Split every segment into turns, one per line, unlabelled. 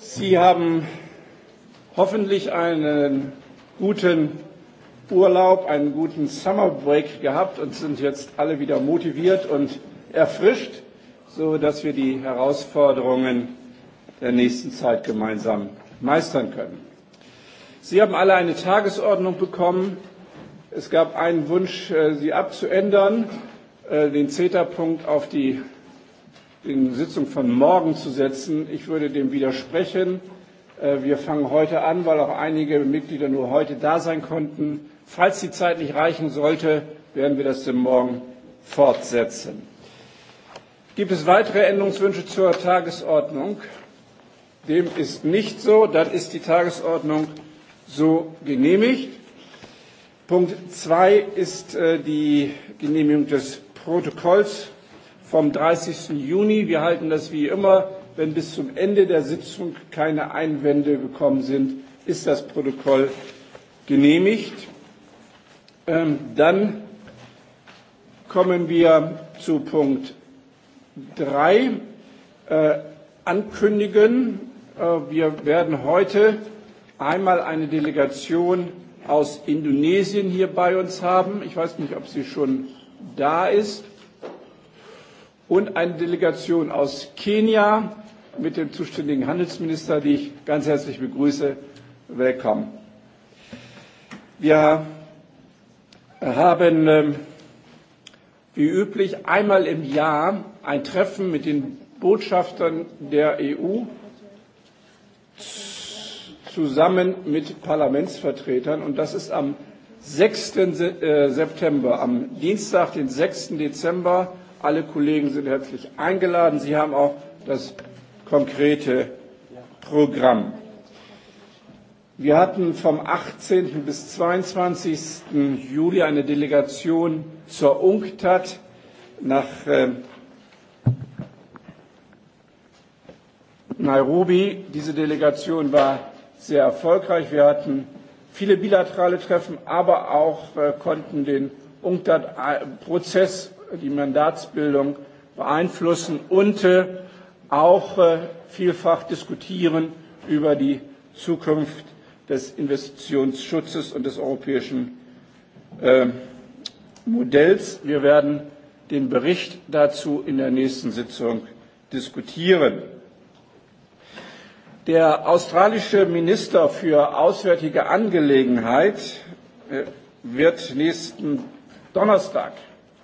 Sie haben hoffentlich einen guten Urlaub, einen guten Summer Break gehabt und sind jetzt alle wieder motiviert und erfrischt, so dass wir die Herausforderungen der nächsten Zeit gemeinsam meistern können. Sie haben alle eine Tagesordnung bekommen. Es gab einen Wunsch, äh, sie abzuändern. Äh, den CETA-Punkt auf die in Sitzung von morgen zu setzen. Ich würde dem widersprechen. Äh, wir fangen heute an, weil auch einige Mitglieder nur heute da sein konnten. Falls die Zeit nicht reichen sollte, werden wir das dann morgen fortsetzen. Gibt es weitere Änderungswünsche zur Tagesordnung? Dem ist nicht so. Dann ist die Tagesordnung so genehmigt. Punkt 2 ist äh, die Genehmigung des Protokolls vom 30. Juni. Wir halten das wie immer. Wenn bis zum Ende der Sitzung keine Einwände gekommen sind, ist das Protokoll genehmigt. Ähm, dann kommen wir zu Punkt 3. Äh, ankündigen. Äh, wir werden heute einmal eine Delegation aus Indonesien hier bei uns haben. Ich weiß nicht, ob Sie schon da ist und eine Delegation aus Kenia mit dem zuständigen Handelsminister, die ich ganz herzlich begrüße. Willkommen. Wir haben ähm, wie üblich einmal im Jahr ein Treffen mit den Botschaftern der EU zusammen mit Parlamentsvertretern und das ist am 6. Äh, September, am Dienstag, den 6. Dezember. Alle Kollegen sind herzlich eingeladen. Sie haben auch das konkrete Programm. Wir hatten vom 18. bis 22. Juli eine Delegation zur UNCTAD nach ähm, Nairobi. Diese Delegation war sehr erfolgreich. Wir hatten viele bilaterale Treffen, aber auch äh, konnten den UNCTAD-Prozess, äh, die Mandatsbildung beeinflussen und äh, auch äh, vielfach diskutieren über die Zukunft des Investitionsschutzes und des europäischen äh, Modells. Wir werden den Bericht dazu in der nächsten Sitzung diskutieren. Der australische Minister für Auswärtige Angelegenheit äh, wird nächsten Donnerstag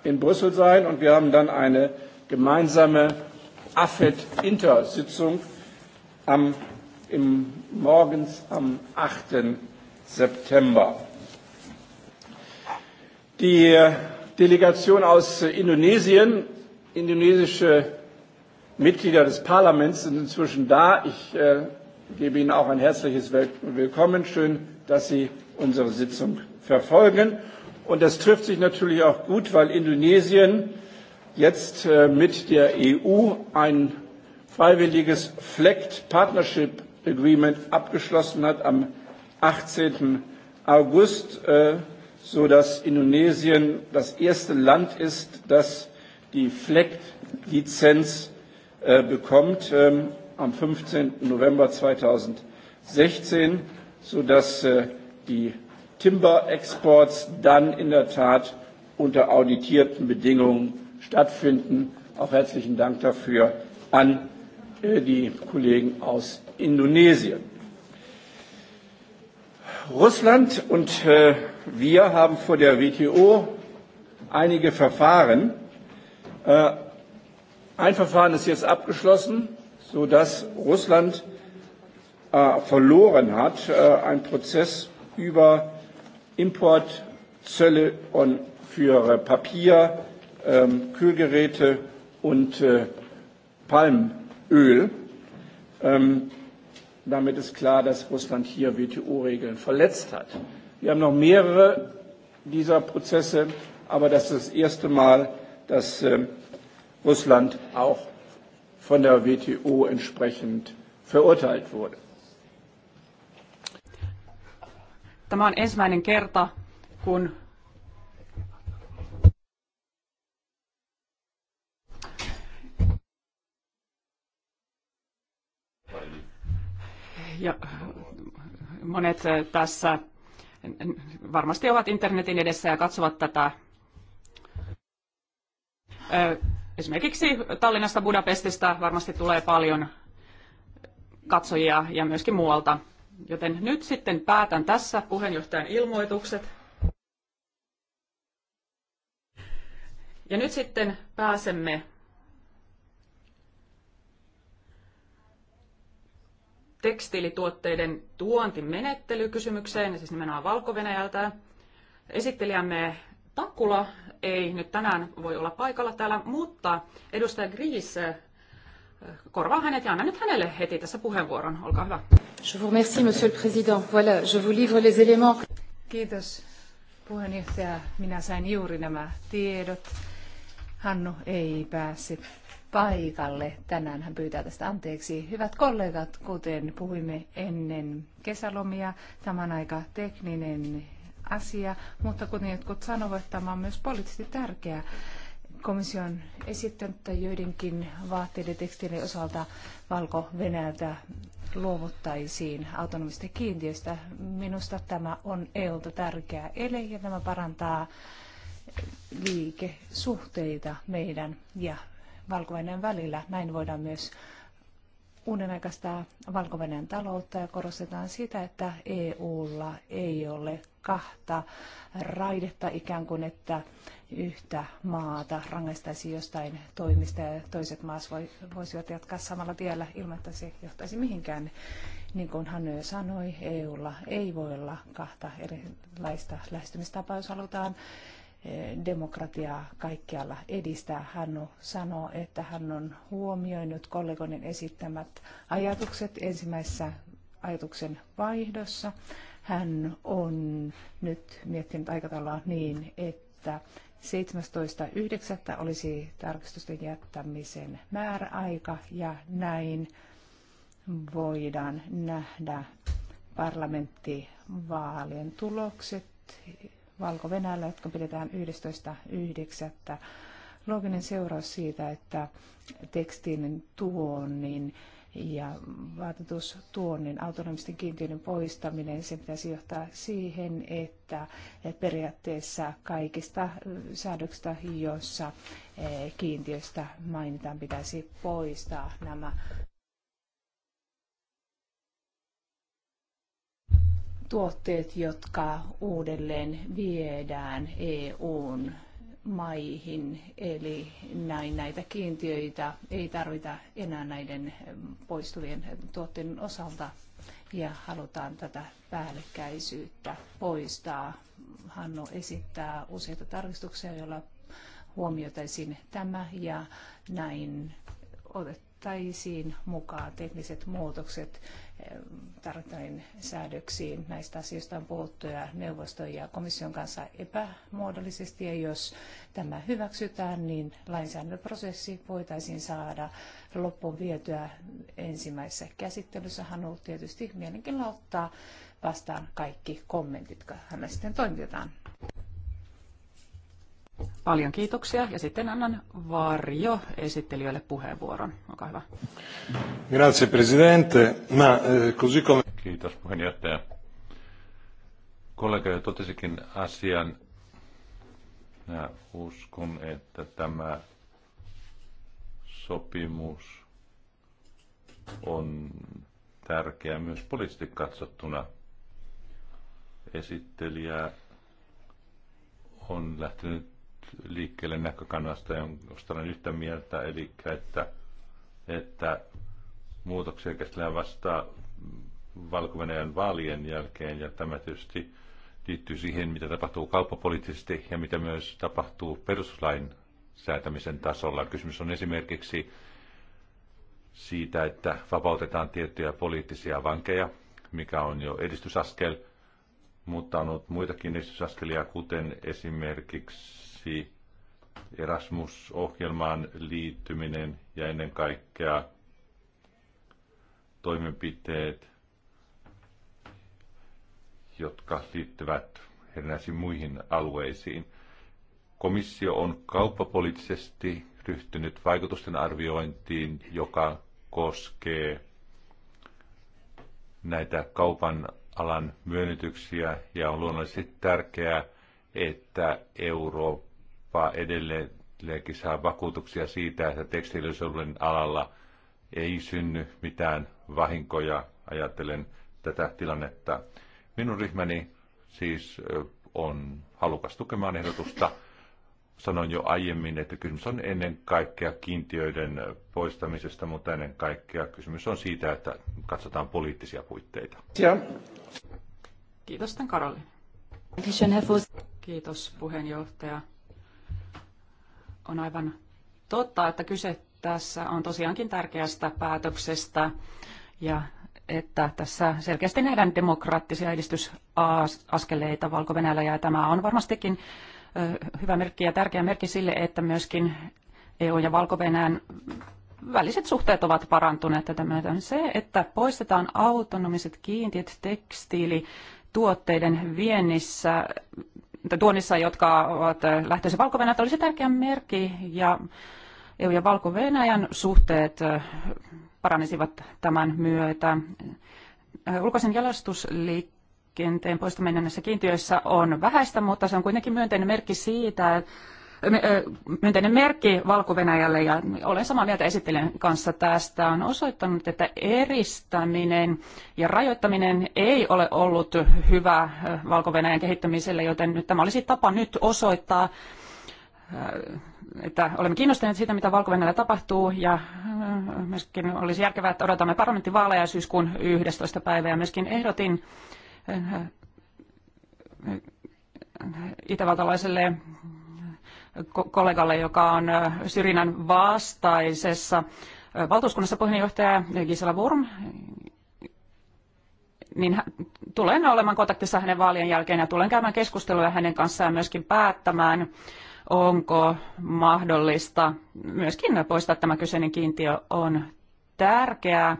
in Brüssel sein und wir haben dann eine gemeinsame AFED-Intersitzung am, im, morgens am 8. September. Die Delegation aus Indonesien, indonesische Mitglieder des Parlaments sind inzwischen da. Ich äh, gebe Ihnen auch ein herzliches Willkommen. Schön, dass Sie unsere Sitzung verfolgen. Und das trifft sich natürlich auch gut, weil Indonesien jetzt äh, mit der EU ein freiwilliges FLECT Partnership Agreement abgeschlossen hat am 18. August, äh, sodass Indonesien das erste Land ist, das die FLECT Lizenz Äh, bekommt ähm, am 15. November 2016, sodass äh, die Timber Exports dann in der Tat unter auditierten Bedingungen stattfinden. Auch herzlichen Dank dafür an äh, die Kollegen aus Indonesien. Russland und äh, wir haben vor der WTO einige Verfahren äh, Ein Verfahren ist jetzt abgeschlossen, sodass Russland äh, verloren hat, äh, einen Prozess über Importzölle und für äh, Papier, ähm, Kühlgeräte und äh, Palmöl. Ähm, damit ist klar, dass Russland hier WTO-Regeln verletzt hat. Wir haben noch mehrere dieser Prozesse, aber das ist das erste Mal, dass äh, Russland auch von der WTO entsprechend verurteilt wurde.
Tämä on ensimmäinen kerta, kun ja monet tässä varmasti ovat internetin edessä ja katsovat tätä esimerkiksi Tallinnasta Budapestista varmasti tulee paljon katsojia ja myöskin muualta. Joten nyt sitten päätän tässä puheenjohtajan ilmoitukset. Ja nyt sitten pääsemme tekstiilituotteiden tuontimenettelykysymykseen, siis nimenomaan valko -Venäjältä. Esittelijämme Takkula ei nyt tänään voi olla paikalla täällä, mutta edustaja Gris, eh, korvaa hänet ja anna nyt hänelle heti tässä puheenvuoron. Olkaa hyvä.
Je vous remercie, monsieur le président. Voilà, je vous livre les éléments. Kiitos puheenjohtaja. Minä sain juuri nämä tiedot. Hannu ei pääse paikalle. Tänään hän pyytää tästä anteeksi. Hyvät kollegat, kuten puhuimme ennen kesälomia, tämä aika tekninen asia, mutta kuten jotkut sanovat, tämä on myös poliittisesti tärkeää. Komission esittänyt joidenkin vaatteiden tekstiilien osalta Valko-Venäjältä luovuttaisiin autonomista kiintiöistä. Minusta tämä on EUlta tärkeä ele ja tämä parantaa liikesuhteita meidän ja valko välillä. Näin voidaan myös uudenaikaista valko taloutta ja korostetaan sitä, että EUlla ei ole kahta raidetta ikään kuin, että yhtä maata rangaistaisi jostain toimista ja toiset maat voisivat jatkaa samalla tiellä ilman, että se johtaisi mihinkään. Niin kuin jo sanoi, EUlla ei voi olla kahta erilaista lähestymistapaa, jos halutaan demokratiaa kaikkialla edistää. Hannu sanoo, että hän on huomioinut kollegoiden esittämät ajatukset ensimmäisessä ajatuksen vaihdossa. Hän on nyt miettinyt aikataulua niin, että 17.9. olisi tarkistusten jättämisen määräaika ja näin voidaan nähdä parlamenttivaalien tulokset Valko-Venäjällä, jotka pidetään 11.9. Looginen seuraus siitä, että tekstiin tuonnin ja vaatetustuonnin autonomisten kiintiöiden poistaminen, se pitäisi johtaa siihen, että periaatteessa kaikista säädöksistä, joissa eh, kiintiöistä mainitaan, pitäisi poistaa nämä tuotteet, jotka uudelleen viedään EUn maihin, eli näin näitä kiintiöitä ei tarvita enää näiden poistuvien tuotteiden osalta ja halutaan tätä päällekkäisyyttä poistaa. Hanno esittää useita tarkistuksia, joilla huomioitaisiin tämä ja näin otettaisiin tarvittaisiin mukaan tekniset muutokset eh, tarvittaviin säädöksiin. Näistä asioista on puhuttu ja neuvoston ja komission kanssa epämuodollisesti. Ja jos tämä hyväksytään, niin lainsäädäntöprosessi voitaisiin saada loppuun vietyä ensimmäisessä käsittelyssä. Hän on tietysti mielenkiinnolla ottaa vastaan kaikki kommentit, jotka
hän sitten toimitetaan. Paljon kiitoksia ja sitten annan Varjo esittelijöille puheenvuoron. Olkaa hyvä.
Grazie presidente. Ma, eh, così come... Kiitos puheenjohtaja. Kollega jo totesikin asian. Mä uskon, että tämä sopimus on tärkeä myös poliittisesti katsottuna. Esittelijä on lähtenyt liikkeelle näkökannasta, josta olen yhtä mieltä, eli että, että muutoksia käsitellään vasta valko vaalien jälkeen, ja tämä tietysti liittyy siihen, mitä tapahtuu kauppapoliittisesti ja mitä myös tapahtuu peruslain säätämisen tasolla. Kysymys on esimerkiksi siitä, että vapautetaan tiettyjä poliittisia vankeja, mikä on jo edistysaskel, mutta on ollut muitakin edistysaskelia, kuten esimerkiksi vuoksi Erasmus-ohjelmaan liittyminen ja ennen kaikkea toimenpiteet, jotka liittyvät erinäisiin muihin alueisiin. Komissio on kauppapoliittisesti ryhtynyt vaikutusten arviointiin, joka koskee näitä kaupan alan myönnytyksiä ja on luonnollisesti tärkeää, että Eurooppa kauppaa edelleenkin saa vakuutuksia siitä, että tekstiilisuuden alalla ei synny mitään vahinkoja, ajatellen tätä tilannetta. Minun ryhmäni siis on halukas tukemaan ehdotusta. Sanoin jo aiemmin, että kysymys on ennen kaikkea kiintiöiden poistamisesta, mutta ennen kaikkea kysymys on siitä, että katsotaan poliittisia puitteita.
Ja. Kiitos, Karoli. Kiitos puheenjohtaja. On aivan totta, että kyse tässä on tosiaankin tärkeästä päätöksestä ja että tässä selkeästi nähdään demokraattisia edistysaskeleita valko ja tämä on varmastikin hyvä merkki ja tärkeä merkki sille, että myöskin EU ja valko väliset suhteet ovat parantuneet. Tämä on se, että poistetaan autonomiset kiintiöt tekstiilituotteiden viennissä tuonnissa, jotka ovat lähtöisin valko oli olisi tärkeä merkki ja EU- ja valko suhteet paranisivat tämän myötä. Ulkoisen jalastusliikenteen poistaminen näissä kiintiöissä on vähäistä, mutta se on kuitenkin myönteinen merkki siitä, myönteinen merkki valko ja olen samaa mieltä esittelijän kanssa tästä, on osoittanut, että eristäminen ja rajoittaminen ei ole ollut hyvä valko kehittämiselle, joten nyt tämä olisi tapa nyt osoittaa, että olemme kiinnostuneet siitä, mitä valko tapahtuu ja myöskin olisi järkevää, että odotamme parlamenttivaaleja syyskuun 11. päivää ja myöskin ehdotin itävaltalaiselle kollegalle, joka on syrjinnän vastaisessa valtuuskunnassa puheenjohtaja Gisela Wurm, niin tulen olemaan kontaktissa hänen vaalien jälkeen ja tulen käymään keskustelua hänen kanssaan myöskin päättämään, onko mahdollista myöskin poistaa tämä kyseinen kiintiö on tärkeää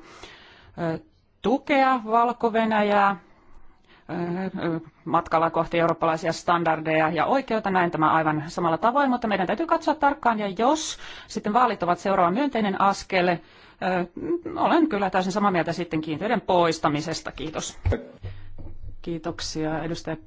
tukea valko -Venäjää Äh, matkalla kohti eurooppalaisia standardeja ja oikeutta. Näin tämä aivan samalla tavoin, mutta meidän täytyy katsoa tarkkaan. Ja jos sitten vaalit ovat seuraava myönteinen askel, äh, olen kyllä täysin samaa mieltä sitten kiintiöiden poistamisesta. Kiitos. Kiitoksia edustaja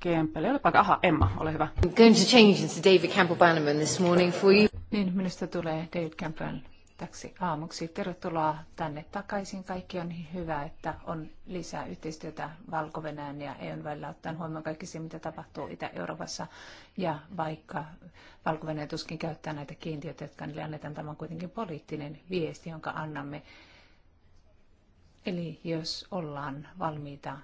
Kempele. Olipa, aha, Emma, ole hyvä. I'm going to change into David Campbell-Bannerman this morning for you.
Niin, minusta tulee David Campbell täksi aamuksi. Tervetuloa tänne takaisin. Kaikki on hyvä, että on lisää yhteistyötä valko ja EUn välillä ottaen huomioon kaikki se, mitä tapahtuu Itä-Euroopassa. Ja vaikka valko tuskin käyttää näitä kiintiöitä, jotka niille annetaan, tämä on kuitenkin poliittinen viesti, jonka annamme. Eli jos ollaan valmiita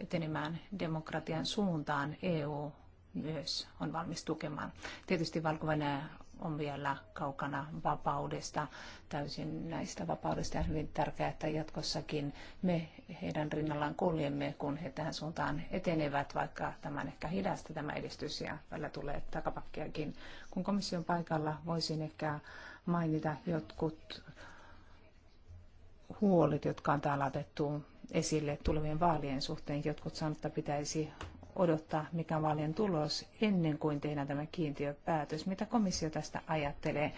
etenemään demokratian suuntaan, EU myös on valmis tukemaan. Tietysti valko on vielä kaukana vapaudesta, täysin näistä vapaudesta. Ja hyvin tärkeää, että jatkossakin me heidän rinnallaan kuljemme, kun he tähän suuntaan etenevät, vaikka on ehkä hidasta tämä edistys ja välillä tulee takapakkiakin. Kun komission paikalla voisin ehkä mainita jotkut huolet, jotka on täällä otettu esille tulevien vaalien suhteen. Jotkut sanovat, että pitäisi odottaa, mikä on vaalien tulos, ennen kuin tehdään tämä kiintiöpäätös, mitä komissio tästä ajattelee,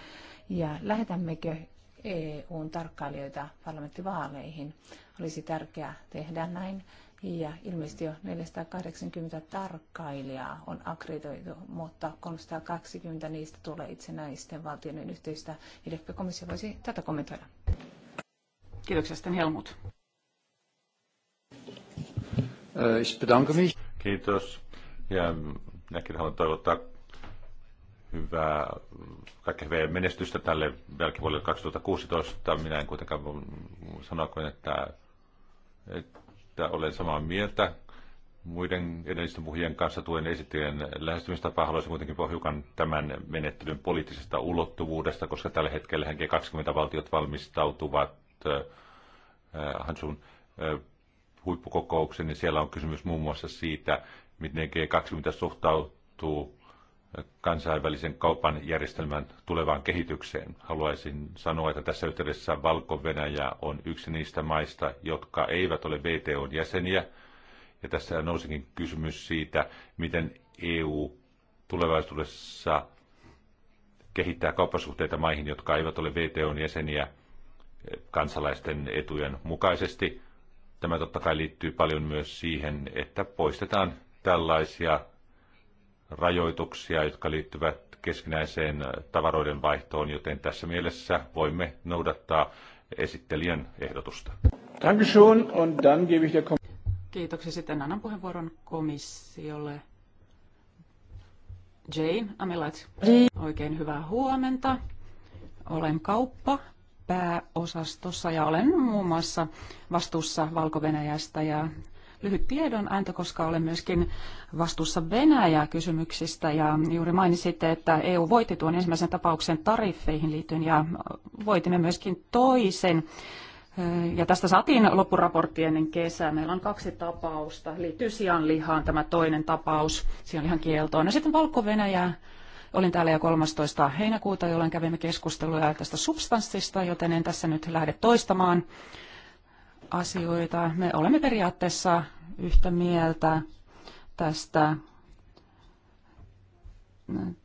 ja lähetämmekö EUn tarkkailijoita parlamenttivaaleihin. Olisi tärkeää tehdä näin, ja ilmeisesti jo 480 tarkkailijaa on akkreditoitu, mutta 320 niistä tulee itsenäisten valtioiden yhteistä. Ehkä komissio voisi tätä kommentoida.
Kiitoksia sitten Helmut.
Äh, ich bedanke mich. Kiitos. Ja minäkin haluan toivottaa hyvää, kaikkea hyvää menestystä tälle jälkivuodelle 2016. Minä en kuitenkaan sanoa kuin, että, että olen samaa mieltä muiden edellisten puhujien kanssa tuen esittäjien lähestymistapaa. Haluaisin kuitenkin puhua hiukan tämän menettelyn poliittisesta ulottuvuudesta, koska tällä hetkellä G20-valtiot valmistautuvat äh, äh, Hansun äh, huippukokouksen, niin siellä on kysymys muun muassa siitä, miten G20 suhtautuu kansainvälisen kaupan järjestelmän tulevaan kehitykseen. Haluaisin sanoa, että tässä yhteydessä Valko-Venäjä on yksi niistä maista, jotka eivät ole VTOn jäseniä. Ja tässä nousikin kysymys siitä, miten EU tulevaisuudessa kehittää kauppasuhteita maihin, jotka eivät ole VTOn jäseniä kansalaisten etujen mukaisesti. Tämä totta kai liittyy paljon myös siihen, että poistetaan tällaisia rajoituksia, jotka liittyvät keskinäiseen tavaroiden vaihtoon, joten tässä mielessä voimme noudattaa esittelijän ehdotusta.
Kiitoksia. Sitten annan puheenvuoron komissiolle. Jane Amelat, oikein hyvää huomenta. Olen kauppa pääosastossa ja olen muun muassa vastuussa valko ja lyhyt tiedon tiedonanto, koska olen myöskin vastuussa Venäjä-kysymyksistä ja juuri mainitsitte, että EU voitti tuon ensimmäisen tapauksen tariffeihin liittyen ja voitimme myöskin toisen. Ja tästä saatiin loppuraportti ennen kesää. Meillä on kaksi tapausta. Liittyy sianlihaan tämä toinen tapaus, sianlihan kieltoon. Ja no sitten valko -Venäjä Olin täällä jo 13. heinäkuuta, jolloin kävimme keskusteluja tästä substanssista, joten en tässä nyt lähde toistamaan asioita. Me olemme periaatteessa yhtä mieltä tästä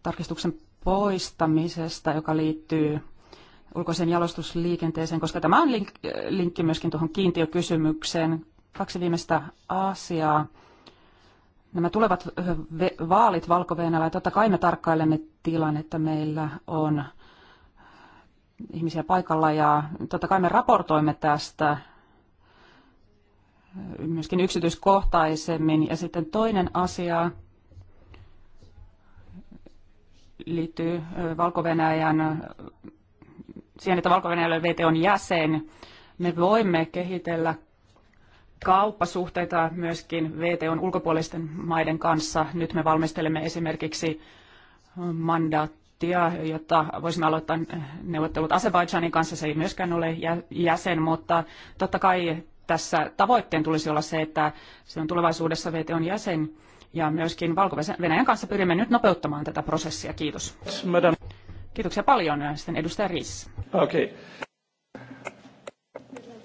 tarkistuksen poistamisesta, joka liittyy ulkoiseen jalostusliikenteeseen, koska tämä on link, linkki myöskin tuohon kiintiökysymykseen. Kaksi viimeistä asiaa Nämä tulevat vaalit valko totta kai me tarkkailemme tilannetta. Meillä on ihmisiä paikalla ja totta kai me raportoimme tästä myöskin yksityiskohtaisemmin. Ja sitten toinen asia liittyy valko siihen, että valko on jäsen. Me voimme kehitellä kauppasuhteita myöskin VTOn ulkopuolisten maiden kanssa. Nyt me valmistelemme esimerkiksi mandaattia, jotta voisimme aloittaa neuvottelut Azerbaidžanin kanssa. Se ei myöskään ole jäsen, mutta totta kai tässä tavoitteen tulisi olla se, että se on tulevaisuudessa VTOn jäsen. Ja myöskin Valko-Venäjän kanssa pyrimme nyt nopeuttamaan tätä prosessia. Kiitos. Madame. Kiitoksia paljon. Sitten edustaja Riis. Okei.
Okay.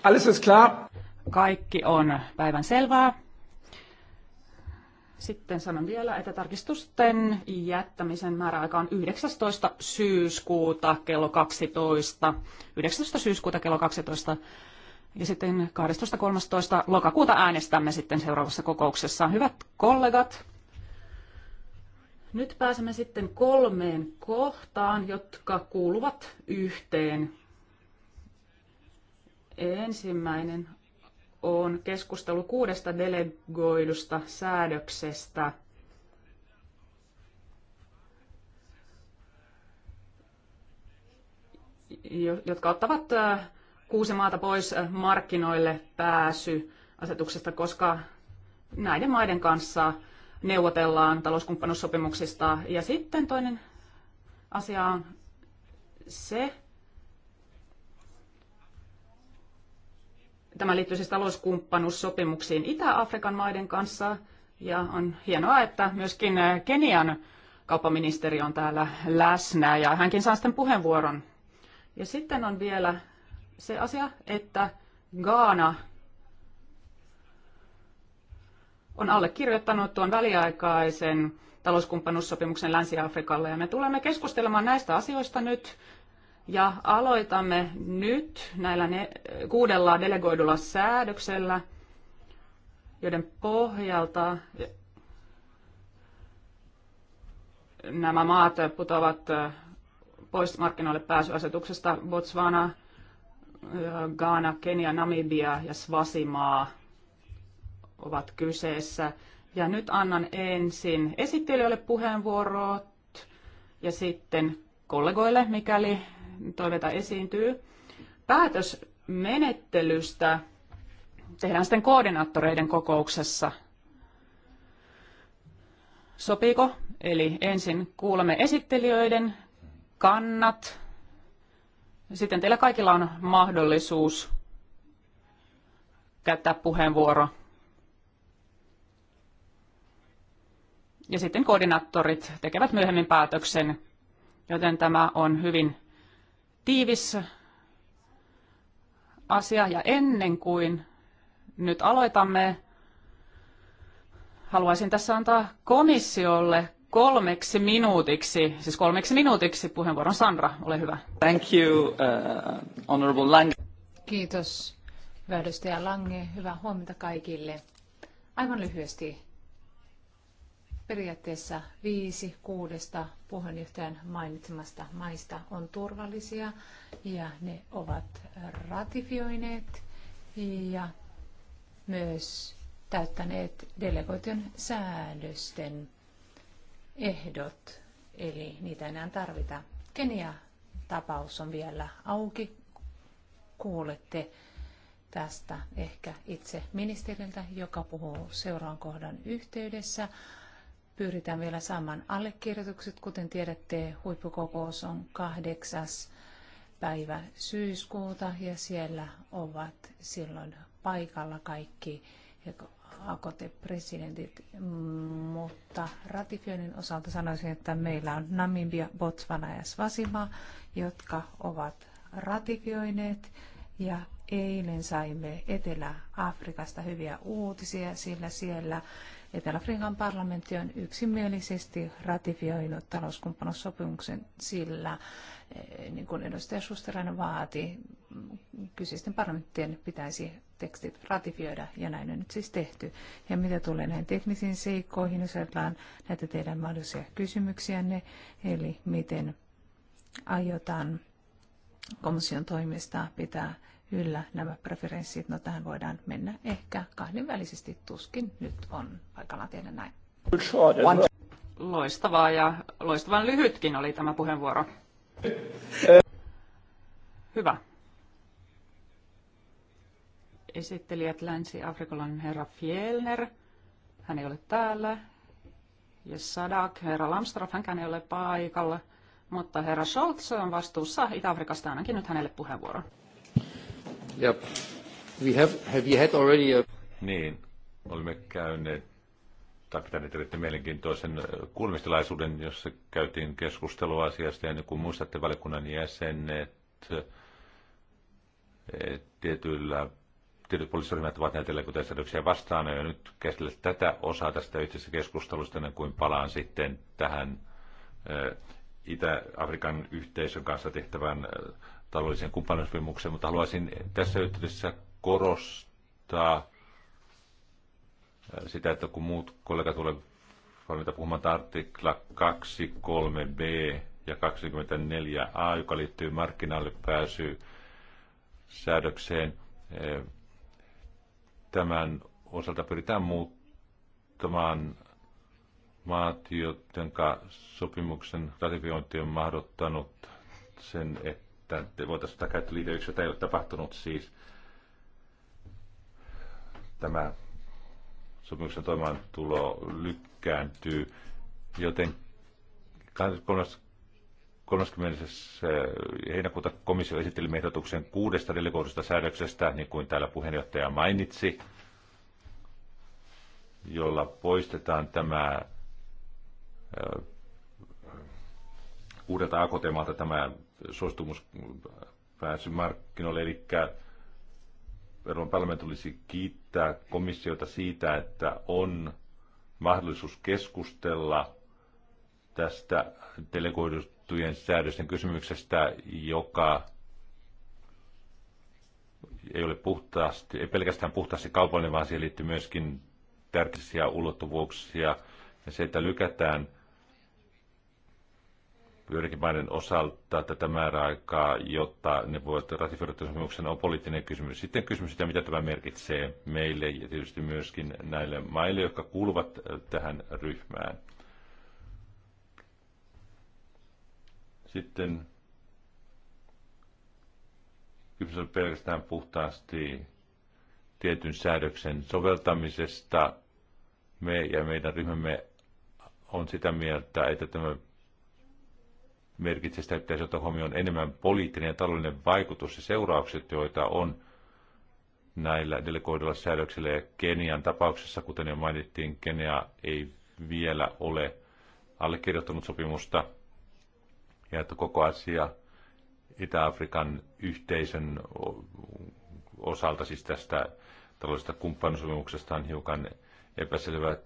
Alles ist klar kaikki on päivän selvää. Sitten sanon vielä, että tarkistusten jättämisen määräaika on 19. syyskuuta kello 12. 19. syyskuuta kello 12. Ja sitten 12.13. lokakuuta äänestämme sitten seuraavassa kokouksessa. Hyvät kollegat, nyt pääsemme sitten kolmeen kohtaan, jotka kuuluvat yhteen. Ensimmäinen on keskustelu kuudesta delegoidusta säädöksestä. jotka ottavat kuusi maata pois markkinoille pääsy asetuksesta, koska näiden maiden kanssa neuvotellaan talouskumppanuussopimuksista. Ja sitten toinen asia on se, Tämä liittyy siis talouskumppanuussopimuksiin Itä-Afrikan maiden kanssa. Ja on hienoa, että myöskin eh, Kenian kauppaministeri on täällä läsnä ja hänkin saa sitten puheenvuoron. Ja sitten on vielä se asia, että Gaana on allekirjoittanut tuon väliaikaisen talouskumppanuussopimuksen Länsi-Afrikalle ja me tulemme keskustelemaan näistä asioista nyt ja aloitamme nyt näillä ne, kuudella delegoidulla säädöksellä, joiden pohjalta nämä maat putoavat pois markkinoille pääsyasetuksesta Botswana, Ghana, Kenia, Namibia ja Swasimaa ovat kyseessä. Ja nyt annan ensin esittelijöille puheenvuorot ja sitten kollegoille, mikäli toiveita esiintyy. päätösmenettelystä tehdään sitten koordinaattoreiden kokouksessa. Sopiiko? Eli ensin kuulemme esittelijöiden kannat. Sitten teillä kaikilla on mahdollisuus käyttää puheenvuoro. Ja sitten koordinaattorit tekevät myöhemmin päätöksen, joten tämä on hyvin tiivis asia ja ennen kuin nyt aloitamme, haluaisin tässä antaa komissiolle kolmeksi minuutiksi, siis kolmeksi minuutiksi puheenvuoron. Sandra, ole hyvä. Thank you, uh, honorable Lange.
Kiitos, hyvä edustaja Lange. Hyvää huomenta kaikille. Aivan lyhyesti Periaatteessa viisi kuudesta puheenjohtajan mainitsemasta maista on turvallisia ja ne ovat ratifioineet ja myös täyttäneet delegoitujen säädösten ehdot, eli niitä enää tarvita. Kenia-tapaus on vielä auki. Kuulette tästä ehkä itse ministeriltä, joka puhuu seuraan kohdan yhteydessä pyritään vielä saamaan allekirjoitukset. Kuten tiedätte, huippukokous on 8. päivä syyskuuta ja siellä ovat silloin paikalla kaikki AKT-presidentit, mutta ratifioinnin osalta sanoisin, että meillä on Namibia, Botswana ja Svasima, jotka ovat ratifioineet ja eilen saimme Etelä-Afrikasta hyviä uutisia, sillä siellä Etelä-Afrikan parlamentti on yksimielisesti ratifioinut talouskumppanuussopimuksen sillä, eh, niin kuin edustaja Schusterainen vaati, kyseisten parlamenttien pitäisi tekstit ratifioida, ja näin on nyt siis tehty. Ja mitä tulee näihin teknisiin seikkoihin, jos ajatellaan näitä teidän mahdollisia kysymyksiänne, eli miten aiotaan komission toimesta pitää yllä nämä preferenssit. No tähän voidaan mennä ehkä kahdenvälisesti tuskin. Nyt on paikallaan tehdä näin.
Loistavaa ja loistavan lyhytkin oli tämä puheenvuoro. Hyvä. Esittelijät Länsi-Afrikalan herra Fjellner, hän ei ole täällä. Ja Sadak, herra Lamstraf, hänkään ei ole paikalla. Mutta herra Scholz on vastuussa Itä-Afrikasta, ainakin nyt hänelle puheenvuoron.
Yeah. We have, have you had already a... Niin, olemme käyneet tai pitäneet erittäin mielenkiintoisen äh, kuulemistilaisuuden, jossa käytiin keskustelua asiasta. Ja niin kuin muistatte valiokunnan jäsenet, äh, tietyillä, tietyt poliisiryhmät ovat näitä leikotesäädöksiä vastaan. Ja nyt käsitellä tätä osaa tästä yhteisestä keskustelusta, ennen kuin palaan sitten tähän äh, Itä-Afrikan yhteisön kanssa tehtävän taloudellisen kumppanuussopimukseen, mutta haluaisin tässä yhteydessä korostaa äh, sitä, että kun muut kollegat tulee valmiita puhumaan artikla 23b ja 24a, joka liittyy markkinoille pääsy säädökseen, äh, tämän osalta pyritään muuttamaan maat, joiden sopimuksen ratifiointi on mahdottanut sen, että että voitaisiin sitä käyttää liite yksi, ei ole tapahtunut siis. Tämä sopimuksen tulo lykkääntyy, joten 30. Eh, heinäkuuta komissio esitteli ehdotuksen kuudesta delegoidusta säädöksestä, niin kuin täällä puheenjohtaja mainitsi, jolla poistetaan tämä eh, uudelta AKT-maalta tämä suostumus pääsy markkinoille. Eli Euroopan parlamentti tulisi kiittää komissiota siitä, että on mahdollisuus keskustella tästä delegoidustujen säädösten kysymyksestä, joka ei ole puhtaasti, ei pelkästään puhtaasti kaupallinen, vaan siihen liittyy myöskin tärkeisiä ulottuvuuksia. Ja se, että lykätään – joidenkin maiden osalta tätä määräaikaa, jotta ne voivat ratifioida sopimuksen, on poliittinen kysymys. Sitten kysymys siitä, mitä tämä merkitsee meille ja tietysti myöskin näille maille, jotka kuuluvat äh, tähän ryhmään. Sitten kysymys on pelkästään puhtaasti tietyn säädöksen soveltamisesta. Me ja meidän ryhmämme on sitä mieltä, että tämä merkitsee sitä, että ottaa huomioon enemmän poliittinen ja taloudellinen vaikutus ja seuraukset, joita on näillä delegoidulla säädöksillä. Ja Kenian tapauksessa, kuten jo mainittiin, Kenia ei vielä ole allekirjoittanut sopimusta ja että koko asia Itä-Afrikan yhteisön osalta, siis tästä taloudellisesta kumppanusopimuksesta on hiukan epäselvä.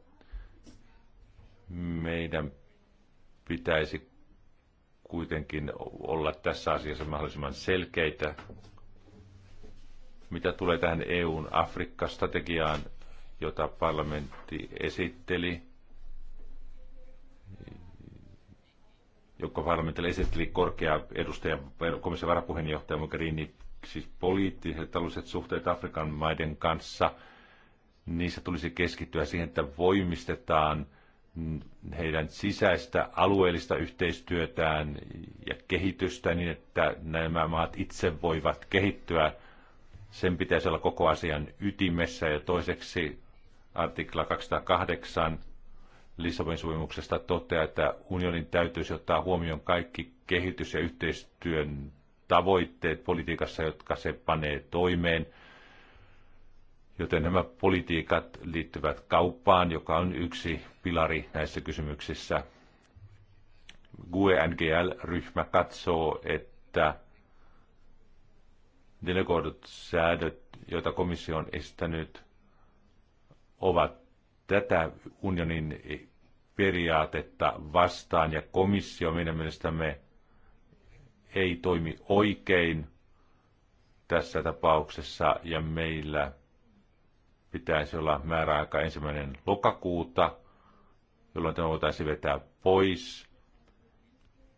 Meidän pitäisi kuitenkin olla tässä asiassa mahdollisimman selkeitä. Mitä tulee tähän EUn Afrikka-strategiaan, jota parlamentti esitteli, joka parlamentille esitteli korkea edustaja, komission varapuheenjohtaja Mogherini, siis poliittiset taloudelliset suhteet Afrikan maiden kanssa, niissä tulisi keskittyä siihen, että voimistetaan – heidän sisäistä alueellista yhteistyötään ja kehitystä niin, että nämä maat itse voivat kehittyä. Sen pitäisi olla koko asian ytimessä ja toiseksi artikla 208 Lissabonin sopimuksesta toteaa, että unionin täytyisi ottaa huomioon kaikki kehitys- ja yhteistyön tavoitteet politiikassa, jotka se panee toimeen – Joten nämä politiikat liittyvät kauppaan, joka on yksi pilari näissä kysymyksissä. GUE-NGL-ryhmä katsoo, että delegoidut säädöt, joita komissio on estänyt, ovat tätä unionin periaatetta vastaan ja komissio meidän mielestämme ei toimi oikein tässä tapauksessa ja meillä – pitäisi olla määräaika ensimmäinen lokakuuta, jolloin tämä voitaisiin vetää pois,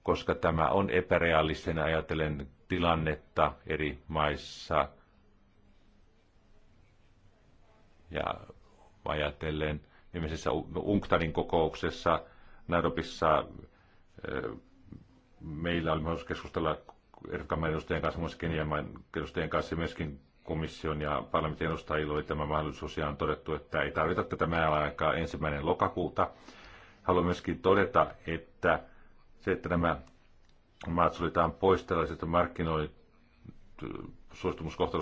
koska tämä on epärealistinen ajatellen tilannetta eri maissa ja ajatellen viimeisessä unktarin kokouksessa Nairobissa meillä oli mahdollisuus keskustella Erkan edustajien kanssa, myös Kenian edustajien kanssa myöskin komission ja parlamentin edustajilla oli tämä mahdollisuus ja on todettu, että ei tarvita tätä määräaikaa ensimmäinen lokakuuta. Haluan myöskin todeta, että se, että nämä maat suljetaan pois tällaisesta markkinoilta,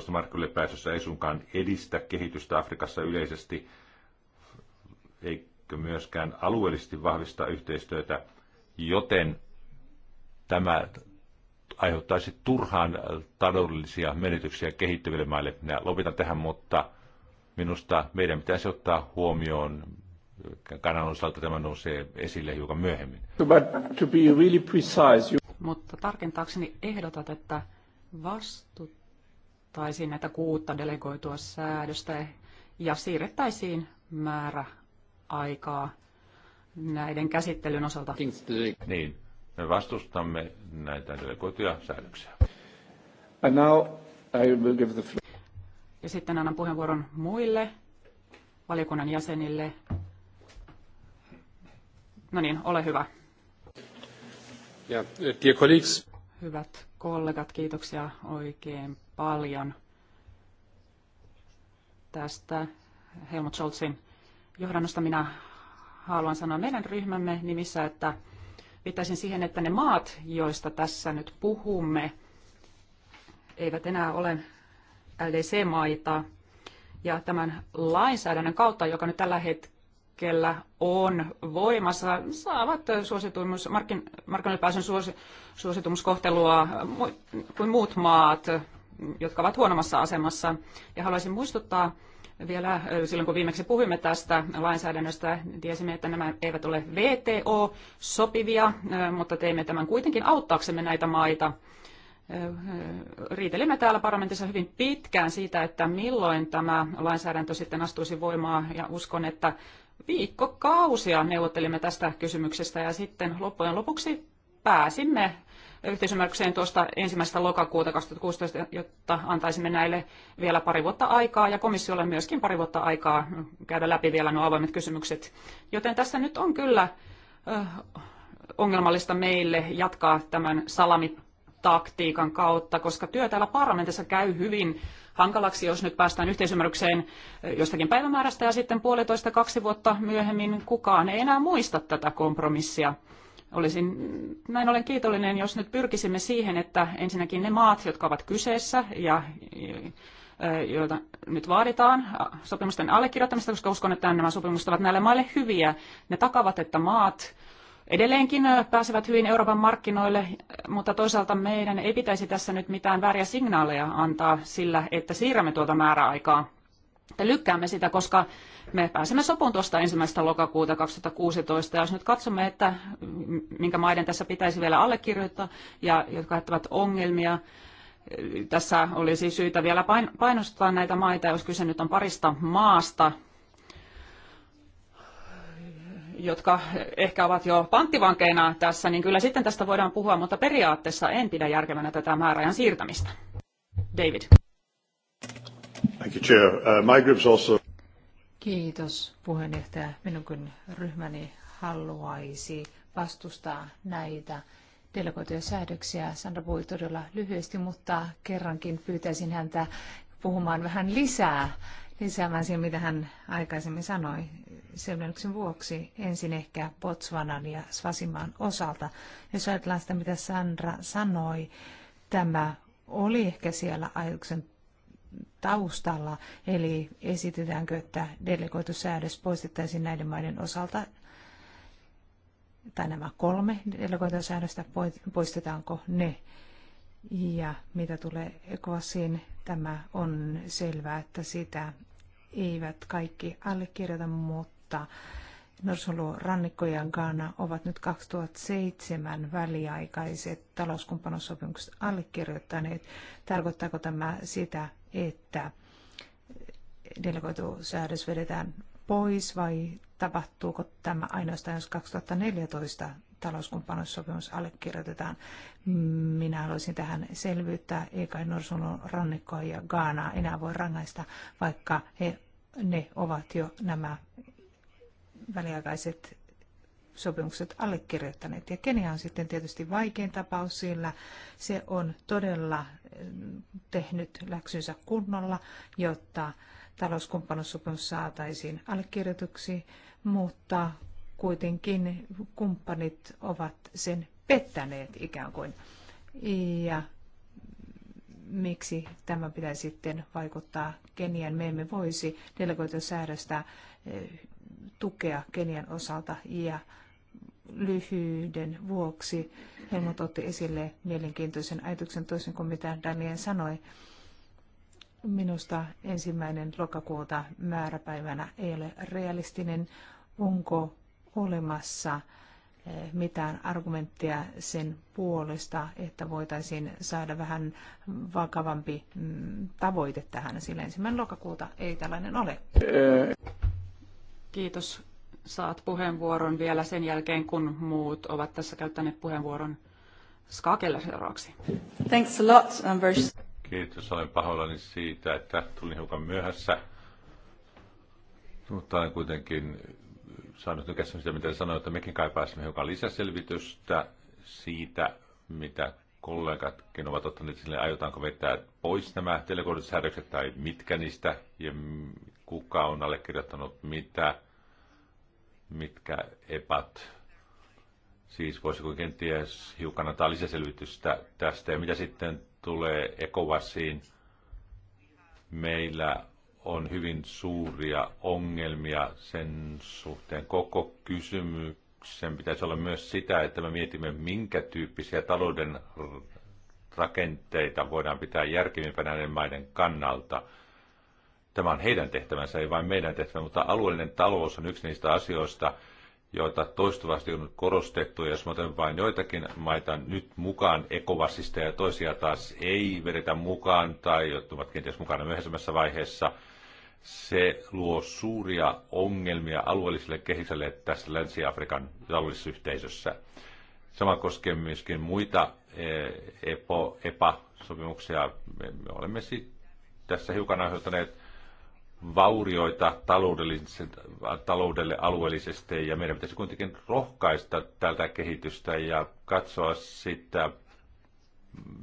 markkinoille pääsyssä ei suinkaan edistä kehitystä Afrikassa yleisesti, eikä myöskään alueellisesti vahvista yhteistyötä, joten tämä aiheuttaisi turhaan äh, taloudellisia menetyksiä kehittyville maille. Minä lopitan tähän, mutta minusta meidän pitäisi ottaa huomioon äh, Kanan osalta tämä nousee esille hiukan myöhemmin.
But to be really precise, you...
Mutta tarkentaakseni ehdotat, että vastuttaisiin näitä kuutta delegoitua säädöstä ja siirrettäisiin määrä aikaa näiden käsittelyn osalta.
Niin, me vastustamme näitä delegoituja säädöksiä. And now I will give the floor.
Ja sitten annan puheenvuoron muille valiokunnan jäsenille. No niin, ole hyvä.
dear colleagues.
Hyvät kollegat, kiitoksia oikein paljon tästä Helmut Scholzin johdannosta. Minä haluan sanoa meidän ryhmämme nimissä, että viittaisin siihen, että ne maat, joista tässä nyt puhumme, eivät enää ole LDC-maita. Ja tämän lainsäädännön kautta, joka nyt tällä hetkellä on voimassa, saavat suosituimus, markkin, markkinoille pääsyn suositumuskohtelua kuin muut maat, jotka ovat huonommassa asemassa. Ja haluaisin muistuttaa, vielä silloin, kun viimeksi puhuimme tästä lainsäädännöstä, tiesimme, että nämä eivät ole VTO-sopivia, mutta teimme tämän kuitenkin auttaaksemme näitä maita. Riitelimme täällä parlamentissa hyvin pitkään siitä, että milloin tämä lainsäädäntö sitten astuisi voimaan, ja uskon, että viikkokausia neuvottelimme tästä kysymyksestä, ja sitten loppujen lopuksi pääsimme yhteisymmärrykseen tuosta ensimmäisestä lokakuuta 2016, jotta antaisimme näille vielä pari vuotta aikaa ja komissiolle myöskin pari vuotta aikaa käydä läpi vielä nuo avoimet kysymykset. Joten tässä nyt on kyllä ongelmallista meille jatkaa tämän salamitaktiikan kautta, koska työ täällä parlamentissa käy hyvin hankalaksi, jos nyt päästään yhteisymmärrykseen jostakin päivämäärästä ja sitten puolitoista kaksi vuotta myöhemmin kukaan ei enää muista tätä kompromissia. Olisin näin ollen kiitollinen, jos nyt pyrkisimme siihen, että ensinnäkin ne maat, jotka ovat kyseessä ja joita nyt vaaditaan sopimusten allekirjoittamista, koska uskon, että nämä sopimukset ovat näille maille hyviä. Ne takavat, että maat edelleenkin pääsevät hyvin Euroopan markkinoille, mutta toisaalta meidän ei pitäisi tässä nyt mitään vääriä signaaleja antaa sillä, että siirrämme tuota määräaikaa että lykkäämme sitä, koska me pääsemme sopuun tuosta ensimmäistä lokakuuta 2016. Ja jos nyt katsomme, että minkä maiden tässä pitäisi vielä allekirjoittaa ja jotka ajattavat ongelmia, tässä olisi syytä vielä painostaa näitä maita, jos kyse nyt on parista maasta, jotka ehkä ovat jo panttivankeina tässä, niin kyllä sitten tästä voidaan puhua, mutta periaatteessa en pidä järkevänä tätä määräajan siirtämistä. David. Thank you, Chair. Uh, my group's
also...
Kiitos puheenjohtaja. Minunkin ryhmäni haluaisi vastustaa näitä delegoituja säädöksiä. Sandra puhui todella lyhyesti, mutta kerrankin pyytäisin häntä puhumaan vähän lisää, lisäämään siihen, mitä hän aikaisemmin sanoi selvennyksen vuoksi. Ensin ehkä Botswanan ja Svasimaan osalta. Jos ajatellaan sitä, mitä Sandra sanoi, tämä oli ehkä siellä ajatuksen taustalla, eli esitetäänkö, että delegoitu säädös poistettaisiin näiden maiden osalta, tai nämä kolme delegoitu säädöstä, poistetaanko ne? Ja mitä tulee ECOWASiin, tämä on selvää, että sitä eivät kaikki allekirjoita, mutta Norsolu, Rannikko ja Ghana ovat nyt 2007 väliaikaiset talouskumppanuussopimukset allekirjoittaneet. Tarkoittaako tämä sitä, että delegoitu säädös vedetään pois vai tapahtuuko tämä ainoastaan, jos 2014 talouskumppanuussopimus allekirjoitetaan. Minä haluaisin tähän selvyyttä, eikä Norsunun rannikkoa ja Gaanaa enää voi rangaista, vaikka he, ne ovat jo nämä väliaikaiset sopimukset allekirjoittaneet. Ja Kenia on sitten tietysti vaikein tapaus, sillä se on todella mm, tehnyt läksynsä kunnolla, jotta talouskumppanuussopimus saataisiin allekirjoituksi, mutta kuitenkin kumppanit ovat sen pettäneet ikään kuin. Ja miksi tämä pitäisi sitten vaikuttaa Kenian. Me emme voisi delegoitua säädöstä eh, tukea Kenian osalta ja lyhyyden vuoksi Helmut otti esille mielenkiintoisen ajatuksen toisen kuin mitä Daniel sanoi. Minusta ensimmäinen lokakuuta määräpäivänä ei ole realistinen. Onko olemassa eh, mitään argumenttia sen puolesta, että voitaisiin saada vähän vakavampi mm, tavoite tähän, sillä ensimmäinen lokakuuta ei tällainen
ole. Eh. Kiitos saat puheenvuoron vielä sen jälkeen, kun muut ovat tässä käyttäneet puheenvuoron Skakelle seuraavaksi. Thanks a lot.
Kiitos, olen pahoillani siitä, että tulin hiukan myöhässä. Mutta olen kuitenkin saanut nykässä sitä, mitä sanoin, että mekin kaipaisimme hiukan lisäselvitystä siitä, mitä kollegatkin ovat ottaneet sille, aiotaanko vetää pois nämä telekohdut tai mitkä niistä ja kuka on allekirjoittanut mitä mitkä epät, siis voisiko kenties hiukan antaa lisäselvitystä tästä ja mitä sitten tulee ECOWASiin, meillä on hyvin suuria ongelmia sen suhteen. Koko kysymyksen pitäisi olla myös sitä, että me mietimme, minkä tyyppisiä talouden rakenteita voidaan pitää järkevimpänä näiden maiden kannalta – Tämä on heidän tehtävänsä, ei vain meidän tehtävä, mutta alueellinen talous on yksi niistä asioista, joita toistuvasti on korostettu. Ja jos otan vain joitakin maita nyt mukaan ekovasista ja toisia taas ei vedetä mukaan tai ovat kenties mukana myöhemmässä vaiheessa, se luo suuria ongelmia alueelliselle kehitykselle tässä Länsi-Afrikan taloudellisessa yhteisössä. Sama koskee myöskin muita EPO, eh, e EPA-sopimuksia. Me olemme tässä hiukan aiheuttaneet vaurioita taloudelle alueellisesti ja meidän pitäisi kuitenkin rohkaista tältä kehitystä ja katsoa sitä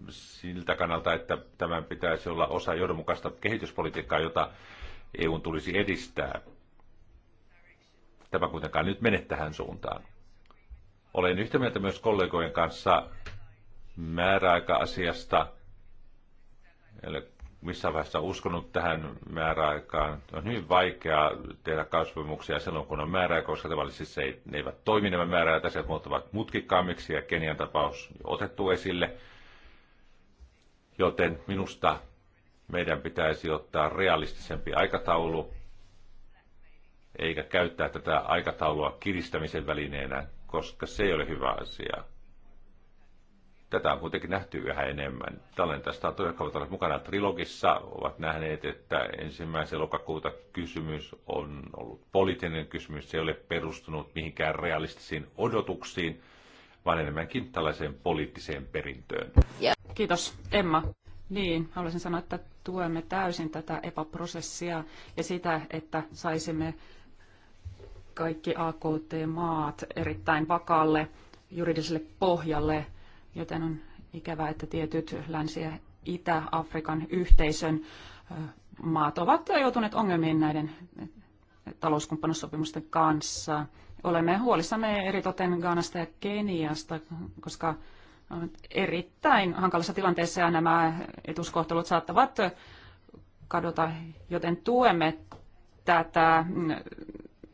siltä kannalta, että tämän pitäisi olla osa johdonmukaista kehityspolitiikkaa, jota EU tulisi edistää. Tämä kuitenkaan nyt mene tähän suuntaan. Olen yhtä mieltä myös kollegojen kanssa määräaika-asiasta missään vaiheessa uskonut tähän määräaikaan. On hyvin vaikeaa tehdä kasvimuksia silloin, kun on määrää, koska tavallisesti se ei, ne eivät toimi nämä määräajat, asiat muuttuvat mutkikkaammiksi ja Kenian tapaus otettu esille. Joten minusta meidän pitäisi ottaa realistisempi aikataulu, eikä käyttää tätä aikataulua kiristämisen välineenä, koska se ei ole hyvä asia. Tätä on kuitenkin nähty yhä enemmän. Tällainen tästä on jotka olleet mukana trilogissa, ovat nähneet, että ensimmäisen lokakuuta kysymys on ollut poliittinen kysymys. Se ei ole perustunut mihinkään realistisiin odotuksiin, vaan enemmänkin tällaiseen poliittiseen perintöön.
Kiitos, Emma. Niin, haluaisin sanoa, että tuemme täysin tätä epäprosessia ja sitä, että saisimme kaikki AKT-maat erittäin vakaalle juridiselle pohjalle – joten on ikävää, että tietyt Länsi- ja Itä-Afrikan yhteisön maat ovat joutuneet ongelmiin näiden talouskumppanussopimusten kanssa. Olemme huolissamme eritoten Ghanasta ja Keniasta, koska erittäin hankalassa tilanteessa ja nämä etuskohtelut saattavat kadota, joten tuemme tätä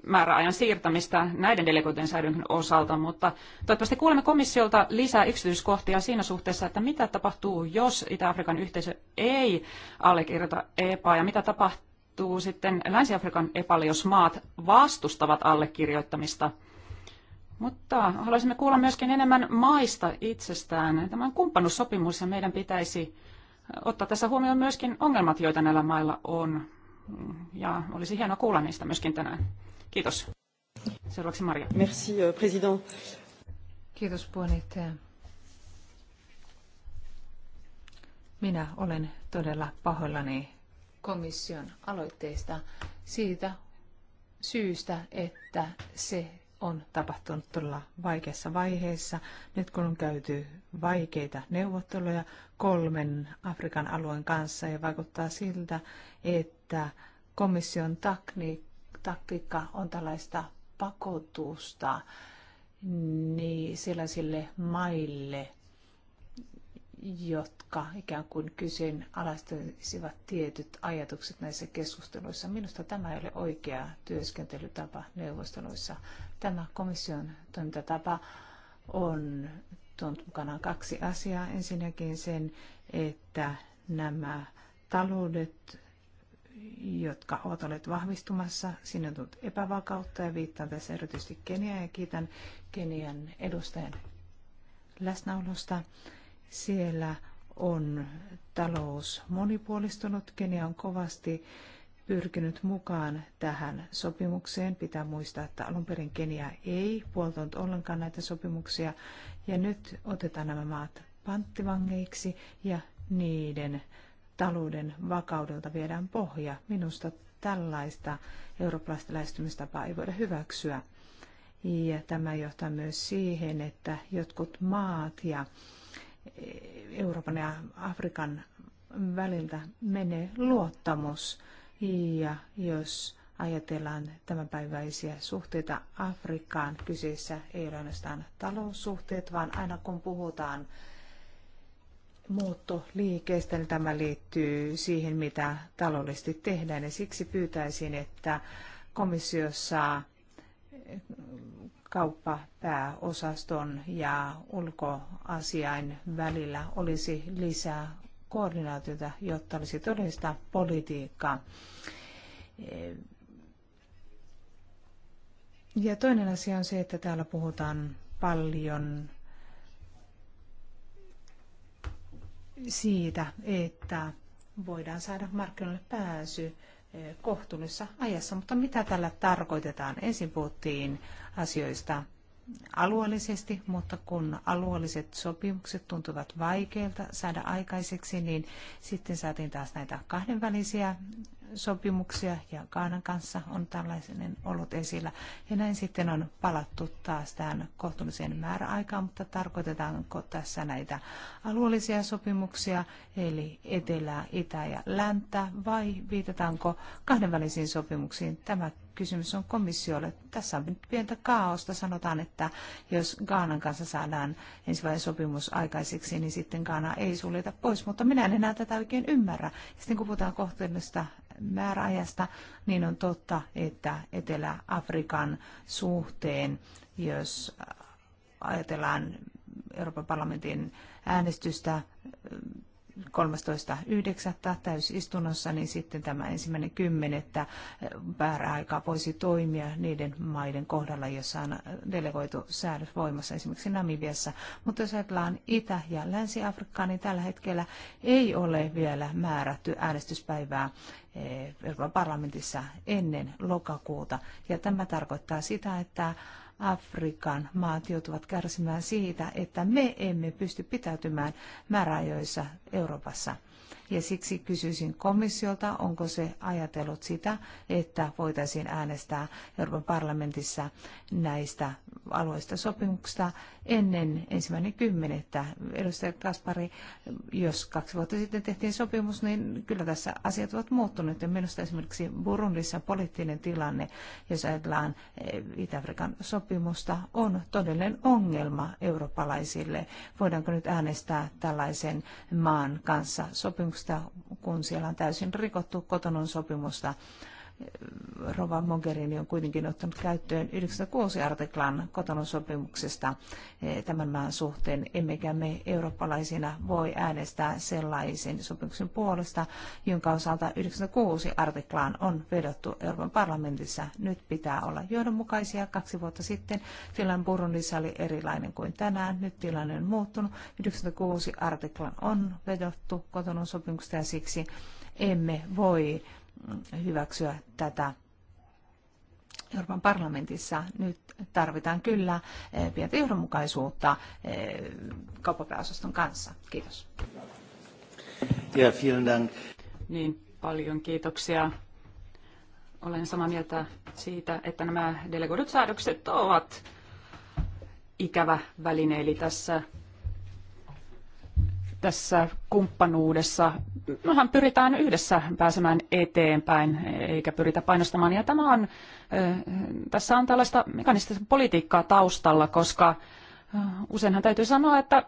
määräajan siirtämistä näiden delegoitujen säädöksen osalta, mutta toivottavasti kuulemme komissiolta lisää yksityiskohtia siinä suhteessa, että mitä tapahtuu, jos Itä-Afrikan yhteisö ei allekirjoita EPA ja mitä tapahtuu sitten Länsi-Afrikan EPAlle, jos maat vastustavat allekirjoittamista. Mutta haluaisimme kuulla myöskin enemmän maista itsestään. Tämä on kumppanussopimus ja meidän pitäisi ottaa tässä huomioon myöskin ongelmat, joita näillä mailla on. Ja olisi hienoa kuulla niistä myöskin tänään. Kiitos. Seuraavaksi Maria. Merci, euh, president. Kiitos
puheenjohtaja. Minä olen todella pahoillani komission aloitteesta siitä syystä, että se on tapahtunut todella vaikeassa vaiheessa. Nyt kun on käyty vaikeita neuvotteluja kolmen Afrikan alueen kanssa ja vaikuttaa siltä, että komission takni, taktiikka on tällaista pakotusta niin sellaisille maille, jotka ikään kuin kyseenalaistaisivat tietyt ajatukset näissä keskusteluissa. Minusta tämä ei ole oikea työskentelytapa neuvosteluissa. Tämä komission toimintatapa on tuonut mukanaan kaksi asiaa. Ensinnäkin sen, että nämä taloudet jotka ovat olleet vahvistumassa. Siinä on tullut epävakautta ja viittaan tässä erityisesti Keniaan ja kiitän Kenian edustajan läsnäolosta. Siellä on talous monipuolistunut. Kenia on kovasti pyrkinyt mukaan tähän sopimukseen. Pitää muistaa, että alun perin Kenia ei puoltanut ollenkaan näitä sopimuksia. Ja nyt otetaan nämä maat panttivangeiksi ja niiden talouden vakaudelta viedään pohja. Minusta tällaista eurooppalaista lähestymistapaa ei voida hyväksyä. Ja tämä johtaa myös siihen, että jotkut maat ja Euroopan ja Afrikan väliltä menee luottamus. Ja jos ajatellaan tämänpäiväisiä suhteita Afrikkaan, kyseessä ei ole ainoastaan taloussuhteet, vaan aina kun puhutaan muuttoliikeestä, niin tämä liittyy siihen, mitä taloudellisesti tehdään. Ja siksi pyytäisin, että komissiossa kauppapääosaston ja ulkoasiain välillä olisi lisää koordinaatiota, jotta olisi todellista politiikkaa. Ja toinen asia on se, että täällä puhutaan paljon siitä, että voidaan saada markkinoille pääsy eh, kohtuullisessa ajassa. Mutta mitä tällä tarkoitetaan? Ensin puhuttiin asioista alueellisesti, mutta kun alueelliset sopimukset tuntuvat vaikeilta saada aikaiseksi, niin sitten saatiin taas näitä kahdenvälisiä sopimuksia ja Kaanan kanssa on tällainen ollut esillä. Ja näin sitten on palattu taas tähän kohtuulliseen määräaikaan, mutta tarkoitetaanko tässä näitä alueellisia sopimuksia, eli etelää, itä ja länttä, vai viitataanko kahdenvälisiin sopimuksiin? Tämä kysymys on komissiolle. Tässä on nyt pientä kaaosta. Sanotaan, että jos Gaanan kanssa saadaan ensimmäinen sopimus aikaiseksi, niin sitten Gaana ei suljeta pois. Mutta minä en enää tätä oikein ymmärrä. Sitten kun puhutaan kohtuullisesta määräajasta, niin on totta, että Etelä-Afrikan suhteen, jos ajatellaan Euroopan parlamentin äänestystä 13.9. Äh, täysistunnossa, niin sitten tämä ensimmäinen kymmenettä äh, määräaika voisi toimia niiden maiden kohdalla, jossa on delegoitu säädös voimassa, esimerkiksi Namibiassa. Mutta jos ajatellaan Itä- ja Länsi-Afrikkaa, niin tällä hetkellä ei ole vielä määrätty äänestyspäivää Eh, Euroopan parlamentissa ennen lokakuuta. Ja tämä tarkoittaa sitä, että Afrikan maat joutuvat kärsimään siitä, että me emme pysty pitäytymään määräajoissa Euroopassa. Ja siksi kysyisin komissiolta, onko se ajatellut sitä, että voitaisiin äänestää Euroopan parlamentissa näistä alueista sopimuksista ennen ensimmäinen kymmenettä. Edustaja Kaspari, jos kaksi vuotta sitten tehtiin sopimus, niin kyllä tässä asiat ovat muuttuneet. Ja minusta esimerkiksi Burundissa poliittinen tilanne, jos ajatellaan eh, Itä-Afrikan sopimusta, on todellinen ongelma eurooppalaisille. Voidaanko nyt äänestää tällaisen maan kanssa sopimuksesta? sopimusta, kun siellä on täysin rikottu kotonon sopimusta. Rova Mogherini on kuitenkin ottanut käyttöön 96 artiklan kotonon sopimuksesta eh, tämän maan suhteen, emmekä me eurooppalaisina voi äänestää sellaisen sopimuksen puolesta, jonka osalta 96 artiklaan on vedottu Euroopan parlamentissa. Nyt pitää olla johdonmukaisia. Kaksi vuotta sitten tilanne Burundissa oli erilainen kuin tänään. Nyt tilanne on muuttunut. 96 artiklan on vedottu kotonon sopimuksesta ja siksi emme voi Mm, hyväksyä tätä Euroopan parlamentissa nyt tarvitaan kyllä eh, pientä
johdonmukaisuutta eh, kauppapääosaston kanssa. Kiitos.
Ja, vielen dank.
Niin, paljon kiitoksia. Olen samaa mieltä siitä, että nämä delegoidut säädökset ovat ikävä väline, eli tässä tässä kumppanuudessa. Mehän pyritään yhdessä pääsemään eteenpäin, eikä pyritä painostamaan. Ja tämä on, tässä on tällaista mekanistista politiikkaa taustalla, koska useinhan täytyy sanoa, että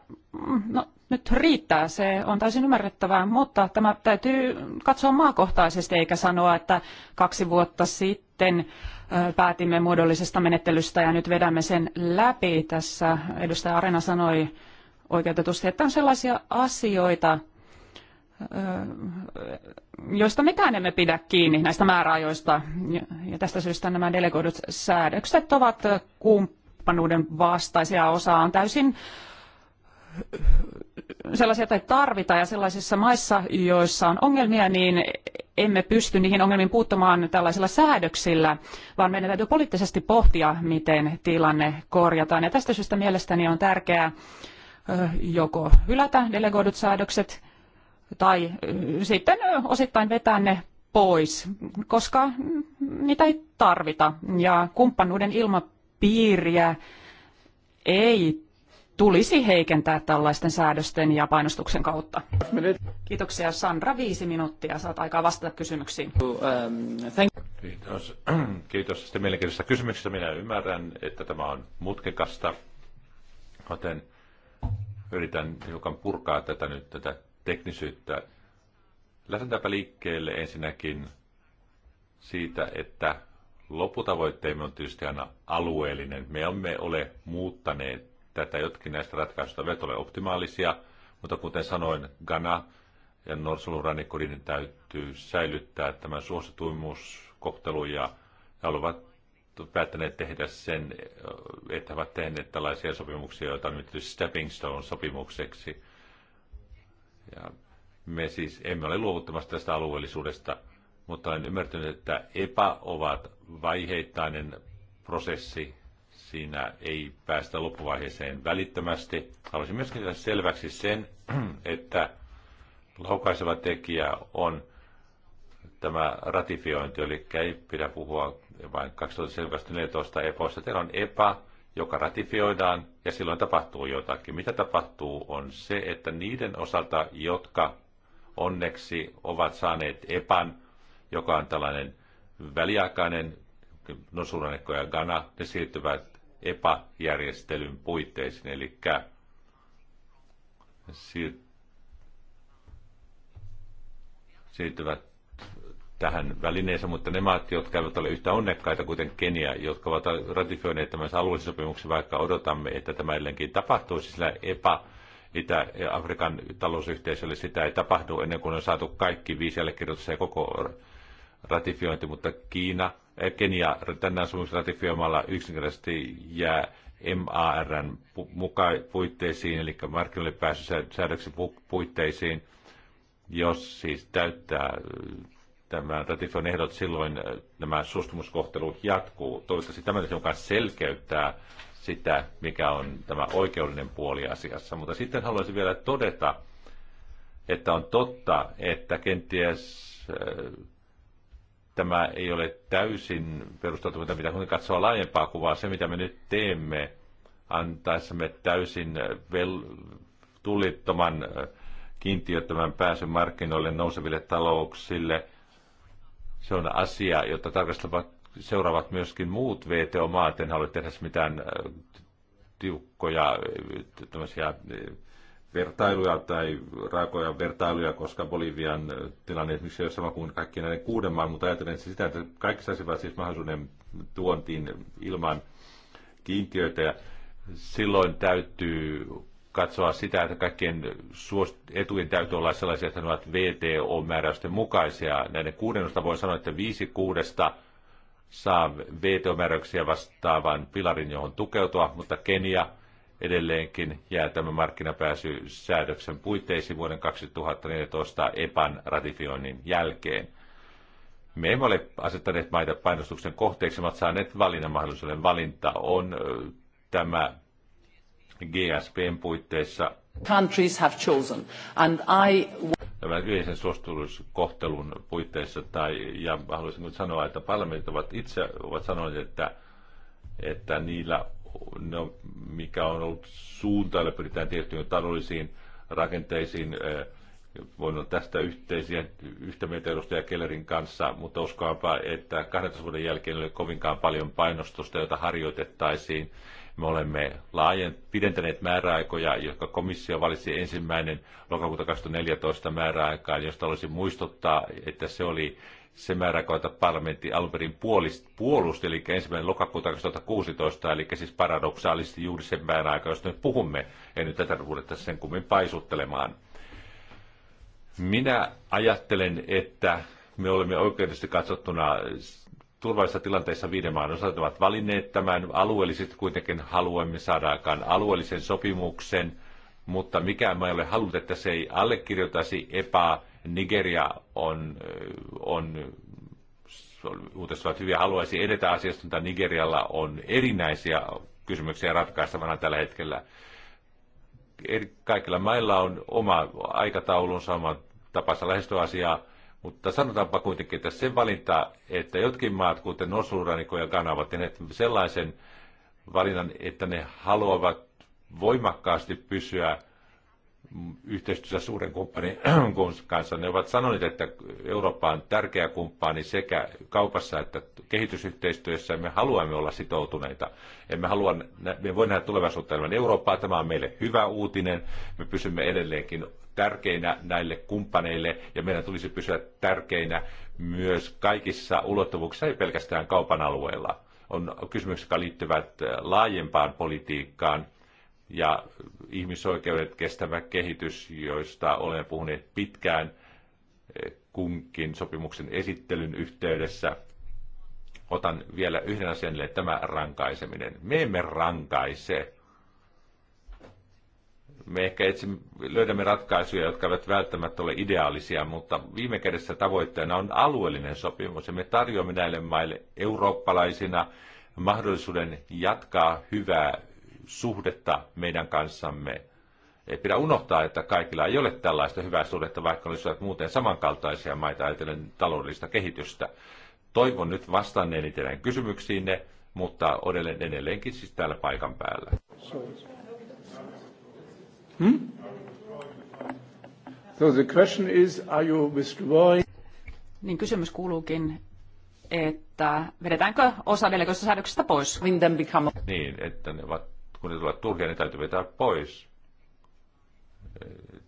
mm, no, nyt riittää, se on täysin ymmärrettävää, mutta tämä täytyy katsoa maakohtaisesti eikä sanoa, että kaksi vuotta sitten päätimme muodollisesta menettelystä ja nyt vedämme sen läpi. Tässä edustaja Arena sanoi oikeutetusti. Että on sellaisia asioita, joista mekään emme pidä kiinni näistä määräajoista. Ja tästä syystä nämä delegoidut säädökset ovat kumppanuuden vastaisia. Osa on täysin sellaisia ei tarvitaan ja sellaisissa maissa, joissa on ongelmia, niin emme pysty niihin ongelmiin puuttumaan tällaisilla säädöksillä, vaan meidän täytyy poliittisesti pohtia, miten tilanne korjataan. Ja tästä syystä mielestäni on tärkeää, joko hylätä delegoidut säädökset tai sitten osittain vetää ne pois, koska niitä ei tarvita. Ja kumppanuuden ilmapiiriä ei tulisi heikentää tällaisten säädösten ja painostuksen kautta. Kiitoksia Sandra, viisi minuuttia. Saat aikaa vastata kysymyksiin. Um,
Kiitos. Kiitos sitten mielenkiintoisesta kysymyksestä. Minä ymmärrän, että tämä on mutkikasta, joten yritän hiukan purkaa tätä nyt, tätä teknisyyttä. Lähdetäänpä liikkeelle ensinnäkin siitä, että loputavoitteemme on tietysti aina alueellinen. Me emme ole muuttaneet tätä, jotkin näistä ratkaisuista eivät ole optimaalisia, mutta kuten sanoin, Ghana ja Norsulun rannikko, täytyy säilyttää tämän suosituimmuuskohtelu ja, ja olivat päättäneet tehdä sen, että ovat tehneet tällaisia sopimuksia, joita on nyt stepping stone sopimukseksi. Ja me siis emme ole luovuttamassa tästä alueellisuudesta, mutta olen ymmärtänyt, että EPA ovat vaiheittainen prosessi. Siinä ei päästä loppuvaiheeseen välittömästi. Haluaisin myöskin tehdä selväksi sen, että laukaiseva tekijä on tämä ratifiointi, eli ei pidä puhua vain 2014 EPOssa. Teillä on EPA, joka ratifioidaan ja silloin tapahtuu jotakin. Mitä tapahtuu on se, että niiden osalta, jotka onneksi ovat saaneet EPAN, joka on tällainen väliaikainen nosuranekko ja Gana, ne siirtyvät EPA-järjestelyn puitteisiin, eli siirtyvät tähän välineeseen, mutta ne maat, jotka eivät ole yhtä onnekkaita, kuten Kenia, jotka ovat ratifioineet tämän alueellisen sopimuksen, vaikka odotamme, että tämä edelleenkin tapahtuu, siis sillä EPA Itä-Afrikan talousyhteisölle sitä ei tapahdu ennen kuin on saatu kaikki viisi allekirjoitusta ja koko ratifiointi, mutta Kiina, eh, Kenia tänään sopimuksen ratifioimalla yksinkertaisesti jää MARn mukaan puitteisiin, eli markkinoille pääsysäädöksen puitteisiin, jos siis täyttää tämä, ratifioin ehdot silloin äh, nämä suostumuskohtelu jatkuu. Toivottavasti tämä nyt joka selkeyttää sitä, mikä on tämä oikeudellinen puoli asiassa. Mutta sitten haluaisin vielä todeta, että on totta, että kenties äh, tämä ei ole täysin perusteltu, mitä pitää katsoa laajempaa kuvaa. Se, mitä me nyt teemme, antaessamme täysin äh, vel- tulittoman kiintiöttömän pääsyn markkinoille nouseville talouksille – se on asia, jota tarkastelevat seuraavat myöskin muut VTO-maat. En halua tehdä mitään äh, tiukkoja äh, äh, vertailuja tai raakoja vertailuja, koska Bolivian tilanne esimerkiksi ei ole sama kuin kaikkien näiden kuuden maan, mutta ajattelen siis sitä, että kaikki saisivat siis mahdollisuuden tuontiin ilman kiintiöitä ja silloin täytyy katsoa sitä, että kaikkien etujen täytyy olla sellaisia, että ne ovat VTO-määräysten mukaisia. Näiden kuudennosta voi sanoa, että viisi kuudesta saa VTO-määräyksiä vastaavan pilarin, johon tukeutua, mutta Kenia edelleenkin jää tämän markkinapääsysäädöksen puitteisiin vuoden 2014 EPAN ratifioinnin jälkeen. Me emme ole asettaneet maita painostuksen kohteeksi, mutta saaneet valinnan mahdollisuuden. Valinta on tämä GSPn puitteissa.
Countries have chosen. And I...
Tämän yleisen suostuluskohtelun puitteissa, tai, ja haluaisin nyt sanoa, että parlamentit ovat itse ovat sanoneet, että, että niillä, no, mikä on ollut suuntailla, pyritään tiettyihin taloudellisiin rakenteisiin, eh, voin olla tästä yhteisiä, yhtä mieltä edustaja Kellerin kanssa, mutta uskoanpa, että 12 vuoden jälkeen ei ole kovinkaan paljon painostusta, jota harjoitettaisiin me olemme laajen, pidentäneet määräaikoja, jotka komissio valitsi ensimmäinen lokakuuta 2014 määräaikaan, josta olisi muistuttaa, että se oli se määräaika, jota parlamentti alun perin puolusti, eli ensimmäinen lokakuuta 2016, eli siis paradoksaalisti juuri sen määräaika, josta nyt puhumme. En nyt tätä ruveta sen kummin paisuttelemaan. Minä ajattelen, että me olemme oikeudellisesti katsottuna turvallisissa tilanteissa viiden maan osat ovat valinneet tämän. Alueellisesti kuitenkin haluamme saada aikaan alueellisen sopimuksen, mutta mikään maa ei ole halunnut, että se ei allekirjoitaisi EPA. Nigeria on, on uutessa ovat hyviä, haluaisi edetä asiasta, mutta Nigerialla on erinäisiä kysymyksiä ratkaistavana tällä hetkellä. Kaikilla mailla on oma aikataulunsa, oma tapansa lähestyä asiaa mutta sanotaanpa kuitenkin, että se valinta, että jotkin maat, kuten Nosuraniko ja Ghana, ovat tehneet sellaisen valinnan, että ne haluavat voimakkaasti pysyä yhteistyössä suuren kumppanin kanssa. Ne ovat sanoneet, että Eurooppa on tärkeä kumppani sekä kaupassa että kehitysyhteistyössä. Me haluamme olla sitoutuneita. Emme halua, me voi nähdä tulevaisuutta ilman Eurooppaa. Tämä on meille hyvä uutinen. Me pysymme edelleenkin tärkeinä näille kumppaneille ja meidän tulisi pysyä tärkeinä myös kaikissa ulottuvuuksissa, ei pelkästään kaupan alueella. On kysymyksiä, jotka liittyvät äh, laajempaan politiikkaan ja ihmisoikeudet, kestävä kehitys, joista olemme puhuneet pitkään äh, kunkin sopimuksen esittelyn yhteydessä. Otan vielä yhden asian, tämä rankaiseminen. Me emme rankaise me ehkä etsimme, löydämme ratkaisuja, jotka eivät välttämättä ole ideaalisia, mutta viime kädessä tavoitteena on alueellinen sopimus ja me tarjoamme näille maille eurooppalaisina mahdollisuuden jatkaa hyvää suhdetta meidän kanssamme. Ei pidä unohtaa, että kaikilla ei ole tällaista hyvää suhdetta, vaikka olisivat muuten samankaltaisia maita ajatellen taloudellista kehitystä. Toivon nyt vastanneeni teidän kysymyksiinne, mutta odelen edelleenkin siis täällä paikan päällä.
Sorry. Hmm? So the question is, are you withdrawing? Niin kysymys kuuluukin, että
vedetäänkö osa delegoista säädöksestä pois? Become...
Niin, että ne ovat, kun ne tulevat turhia, ne täytyy vetää pois.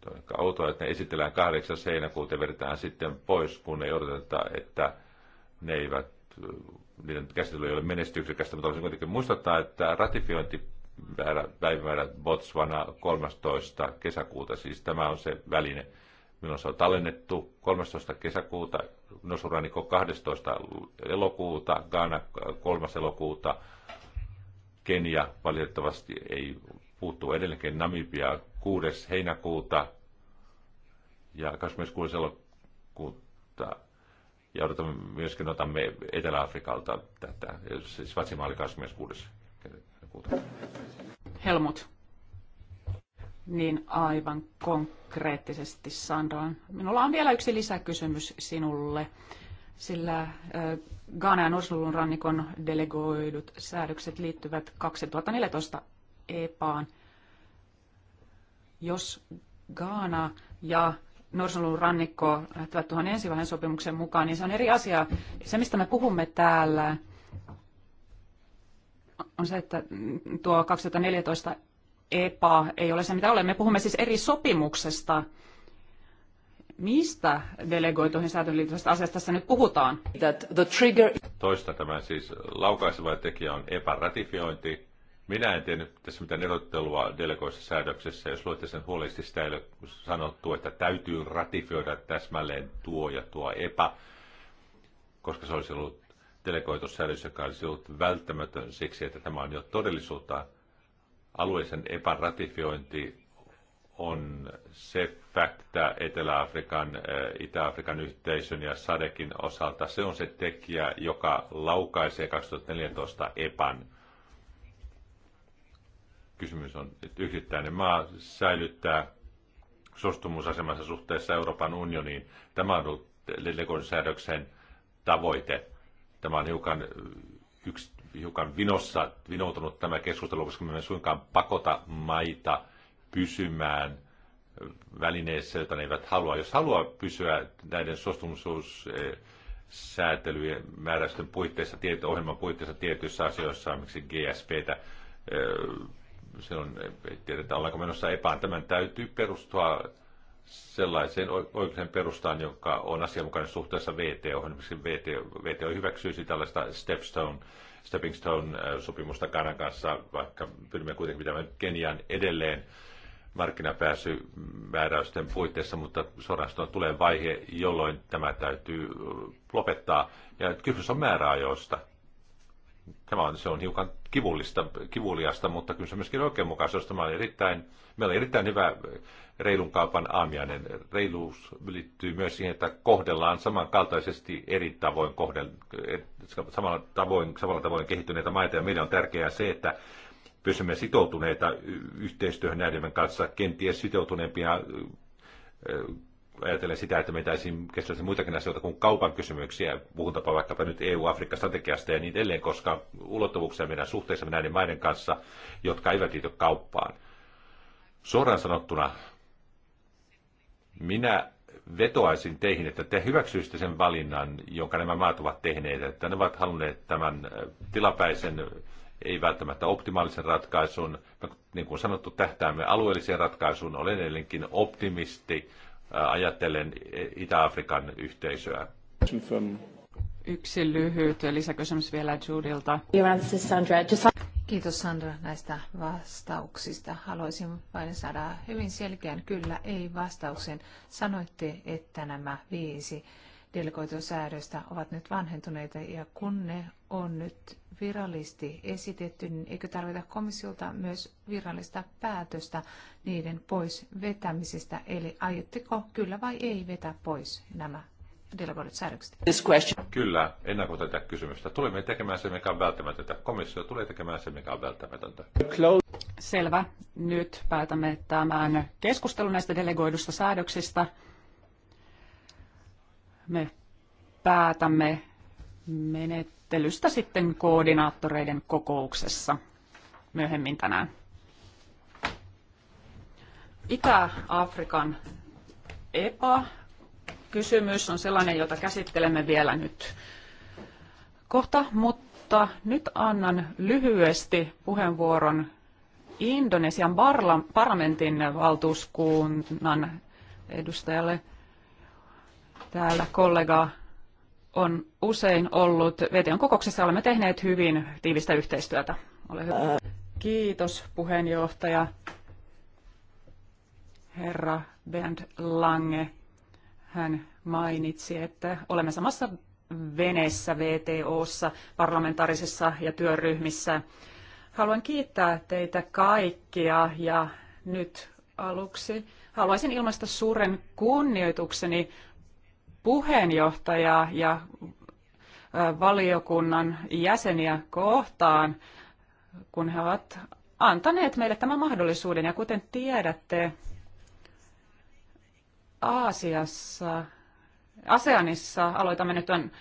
on ehkä outoa, että ne esitellään kahdeksan seinäkuuta ja vedetään sitten pois, kun ei odoteta, että ne eivät, niiden käsittely ei ole menestyksekästä, mutta olisin kuitenkin muistuttaa, että ratifiointi päivämäärä Botswana 13. kesäkuuta, siis tämä on se väline, milloin se on tallennettu 13. kesäkuuta, Nosuraniko 12. elokuuta, Ghana 3. elokuuta, Kenia valitettavasti ei puuttu edelleenkin Namibia 6. heinäkuuta ja 26. elokuuta ja odotamme, myöskin otamme Etelä-Afrikalta tätä, siis Vatsimaali 26. kuuta.
Helmut. Niin aivan konkreettisesti sanoin. Minulla on vielä yksi lisäkysymys sinulle, sillä Ghana ja Norsulun rannikon delegoidut säädökset liittyvät 2014 EPAan. Jos Ghana ja Norsulun rannikko lähtevät tuohon ensivaiheen sopimuksen mukaan, niin se on eri asia. Se, mistä me puhumme täällä, on se, että tuo 2014 EPA ei ole se, mitä olemme. Puhumme siis eri sopimuksesta. Mistä delegoituihin säätöön liittyvästä asiasta tässä nyt puhutaan? That the trigger...
Toista tämä siis laukaiseva tekijä on epäratifiointi. Minä en tiennyt tässä mitään erottelua delegoissa säädöksessä. Jos luette sen huolellisesti, sitä ei ole sanottu, että täytyy ratifioida täsmälleen tuo ja tuo epä, koska se olisi ollut delegoitussäädös, joka olisi ollut välttämätön siksi, että tämä on jo todellisuutta. Alueellisen epäratifiointi on se fakta Etelä-Afrikan, eh, Itä-Afrikan yhteisön ja SADEKin osalta. Se on se tekijä, joka laukaisee 2014 EPAN. Kysymys on, että yksittäinen maa säilyttää suostumusasemansa suhteessa Euroopan unioniin. Tämä on ollut Lillegon säädöksen tavoite. Tämä on hiukan, yksi, hiukan vinossa, vinoutunut tämä keskustelu, koska me suinkaan pakota maita pysymään välineessä, jota ne eivät halua. Jos haluaa pysyä näiden suostumus määräysten puitteissa, ohjelman puitteissa tietyissä asioissa, miksi GSPtä, Se ei tiedetä, ollaanko menossa epään. Tämän täytyy perustua sellaiseen oikeuden perustaan, joka on asianmukainen suhteessa VTO. Esimerkiksi VTO, VTO hyväksyisi tällaista stepstone, stepping stone-sopimusta äh, Kanan kanssa, vaikka pyrimme kuitenkin pitämään Kenian edelleen markkinapääsymääräysten puitteissa, mutta suorastaan tulee vaihe, jolloin tämä täytyy äh, lopettaa. Ja kysymys on määräajoista. Tämä on, se on hiukan kivullista, kivuliasta, mutta kyllä se myöskin oikeanmukaisuus. Tämä on erittäin Meillä on erittäin hyvä eh, reilun kaupan aamiainen. Reiluus liittyy myös siihen, että kohdellaan samankaltaisesti eri tavoin, kohdel, eh, samalla, tavoin, samalla tavoin kehittyneitä maita. Ja meidän on tärkeää se, että pysymme sitoutuneita yhteistyöhön näiden kanssa, kenties sitoutuneempia eh, ajatellen sitä, että meidän käsitellä muitakin asioita kuin kaupan kysymyksiä, puhunpa vaikkapa nyt EU-Afrikka-strategiasta ja niin edelleen, koska ulottuvuuksia meidän suhteessa näiden maiden kanssa, jotka eivät liity kauppaan. Suoraan sanottuna, minä vetoaisin teihin, että te hyväksyisitte sen valinnan, jonka nämä maat ovat tehneet, että ne ovat halunneet tämän äh, tilapäisen, ei välttämättä optimaalisen ratkaisun. Niin kuin sanottu, tähtäämme alueelliseen ratkaisuun. Olen edelleenkin optimisti äh, ajatellen e, Itä-Afrikan yhteisöä.
Yksi lyhyt lisäkysymys vielä Judilta.
Kiitos Sandra näistä vastauksista. Haluaisin vain saada hyvin selkeän kyllä ei vastauksen. Sanoitte, että nämä viisi delegoitusäädöstä ovat nyt vanhentuneita ja kun ne on nyt virallisesti esitetty, niin eikö tarvita komissiolta myös virallista päätöstä niiden pois vetämisestä? Eli aiotteko kyllä vai ei vetää pois nämä delegoidut säädökset.
Kyllä, ennakko tätä kysymystä. Tulemme tekemään se, mikä on välttämätöntä. Komissio tulee tekemään se, mikä on välttämätöntä.
Selvä. Nyt päätämme tämän keskustelun näistä delegoidusta säädöksistä. Me päätämme menettelystä sitten koordinaattoreiden kokouksessa myöhemmin tänään. Itä-Afrikan EPA kysymys on sellainen, jota käsittelemme vielä nyt kohta, mutta nyt annan lyhyesti puheenvuoron Indonesian parlamentin valtuuskunnan edustajalle. Täällä kollega on usein ollut VTN kokouksessa. Olemme tehneet hyvin tiivistä yhteistyötä. Ole hyvä. Kiitos puheenjohtaja herra Bernd Lange hän mainitsi, että olemme samassa veneessä VTOssa, parlamentaarisessa ja työryhmissä. Haluan kiittää teitä kaikkia ja nyt aluksi haluaisin ilmaista suuren kunnioitukseni puheenjohtajaa ja valiokunnan jäseniä kohtaan, kun he ovat antaneet meille tämän mahdollisuuden. Ja kuten tiedätte, Aasiassa, ASEANissa aloitamme nyt on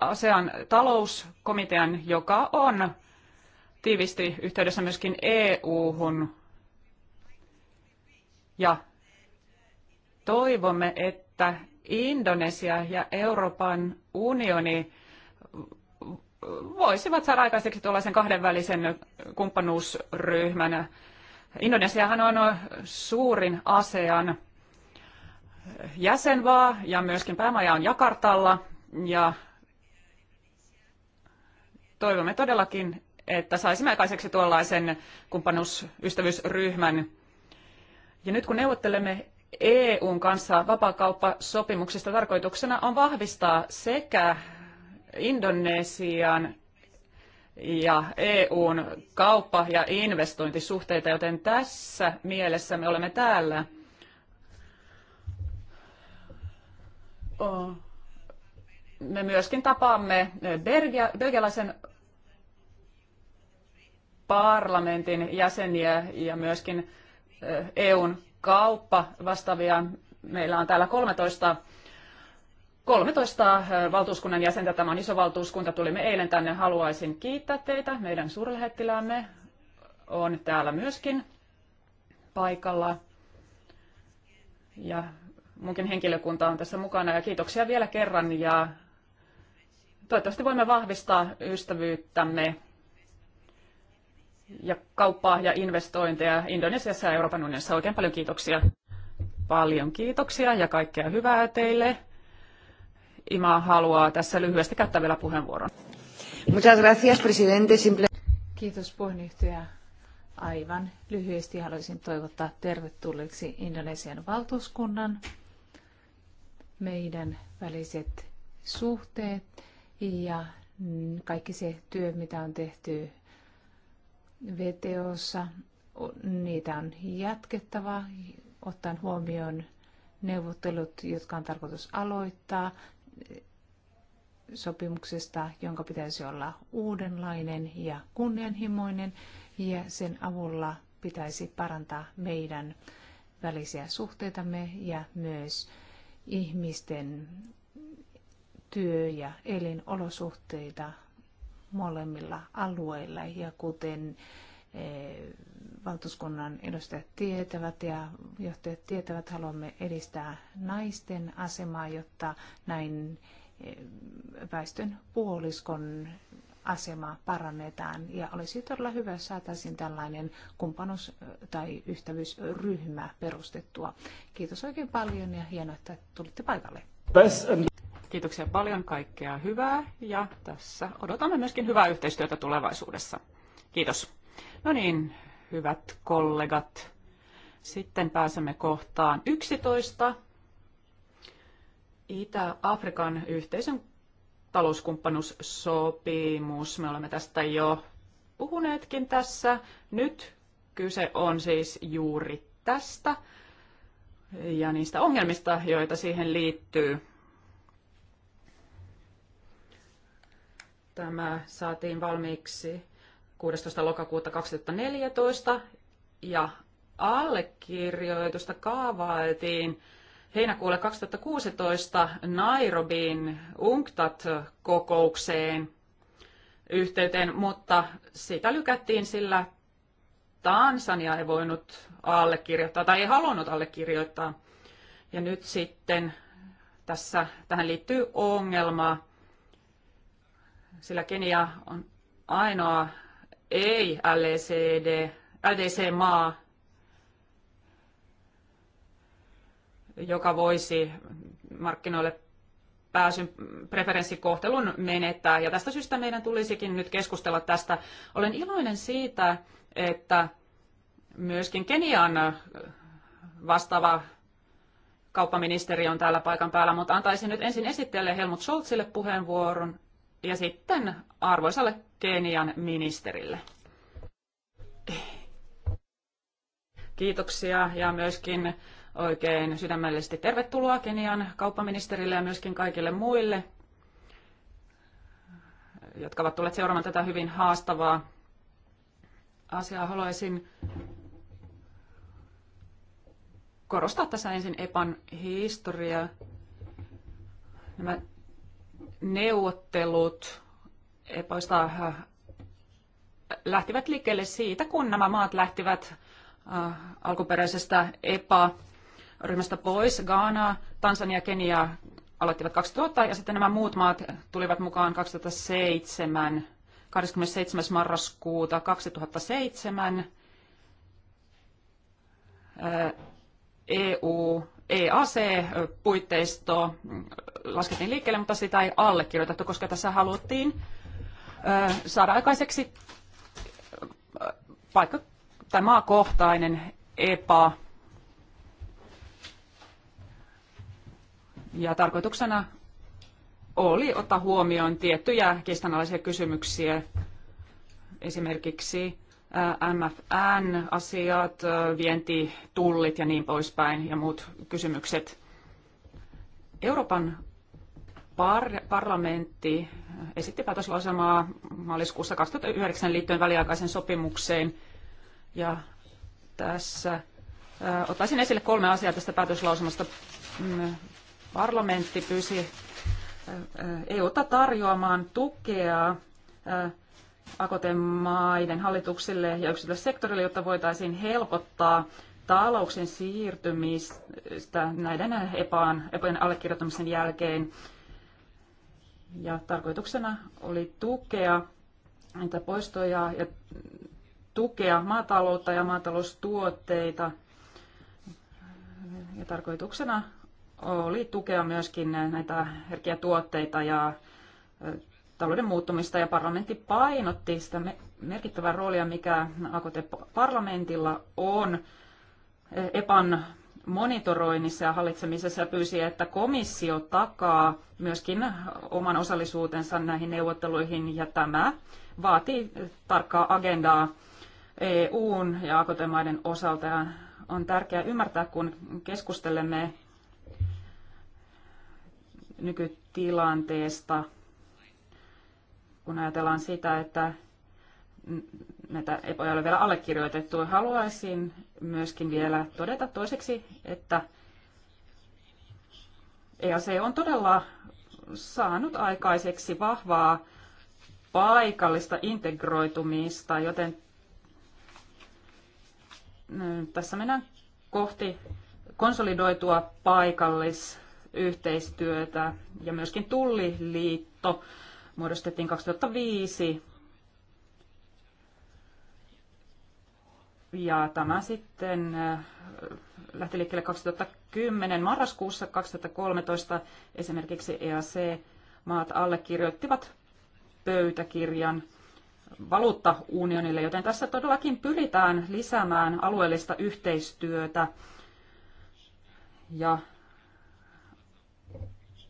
ASEAN talouskomitean, joka on tiivisti yhteydessä myöskin EU-hun. Ja toivomme, että Indonesia ja Euroopan unioni voisivat saada aikaiseksi tuollaisen kahdenvälisen kumppanuusryhmän. Indonesiahan on suurin ASEAN Jäsenvaa ja myöskin päämaja on Jakartalla ja toivomme todellakin, että saisimme aikaiseksi tuollaisen kumppanuusystävyysryhmän. Ja nyt kun neuvottelemme EUn kanssa vapaakauppasopimuksista, tarkoituksena on vahvistaa sekä Indonesian ja EUn kauppa- ja investointisuhteita, joten tässä mielessä me olemme täällä – me myöskin tapaamme eh, belgia, belgialaisen parlamentin jäseniä ja myöskin EUn eh, e kauppa vastaavia. Meillä on täällä 13, 13 eh, valtuuskunnan jäsentä. Tämä on iso valtuuskunta. Tulimme eilen tänne. Haluaisin kiittää teitä. Meidän suurlähettiläämme on täällä myöskin paikalla. Ja Munkin henkilökunta on tässä mukana ja kiitoksia vielä kerran ja toivottavasti voimme vahvistaa ystävyyttämme ja kauppaa ja investointeja Indonesiassa ja Euroopan unionissa. Oikein paljon kiitoksia. Paljon kiitoksia ja kaikkea hyvää teille. Ima haluaa tässä lyhyesti käyttää vielä puheenvuoron.
Muchas gracias, presidente. Simple... Kiitos puheenjohtaja. Aivan lyhyesti haluaisin toivottaa tervetulleeksi Indonesian valtuuskunnan meidän väliset suhteet ja kaikki se työ, mitä on tehty VTOssa, niitä on jatkettava ottaen huomioon neuvottelut, jotka on tarkoitus aloittaa sopimuksesta, jonka pitäisi olla uudenlainen ja kunnianhimoinen, ja sen avulla pitäisi parantaa meidän välisiä suhteitamme ja myös ihmisten työ- ja elinolosuhteita molemmilla alueilla. Ja kuten eh, valtuuskunnan edustajat tietävät ja johtajat tietävät, haluamme edistää naisten asemaa, jotta näin eh, väestön puoliskon asema parannetaan. Ja olisi todella hyvä, jos saataisiin tällainen kumppanuus- tai ystävyysryhmä perustettua. Kiitos oikein paljon ja hienoa, että tulitte
paikalle. Kiitoksia paljon, kaikkea hyvää ja tässä odotamme myöskin hyvää yhteistyötä tulevaisuudessa. Kiitos. No niin, hyvät kollegat, sitten pääsemme kohtaan 11. Itä-Afrikan yhteisön talouskumppanuussopimus. Me olemme tästä jo puhuneetkin tässä. Nyt kyse on siis juuri tästä ja niistä ongelmista, joita siihen liittyy. Tämä saatiin valmiiksi 16. lokakuuta 2014 ja allekirjoitusta kaavailtiin heinäkuulle 2016 Nairobin UNCTAD-kokoukseen yhteyteen, mutta sitä lykättiin sillä Tansania ei voinut allekirjoittaa tai ei halunnut allekirjoittaa. Ja nyt sitten tässä, tähän liittyy ongelma, sillä Kenia on ainoa ei-LDC-maa, joka voisi markkinoille pääsyn preferenssikohtelun menettää. Ja tästä syystä meidän tulisikin nyt keskustella tästä. Olen iloinen siitä, että myöskin Kenian vastaava kauppaministeri on täällä paikan päällä, mutta antaisin nyt ensin esittäjälle Helmut Scholzille puheenvuoron ja sitten arvoisalle Kenian ministerille. Kiitoksia ja myöskin oikein sydämellisesti tervetuloa Kenian kauppaministerille ja myöskin kaikille muille, jotka ovat tulleet seuraamaan tätä hyvin haastavaa asiaa. Haluaisin korostaa tässä ensin EPAN historia. Nämä neuvottelut EPAista äh, lähtivät liikkeelle siitä, kun nämä maat lähtivät äh, alkuperäisestä EPA ryhmästä pois. Ghana, Tansania ja Kenia aloittivat 2000 ja sitten nämä muut maat tulivat mukaan 2007, 27. marraskuuta 2007. EU, EAC-puitteisto laskettiin liikkeelle, mutta sitä ei allekirjoitettu, koska tässä haluttiin saada aikaiseksi paikka- tai maakohtainen EPA, Ja tarkoituksena oli ottaa huomioon tiettyjä kiistanalaisia kysymyksiä, esimerkiksi MFN-asiat, vientitullit ja niin poispäin ja muut kysymykset. Euroopan par- parlamentti esitti päätöslausemaa maaliskuussa 2009 liittyen väliaikaisen sopimukseen. Ja tässä ottaisin esille kolme asiaa tästä päätöslauselmasta. Mm, parlamentti pyysi EUta tarjoamaan tukea akoten maiden hallituksille ja yksityiselle sektorille, jotta voitaisiin helpottaa talouksien siirtymistä näiden epaan, epojen allekirjoittamisen jälkeen. Ja tarkoituksena oli tukea näitä poistoja ja tukea maataloutta ja maataloustuotteita. Ja tarkoituksena oli tukea myöskin näitä herkkiä tuotteita ja talouden muuttumista ja parlamentti painotti sitä merkittävää roolia, mikä AKT-parlamentilla on EPAN monitoroinnissa ja hallitsemisessa ja pyysi, että komissio takaa myöskin oman osallisuutensa näihin neuvotteluihin ja tämä vaatii tarkkaa agendaa EUn ja AKT-maiden osalta ja on tärkeää ymmärtää, kun keskustelemme nykytilanteesta, kun ajatellaan sitä, että näitä epoja ole vielä allekirjoitettu. Haluaisin myöskin vielä todeta toiseksi, että EAC on todella saanut aikaiseksi vahvaa paikallista integroitumista, joten tässä mennään kohti konsolidoitua paikallis yhteistyötä ja myöskin Tulliliitto muodostettiin 2005. Ja tämä sitten äh, lähti liikkeelle 2010. Marraskuussa 2013 esimerkiksi EAC-maat allekirjoittivat pöytäkirjan valuuttaunionille, joten tässä todellakin pyritään lisäämään alueellista yhteistyötä ja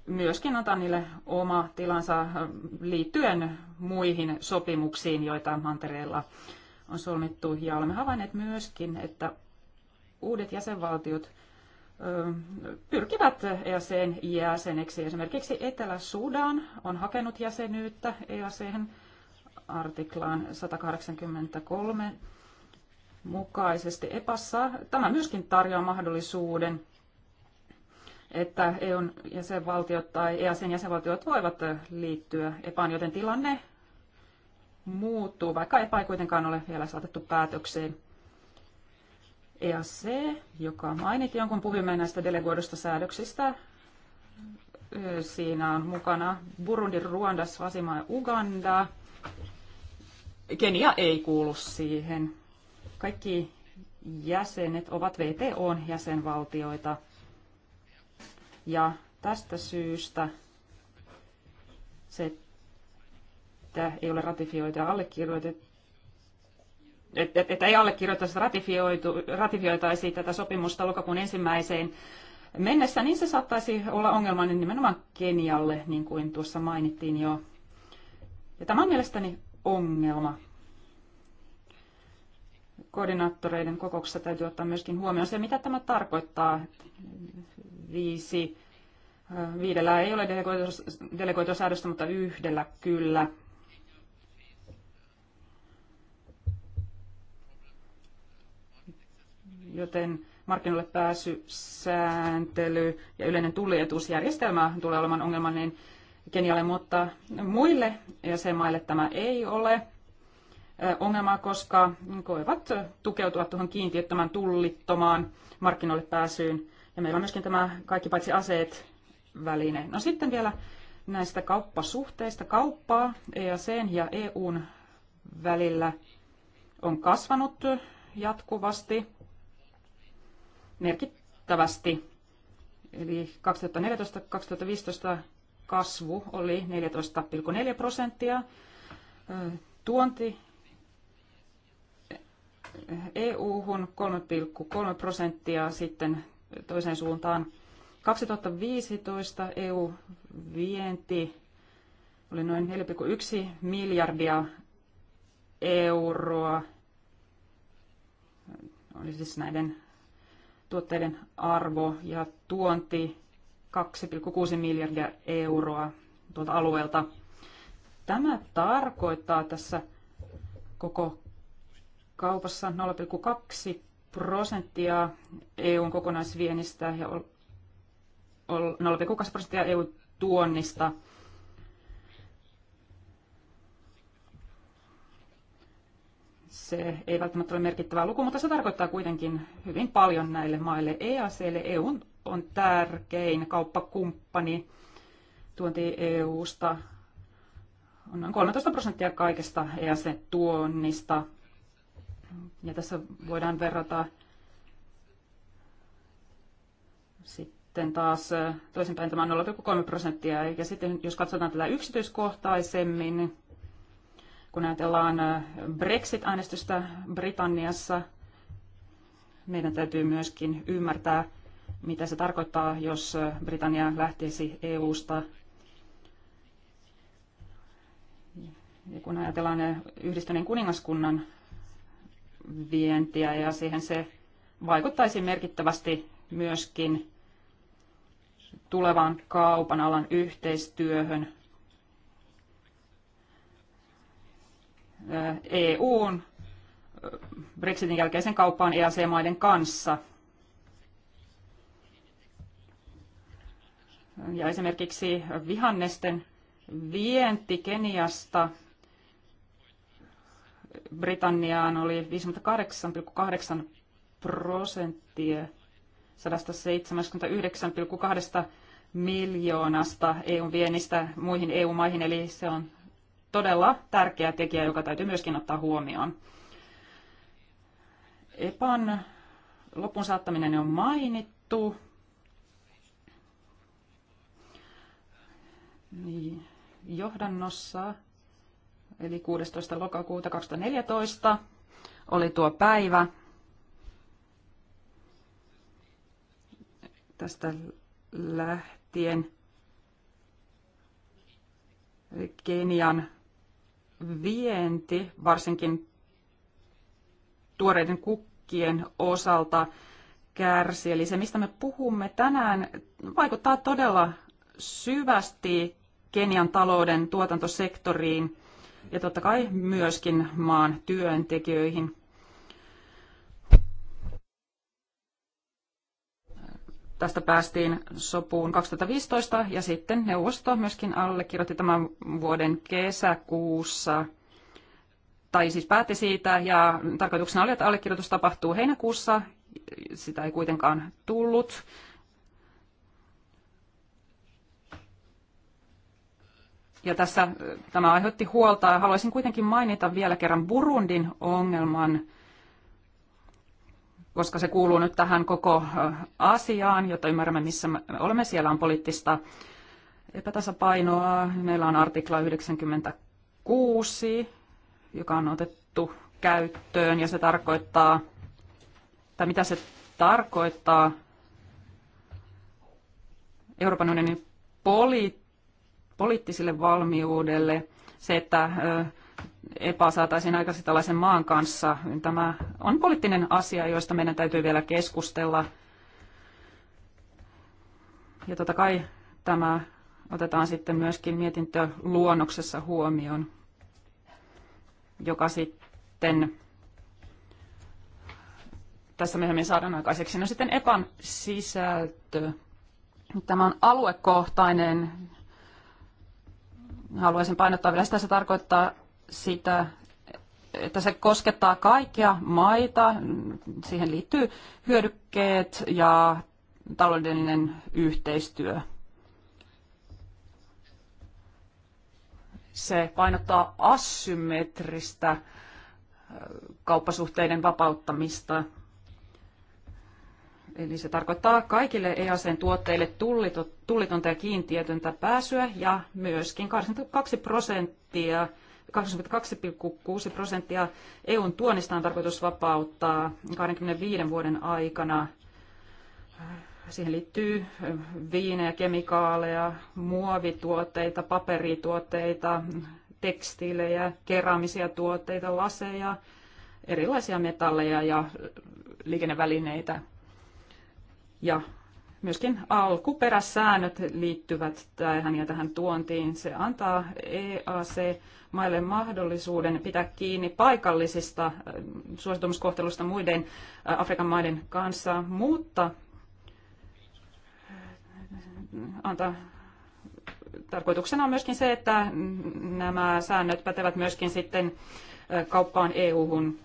myöskin antaa niille oma tilansa äh, liittyen muihin sopimuksiin, joita mantereella on solmittu. Ja olemme havainneet myöskin, että uudet jäsenvaltiot äh, pyrkivät EACn jäseneksi. Esimerkiksi Etelä-Sudan on hakenut jäsenyyttä EACn artiklaan 183 mukaisesti. EPassa tämä myöskin tarjoaa mahdollisuuden että EUn jäsenvaltiot tai EASin jäsenvaltiot voivat liittyä EPAan, joten tilanne muuttuu, vaikka EPA ei kuitenkaan ole vielä saatettu päätökseen. EAC, joka mainittiin, kun puhumme näistä delegoidusta säädöksistä, siinä on mukana Burundi, Ruanda, Swazima ja Uganda. Kenia ei kuulu siihen. Kaikki jäsenet ovat VTOn jäsenvaltioita. Ja tästä syystä se, että ei ole ratifioitu ja allekirjoitettu, että, että ei allekirjoittaisi ratifioitu, ratifioitaisi tätä sopimusta lokakuun ensimmäiseen mennessä, niin se saattaisi olla ongelmallinen nimenomaan Kenialle, niin kuin tuossa mainittiin jo. Ja tämä on mielestäni ongelma. Koordinaattoreiden kokouksessa täytyy ottaa myöskin huomioon se, mitä tämä tarkoittaa viisi. Viidellä ei ole delegoitua säädöstä, mutta yhdellä kyllä. Joten markkinoille pääsy, sääntely ja yleinen tullietuusjärjestelmä tulee olemaan ongelmallinen Kenialle, mutta muille jäsenmaille tämä ei ole ongelmaa, koska koivat tukeutua tuohon kiintiöttömän tullittomaan markkinoille pääsyyn. Ja meillä on myöskin tämä kaikki paitsi aseet väline. No sitten vielä näistä kauppasuhteista. Kauppaa e EACn ja EUn välillä on kasvanut jatkuvasti merkittävästi. Eli 2014-2015 kasvu oli 14,4 prosenttia. Tuonti EU-hun 3,3 prosenttia, sitten toiseen suuntaan. 2015 EU-vienti oli noin 4,1 miljardia euroa. Oli siis näiden tuotteiden arvo ja tuonti 2,6 miljardia euroa tuolta alueelta. Tämä tarkoittaa tässä koko kaupassa 0,2 prosenttia EUn kokonaisviennistä ja 0,2 no, prosenttia EUn tuonnista. Se ei välttämättä ole merkittävä luku, mutta se tarkoittaa kuitenkin hyvin paljon näille maille. EAClle EU on tärkein kauppakumppani tuonti EUsta on noin 13 prosenttia kaikesta EAC-tuonnista. Ja tässä voidaan verrata sitten taas toisinpäin tämä 0,3 prosenttia. Ja sitten jos katsotaan tätä yksityiskohtaisemmin, kun ajatellaan Brexit-äänestystä Britanniassa, meidän täytyy myöskin ymmärtää, mitä se tarkoittaa, jos Britannia lähtisi EU-sta. Ja kun ajatellaan yhdistyneen kuningaskunnan vientiä ja siihen se vaikuttaisi merkittävästi myöskin tulevan kaupan alan yhteistyöhön EUn Brexitin jälkeisen kauppaan EAC-maiden kanssa. Ja esimerkiksi vihannesten vienti Keniasta – Britanniaan oli 58,8 prosenttia 179,2 miljoonasta EUn viennistä muihin EU-maihin, eli se on todella tärkeä tekijä, joka täytyy myöskin ottaa huomioon. EPAN lopun saattaminen on mainittu. Niin, johdannossa eli 16. lokakuuta 2014 oli tuo päivä. Tästä lähtien Kenian vienti, varsinkin tuoreiden kukkien osalta, kärsi. Eli se, mistä me puhumme tänään, vaikuttaa todella syvästi Kenian talouden tuotantosektoriin ja totta kai myöskin maan työntekijöihin. Tästä päästiin sopuun 2015 ja sitten neuvosto myöskin allekirjoitti tämän vuoden kesäkuussa tai siis päätti siitä ja tarkoituksena oli, että allekirjoitus tapahtuu heinäkuussa. Sitä ei kuitenkaan tullut. Ja tässä tämä aiheutti huolta. Haluaisin kuitenkin mainita vielä kerran Burundin ongelman, koska se kuuluu nyt tähän koko asiaan, jotta ymmärrämme, missä me olemme. Siellä on poliittista epätasapainoa. Meillä on artikla 96, joka on otettu käyttöön, ja se tarkoittaa, tai mitä se tarkoittaa Euroopan unionin poliittista poliittiselle valmiudelle, se, että EPA saataisiin aikaisemmin tällaisen maan kanssa, tämä on poliittinen asia, josta meidän täytyy vielä keskustella. Ja totta kai tämä otetaan sitten myöskin mietintöluonnoksessa huomioon, joka sitten tässä myöhemmin saadaan aikaiseksi. No sitten EPAN sisältö. Tämä on aluekohtainen haluaisin painottaa vielä sitä, se tarkoittaa sitä, että se koskettaa kaikkia maita. Siihen liittyy hyödykkeet ja taloudellinen yhteistyö. Se painottaa asymmetristä kauppasuhteiden vapauttamista – Eli se tarkoittaa kaikille EASen tuotteille tullitonta ja kiintiötöntä pääsyä ja myöskin 22 prosenttia 22,6 prosenttia EUn tuonnista on tarkoitus vapauttaa 25 vuoden aikana. Siihen liittyy viinejä, kemikaaleja, muovituotteita, paperituotteita, tekstiilejä, keraamisia tuotteita, laseja, erilaisia metalleja ja liikennevälineitä. Ja myöskin alkuperäsäännöt liittyvät tähän ja tähän tuontiin. Se antaa EAC-maille mahdollisuuden pitää kiinni paikallisista äh, suositumuskohtelusta muiden äh, Afrikan maiden kanssa, mutta äh, antaa tarkoituksena on myöskin se, että nämä säännöt pätevät myöskin sitten kauppaan EU-hun.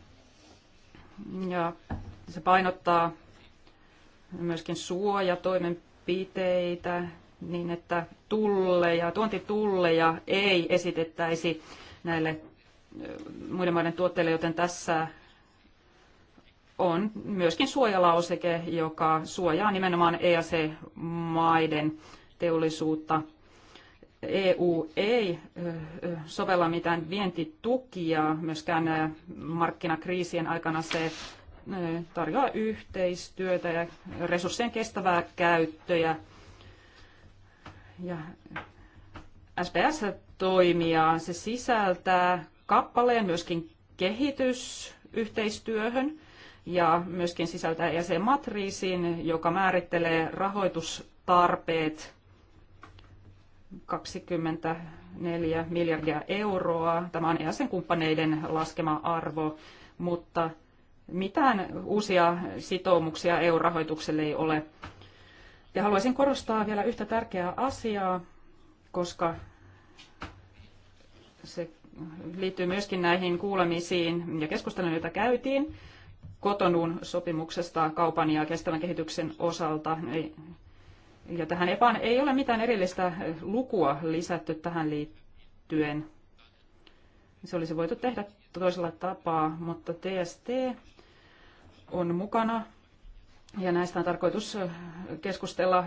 Ja se painottaa myöskin suojatoimenpiteitä niin, että tulleja, tuontitulleja ei esitettäisi näille muiden maiden tuotteille, joten tässä on myöskin suojalauseke, joka suojaa nimenomaan EAC-maiden teollisuutta. EU ei sovella mitään vientitukia myöskään markkinakriisien aikana. Se tarjoaa yhteistyötä ja resurssien kestävää käyttöä. Ja SPS toimia. Se sisältää kappaleen myöskin kehitysyhteistyöhön ja myöskin sisältää jäsenmatriisin, joka määrittelee rahoitustarpeet 24 miljardia euroa. Tämä on jäsenkumppaneiden laskema arvo, mutta mitään uusia sitoumuksia EU-rahoitukselle ei ole. Ja haluaisin korostaa vielä yhtä tärkeää asiaa, koska se liittyy myöskin näihin kuulemisiin ja keskusteluun, joita käytiin kotonun sopimuksesta kaupan ja kestävän kehityksen osalta. Ja tähän EPAan ei ole mitään erillistä lukua lisätty tähän liittyen. Se olisi voitu tehdä toisella tapaa, mutta TST on mukana. Ja näistä on tarkoitus äh, keskustella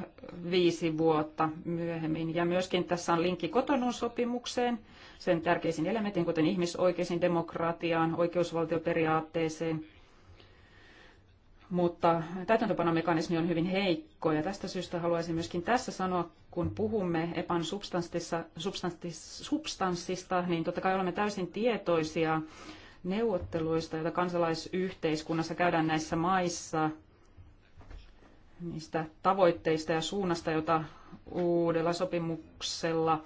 viisi vuotta myöhemmin. Ja myöskin tässä on linkki kotonun sopimukseen, sen tärkeisiin elementin, kuten ihmisoikeisiin, demokratiaan, oikeusvaltioperiaatteeseen. Mutta täytäntöpanomekanismi on hyvin heikko ja tästä syystä haluaisin myöskin tässä sanoa, kun puhumme EPAN substanssista, substanssista niin totta kai olemme täysin tietoisia neuvotteluista, joita kansalaisyhteiskunnassa käydään näissä maissa, niistä tavoitteista ja suunnasta, jota uudella sopimuksella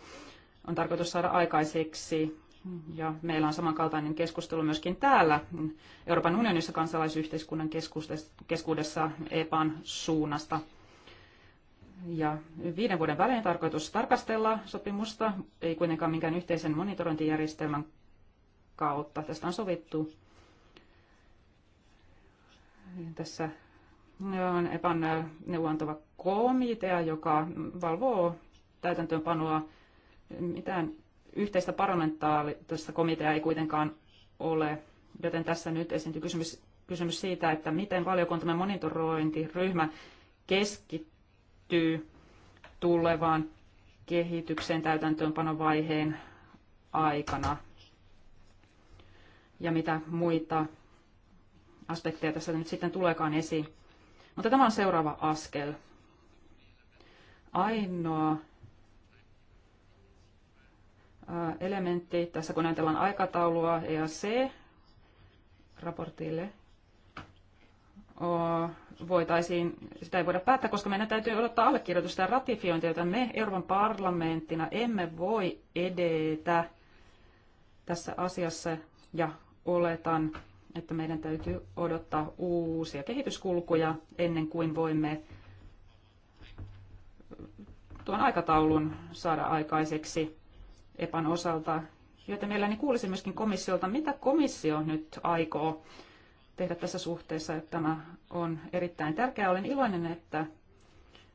on tarkoitus saada aikaiseksi. Ja meillä on samankaltainen keskustelu myöskin täällä Euroopan unionissa kansalaisyhteiskunnan keskuudessa EPAn suunnasta. Ja viiden vuoden välein tarkoitus tarkastella sopimusta, ei kuitenkaan minkään yhteisen monitorointijärjestelmän kautta. Tästä on sovittu tässä on EPAN neuvontava komitea, joka valvoo täytäntöönpanoa. Mitään yhteistä parlamentaalista komitea ei kuitenkaan ole, joten tässä nyt esiintyy kysymys, kysymys siitä, että miten valiokuntamme monitorointiryhmä keskittyy tulevaan kehitykseen täytäntöönpanovaiheen aikana ja mitä muita aspekteja tässä nyt sitten tuleekaan esiin. Mutta tämä on seuraava askel. Ainoa elementti tässä, kun ajatellaan aikataulua EAC-raportille, voitaisiin, sitä ei voida päättää, koska meidän täytyy odottaa allekirjoitusta ja ratifiointia, joten me Euroopan parlamenttina emme voi edetä tässä asiassa ja oletan, että meidän täytyy odottaa uusia kehityskulkuja ennen kuin voimme tuon aikataulun saada aikaiseksi EPAN osalta, joten mielelläni kuulisin myöskin komissiolta, mitä komissio nyt aikoo tehdä tässä suhteessa, että tämä on erittäin tärkeää. Olen iloinen, että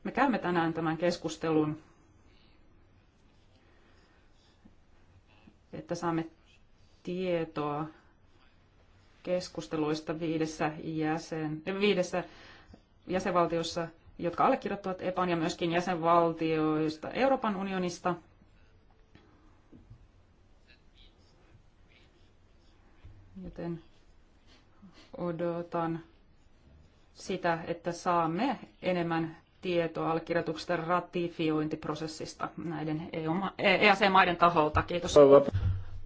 me käymme tänään tämän keskustelun, että saamme tietoa keskusteluista viidessä, jäsen, viidessä jäsenvaltiossa, jotka allekirjoittavat EPAN ja myöskin jäsenvaltioista Euroopan unionista. Joten odotan sitä, että saamme enemmän tietoa allekirjoituksesta ratifiointiprosessista näiden eu e- e maiden taholta. Kiitos.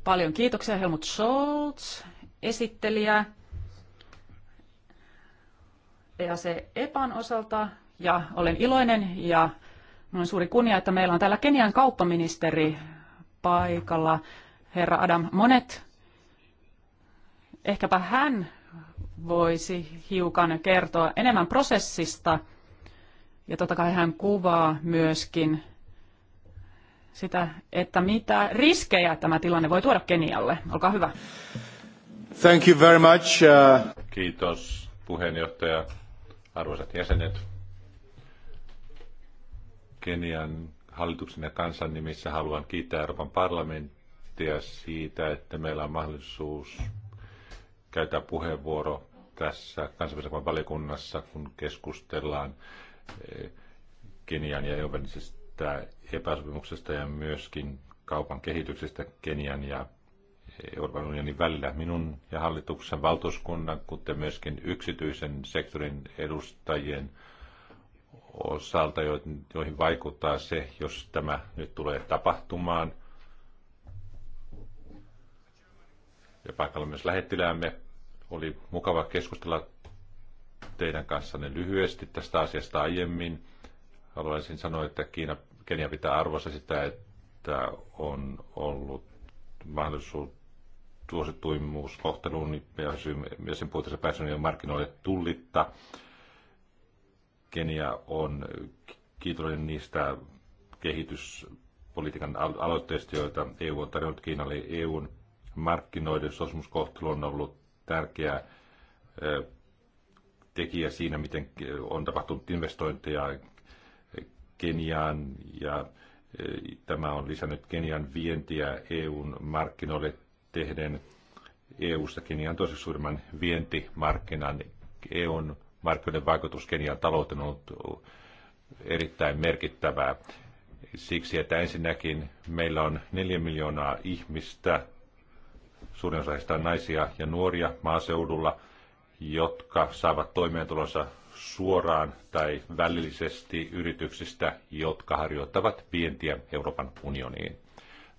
Paljon kiitoksia Helmut Scholz esittelijää EAC EPAN osalta ja olen iloinen ja on suuri kunnia, että meillä on täällä Kenian kauppaministeri paikalla, herra Adam Monet. Ehkäpä hän voisi hiukan kertoa enemmän prosessista ja totta kai hän kuvaa myöskin sitä, että mitä riskejä tämä tilanne voi tuoda Kenialle. Olkaa hyvä.
Thank you very much. Uh, Kiitos puheenjohtaja, arvoisat jäsenet. Kenian hallituksen ja kansan nimissä haluan kiittää Euroopan parlamenttia siitä, että meillä on mahdollisuus käyttää puheenvuoro tässä kansainvälisen valiokunnassa, kun keskustellaan eh, Kenian ja Euroopan välisestä epäsopimuksesta ja myöskin kaupan kehityksestä Kenian ja Euroopan unionin välillä. Minun ja hallituksen valtuuskunnan, kuten myöskin yksityisen sektorin edustajien osalta, joihin vaikuttaa se, jos tämä nyt tulee tapahtumaan. Ja paikalla myös lähettiläämme. Oli mukava keskustella teidän kanssanne lyhyesti tästä asiasta aiemmin. Haluaisin sanoa, että Kiina, Kenia pitää arvossa sitä, että on ollut mahdollisuus suosituimmuuskohteluun ja sen puitteissa pääsyn markkinoille tullitta. Kenia on kiitollinen niistä kehityspolitiikan aloitteista, joita EU on tarjonnut Kiinalle. EUn markkinoiden suostumuskohtelu on ollut tärkeä tekijä siinä, miten on tapahtunut investointeja Keniaan ja tämä on lisännyt Kenian vientiä EUn markkinoille tehden EU-sta Kenian toiseksi suurimman vientimarkkinan. EUn markkinoiden vaikutus Kenian talouteen on ollut erittäin merkittävää. Siksi, että ensinnäkin meillä on neljä miljoonaa ihmistä, suurin osa heistä on naisia ja nuoria maaseudulla, jotka saavat toimeentulonsa suoraan tai välillisesti yrityksistä, jotka harjoittavat vientiä Euroopan unioniin.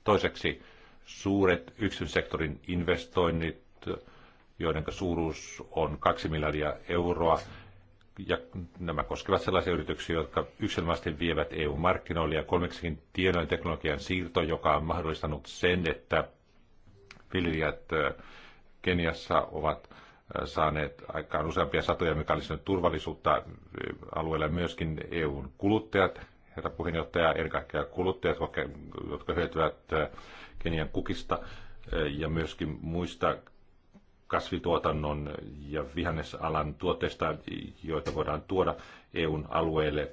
Toiseksi suuret yksityissektorin investoinnit, joiden suuruus on 2 miljardia euroa. Ja nämä koskevat sellaisia yrityksiä, jotka yksilmästi vievät EU-markkinoille ja kolmeksikin tiedon ja teknologian siirto, joka on mahdollistanut sen, että viljelijät Keniassa ovat saaneet aikaan useampia satoja, mikä olisi turvallisuutta alueella myöskin EUn kuluttajat, herra puheenjohtaja, ennen kaikkea kuluttajat, jotka hyötyvät Kenian kukista eh, ja myöskin muista kasvituotannon ja vihannesalan tuotteista, joita voidaan tuoda EUn alueelle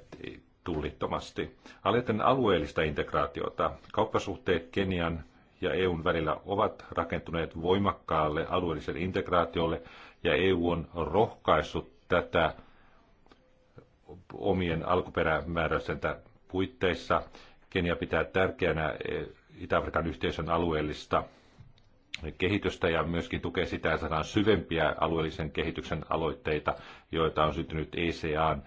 tullittomasti. Aleten alueellista integraatiota. Kauppasuhteet Kenian ja EUn välillä ovat rakentuneet voimakkaalle alueelliselle integraatiolle, ja EU on rohkaissut tätä omien alkuperämääräisentä puitteissa. Kenia pitää tärkeänä eh, Itä-Afrikan yhteisön alueellista kehitystä ja myöskin tukee sitä, että saadaan syvempiä alueellisen kehityksen aloitteita, joita on syntynyt ECAn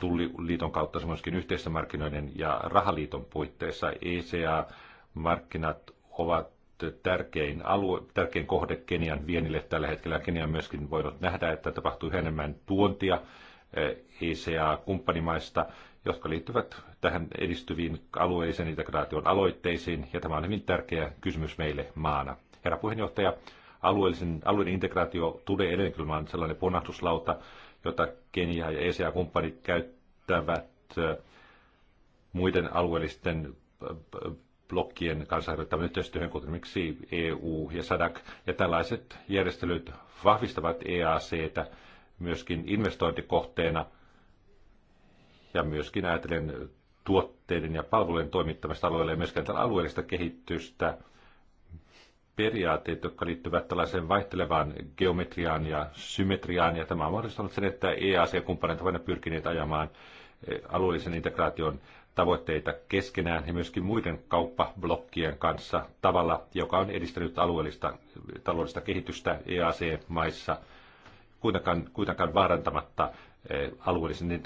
tulliliiton kautta myöskin yhteisten markkinoiden ja rahaliiton puitteissa. ECA-markkinat ovat tärkein, alue, tärkein kohde Kenian vienille tällä hetkellä. Kenia myöskin voinut nähdä, että tapahtuu enemmän tuontia ECA-kumppanimaista eh, e jotka liittyvät tähän edistyviin alueellisen integraation aloitteisiin, ja tämä on hyvin tärkeä kysymys meille maana. Herra puheenjohtaja, alueellisen, alueellinen integraatio tulee edelleen kyllä sellainen ponnahduslauta, jota Kenia ja ECA-kumppanit käyttävät muiden alueellisten blokkien kansainvälisen yhteistyöhön, kuten miksi EU ja SADAC, ja tällaiset järjestelyt vahvistavat EACtä myöskin investointikohteena – ja myöskin ajatellen tuotteiden ja palvelujen toimittamista alueelle ja myöskin tällä alueellista kehitystä, periaatteet, jotka liittyvät tällaiseen vaihtelevaan geometriaan ja symmetriaan, ja tämä on mahdollistanut sen, että EAC-kumppanit ovat aina pyrkineet ajamaan eh, alueellisen integraation tavoitteita keskenään ja myöskin muiden kauppablokkien kanssa tavalla, joka on edistänyt alueellista taloudellista kehitystä EAC-maissa, kuitenkaan, kuitenkaan vaarantamatta Eh, alueellisen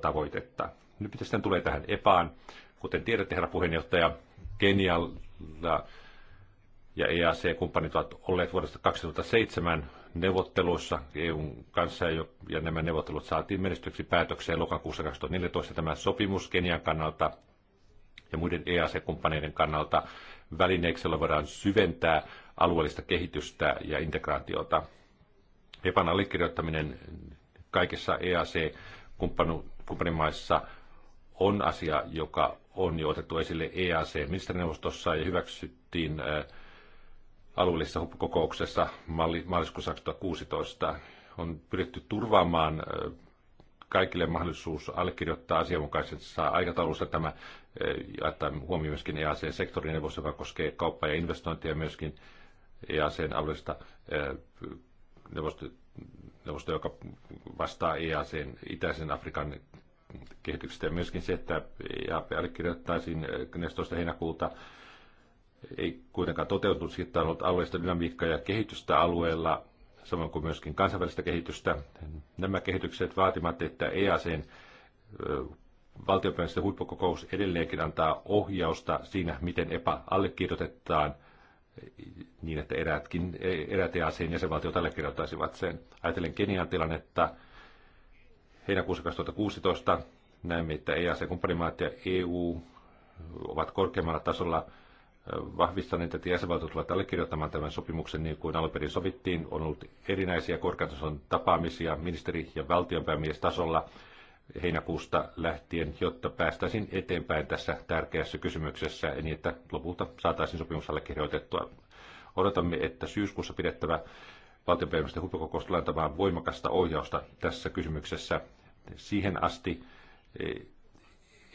tavoitetta. Nyt mitä sitten tulee tähän EPAan, kuten tiedätte, herra puheenjohtaja, Kenialla ja EAC-kumppanit ovat olleet vuodesta 2007 neuvotteluissa EUn kanssa, ja nämä neuvottelut saatiin menestyksi päätökseen lokakuussa 2014. Tämä sopimus Kenian kannalta ja muiden EAC-kumppaneiden kannalta välineeksi, voidaan syventää alueellista kehitystä ja integraatiota. EPAN allekirjoittaminen kaikissa EAC-kumppanimaissa on asia, joka on jo otettu esille EAC-ministerineuvostossa ja hyväksyttiin alueellisessa huippukokouksessa maaliskuussa 2016. On pyritty turvaamaan kaikille mahdollisuus allekirjoittaa asianmukaisessa aikataulussa tämä, että huomioon myöskin EAC-sektorin neuvos, joka koskee kauppaa ja investointia myöskin EACn alueellista neuvosto neuvosto, joka vastaa EASin, Itäisen Afrikan kehityksestä ja myöskin se, että EAP allekirjoittaisiin 14. heinäkuuta ei kuitenkaan toteutunut. Siitä on ollut alueellista dynamiikkaa ja kehitystä alueella, samoin kuin myöskin kansainvälistä kehitystä. Nämä kehitykset vaatimat, että EASin valtiopäivästä huippukokous edelleenkin antaa ohjausta siinä, miten EPA allekirjoitetaan – niin, että eräätkin, eräät EACin jäsenvaltiot allekirjoittaisivat sen. Ajatellen Kenian tilannetta heinäkuussa 2016 näemme, että EAC-kumppanimaat ja EU ovat korkeammalla tasolla vahvistaneet, että jäsenvaltiot ovat allekirjoittamaan tämän sopimuksen niin kuin alun sovittiin. On ollut erinäisiä korkeatason tapaamisia ministeri- ja valtionpäämiestasolla tasolla heinäkuusta lähtien, jotta päästäisiin eteenpäin tässä tärkeässä kysymyksessä, niin että lopulta saataisiin sopimus allekirjoitettua. Odotamme, että syyskuussa pidettävä valtionpäivästä huippukokous tulee antamaan voimakasta ohjausta tässä kysymyksessä. Siihen asti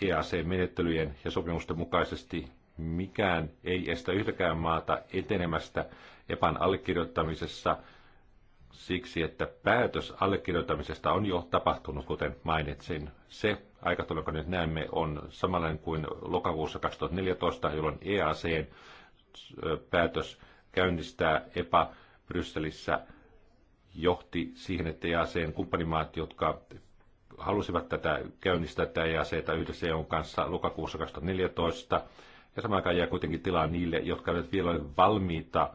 EAC-menettelyjen eh, e ja sopimusten mukaisesti mikään ei estä yhtäkään maata etenemästä EPAN allekirjoittamisessa – siksi, että päätös allekirjoittamisesta on jo tapahtunut, kuten mainitsin. Se aikataulu, jonka nyt näemme, on samanlainen kuin lokakuussa 2014, jolloin EACn päätös käynnistää EPA Brysselissä johti siihen, että EACn kumppanimaat, jotka halusivat tätä käynnistää tätä EACtä yhdessä EUn kanssa lokakuussa 2014, ja samaan aikaan jää kuitenkin tilaa niille, jotka eivät vielä ole valmiita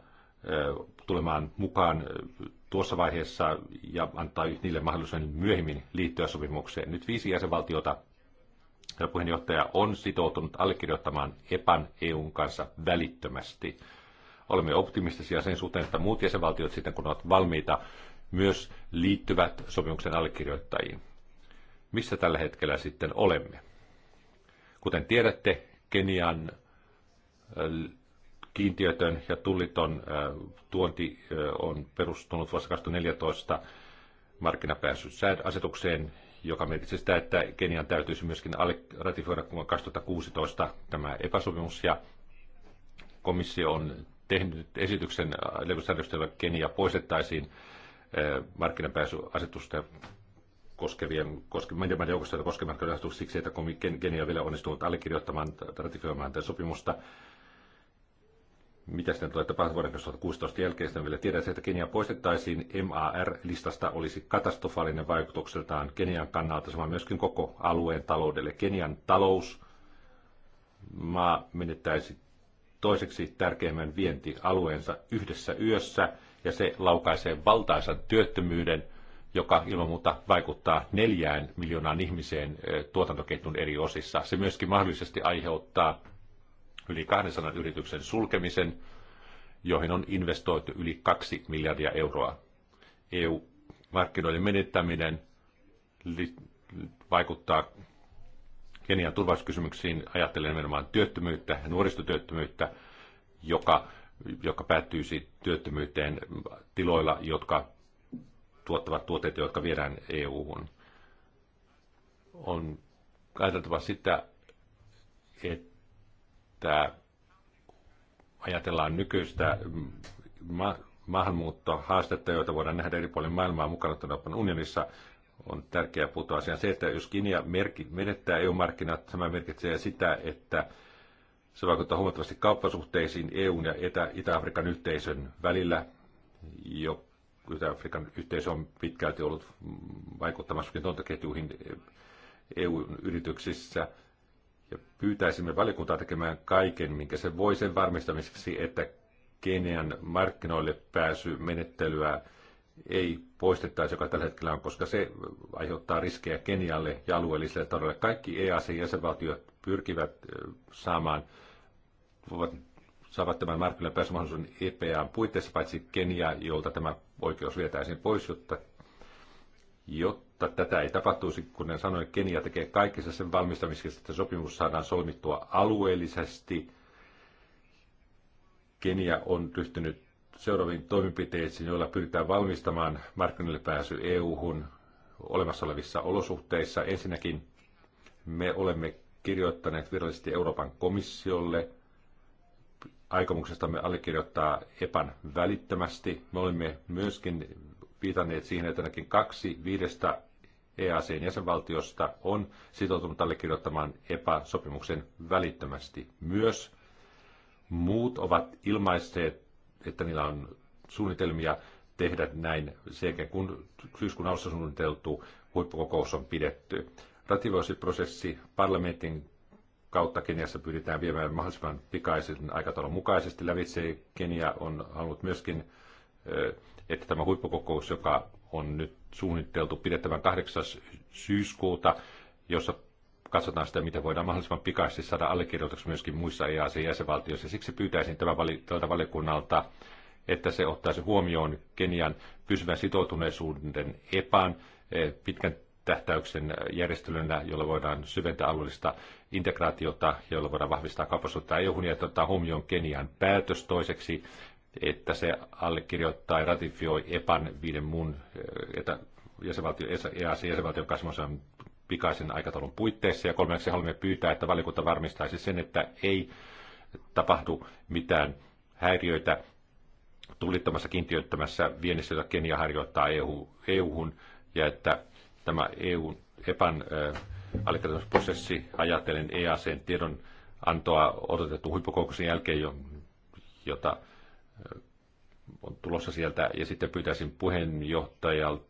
tulemaan mukaan tuossa vaiheessa ja antaa niille mahdollisuuden myöhemmin liittyä sopimukseen. Nyt viisi jäsenvaltiota ja puheenjohtaja on sitoutunut allekirjoittamaan EPAN EUn kanssa välittömästi. Olemme optimistisia sen suhteen, että muut jäsenvaltiot sitten kun ovat valmiita, myös liittyvät sopimuksen allekirjoittajiin. Missä tällä hetkellä sitten olemme? Kuten tiedätte, Kenian äh, kiintiötön ja tulliton tuonti on perustunut vuosi 2014 markkinapääsyasetukseen, joka merkitsi, sitä, että Kenian täytyisi myöskin ratifioida vuonna 2016 tämä epäsopimus ja komissio on tehnyt esityksen levyssäädöstä, jolla Kenia poistettaisiin markkinapääsyasetusta koskevien, koske, maiden joukosta, koskevien koskee siksi, että Kenia on vielä onnistunut allekirjoittamaan ratifioimaan tätä sopimusta mitä sitten tulee tapahtumaan vuoden 2016 jälkeen, sitten vielä tiedän se, että Kenia poistettaisiin MAR-listasta olisi katastrofaalinen vaikutukseltaan Kenian kannalta, samoin myöskin koko alueen taloudelle. Kenian talous, maa menettäisi toiseksi tärkeimmän vientialueensa yhdessä yössä, ja se laukaisee valtaisan työttömyyden, joka ilman muuta vaikuttaa neljään miljoonaan ihmiseen eh, tuotantoketjun eri osissa. Se myöskin mahdollisesti aiheuttaa yli 200 yrityksen sulkemisen, joihin on investoitu yli 2 miljardia euroa. EU-markkinoiden menettäminen vaikuttaa Kenian turvallisuuskysymyksiin, ajattelen nimenomaan työttömyyttä ja nuorisotyöttömyyttä, joka, joka päättyy työttömyyteen tiloilla, jotka tuottavat tuotteita, jotka viedään EU-hun. On ajateltava sitä, että ajatellaan nykyistä ma- maahanmuuttohaastetta, joita voidaan nähdä eri puolilla maailmaa mukana Euroopan unionissa, on tärkeää puuttua asiaan. Se, että jos Kiina merki, menettää EU-markkinat, tämä merkitsee sitä, että se vaikuttaa huomattavasti kauppasuhteisiin EUn ja Etä, Itä-Afrikan yhteisön välillä. Jo Itä-Afrikan yhteisö on pitkälti ollut vaikuttamassa tuontoketjuihin EU-yrityksissä – ja pyytäisimme valiokuntaa tekemään kaiken, minkä se voi sen varmistamiseksi, että Kenian markkinoille pääsy menettelyä ei poistettaisi, joka tällä hetkellä on, koska se aiheuttaa riskejä Kenialle ja alueelliselle taloudelle. Kaikki EAC-jäsenvaltiot pyrkivät saamaan, voivat, saavat tämän markkinoille pääsymahdollisuuden EPAn puitteissa, paitsi Kenia, jolta tämä oikeus vietäisiin pois, jotta, jotta mutta tätä ei tapahtuisi. sanoi, sanoin, Kenia tekee kaikessa sen valmistamiseksi, että sopimus saadaan solmittua alueellisesti. Kenia on ryhtynyt seuraaviin toimenpiteisiin, joilla pyritään valmistamaan markkinoille pääsy EU-hun olemassa olevissa olosuhteissa. Ensinnäkin me olemme kirjoittaneet virallisesti Euroopan komissiolle aikomuksestamme allekirjoittaa EPAN välittömästi. Me olemme myöskin viitanneet siihen, että ainakin kaksi viidestä EACn jäsenvaltiosta on sitoutunut allekirjoittamaan EPA-sopimuksen välittömästi. Myös muut ovat ilmaisseet, että niillä on suunnitelmia tehdä näin sekä kun syyskuun alussa suunniteltu huippukokous on pidetty. Rativoisiprosessi parlamentin kautta Keniassa pyritään viemään mahdollisimman pikaisen aikataulun mukaisesti lävitse. Kenia on halunnut myöskin, että tämä huippukokous, joka on nyt suunniteltu pidettävän 8. syyskuuta, jossa katsotaan sitä, miten voidaan mahdollisimman pikaisesti saada allekirjoitukseksi myöskin muissa EASin jäsenvaltioissa. Siksi pyytäisin tämän vali- tältä valiokunnalta, että se ottaisi huomioon Kenian pysyvän sitoutuneisuuden EPAN eh, pitkän tähtäyksen järjestelynä, jolla voidaan syventää alueellista integraatiota, jolla voidaan vahvistaa kapasiteettia EU-hun ja ottaa huomioon Kenian päätös toiseksi että se allekirjoittaa ja ratifioi EPAN viiden muun eh, että jäsenvaltio, jäsenvaltion kanssa pikaisen aikataulun puitteissa. Ja kolmanneksi haluamme pyytää, että valiokunta varmistaisi sen, että ei tapahdu mitään häiriöitä tullittamassa kiintiöittämässä viennissä, jota Kenia harjoittaa EU, e hun ja että tämä EU, EPAN eh, allekirjoitusprosessi ajatellen EAC-tiedon antoa odotettu huippukokouksen jälkeen, jota on tulossa sieltä. Ja sitten pyytäisin puheenjohtajalta,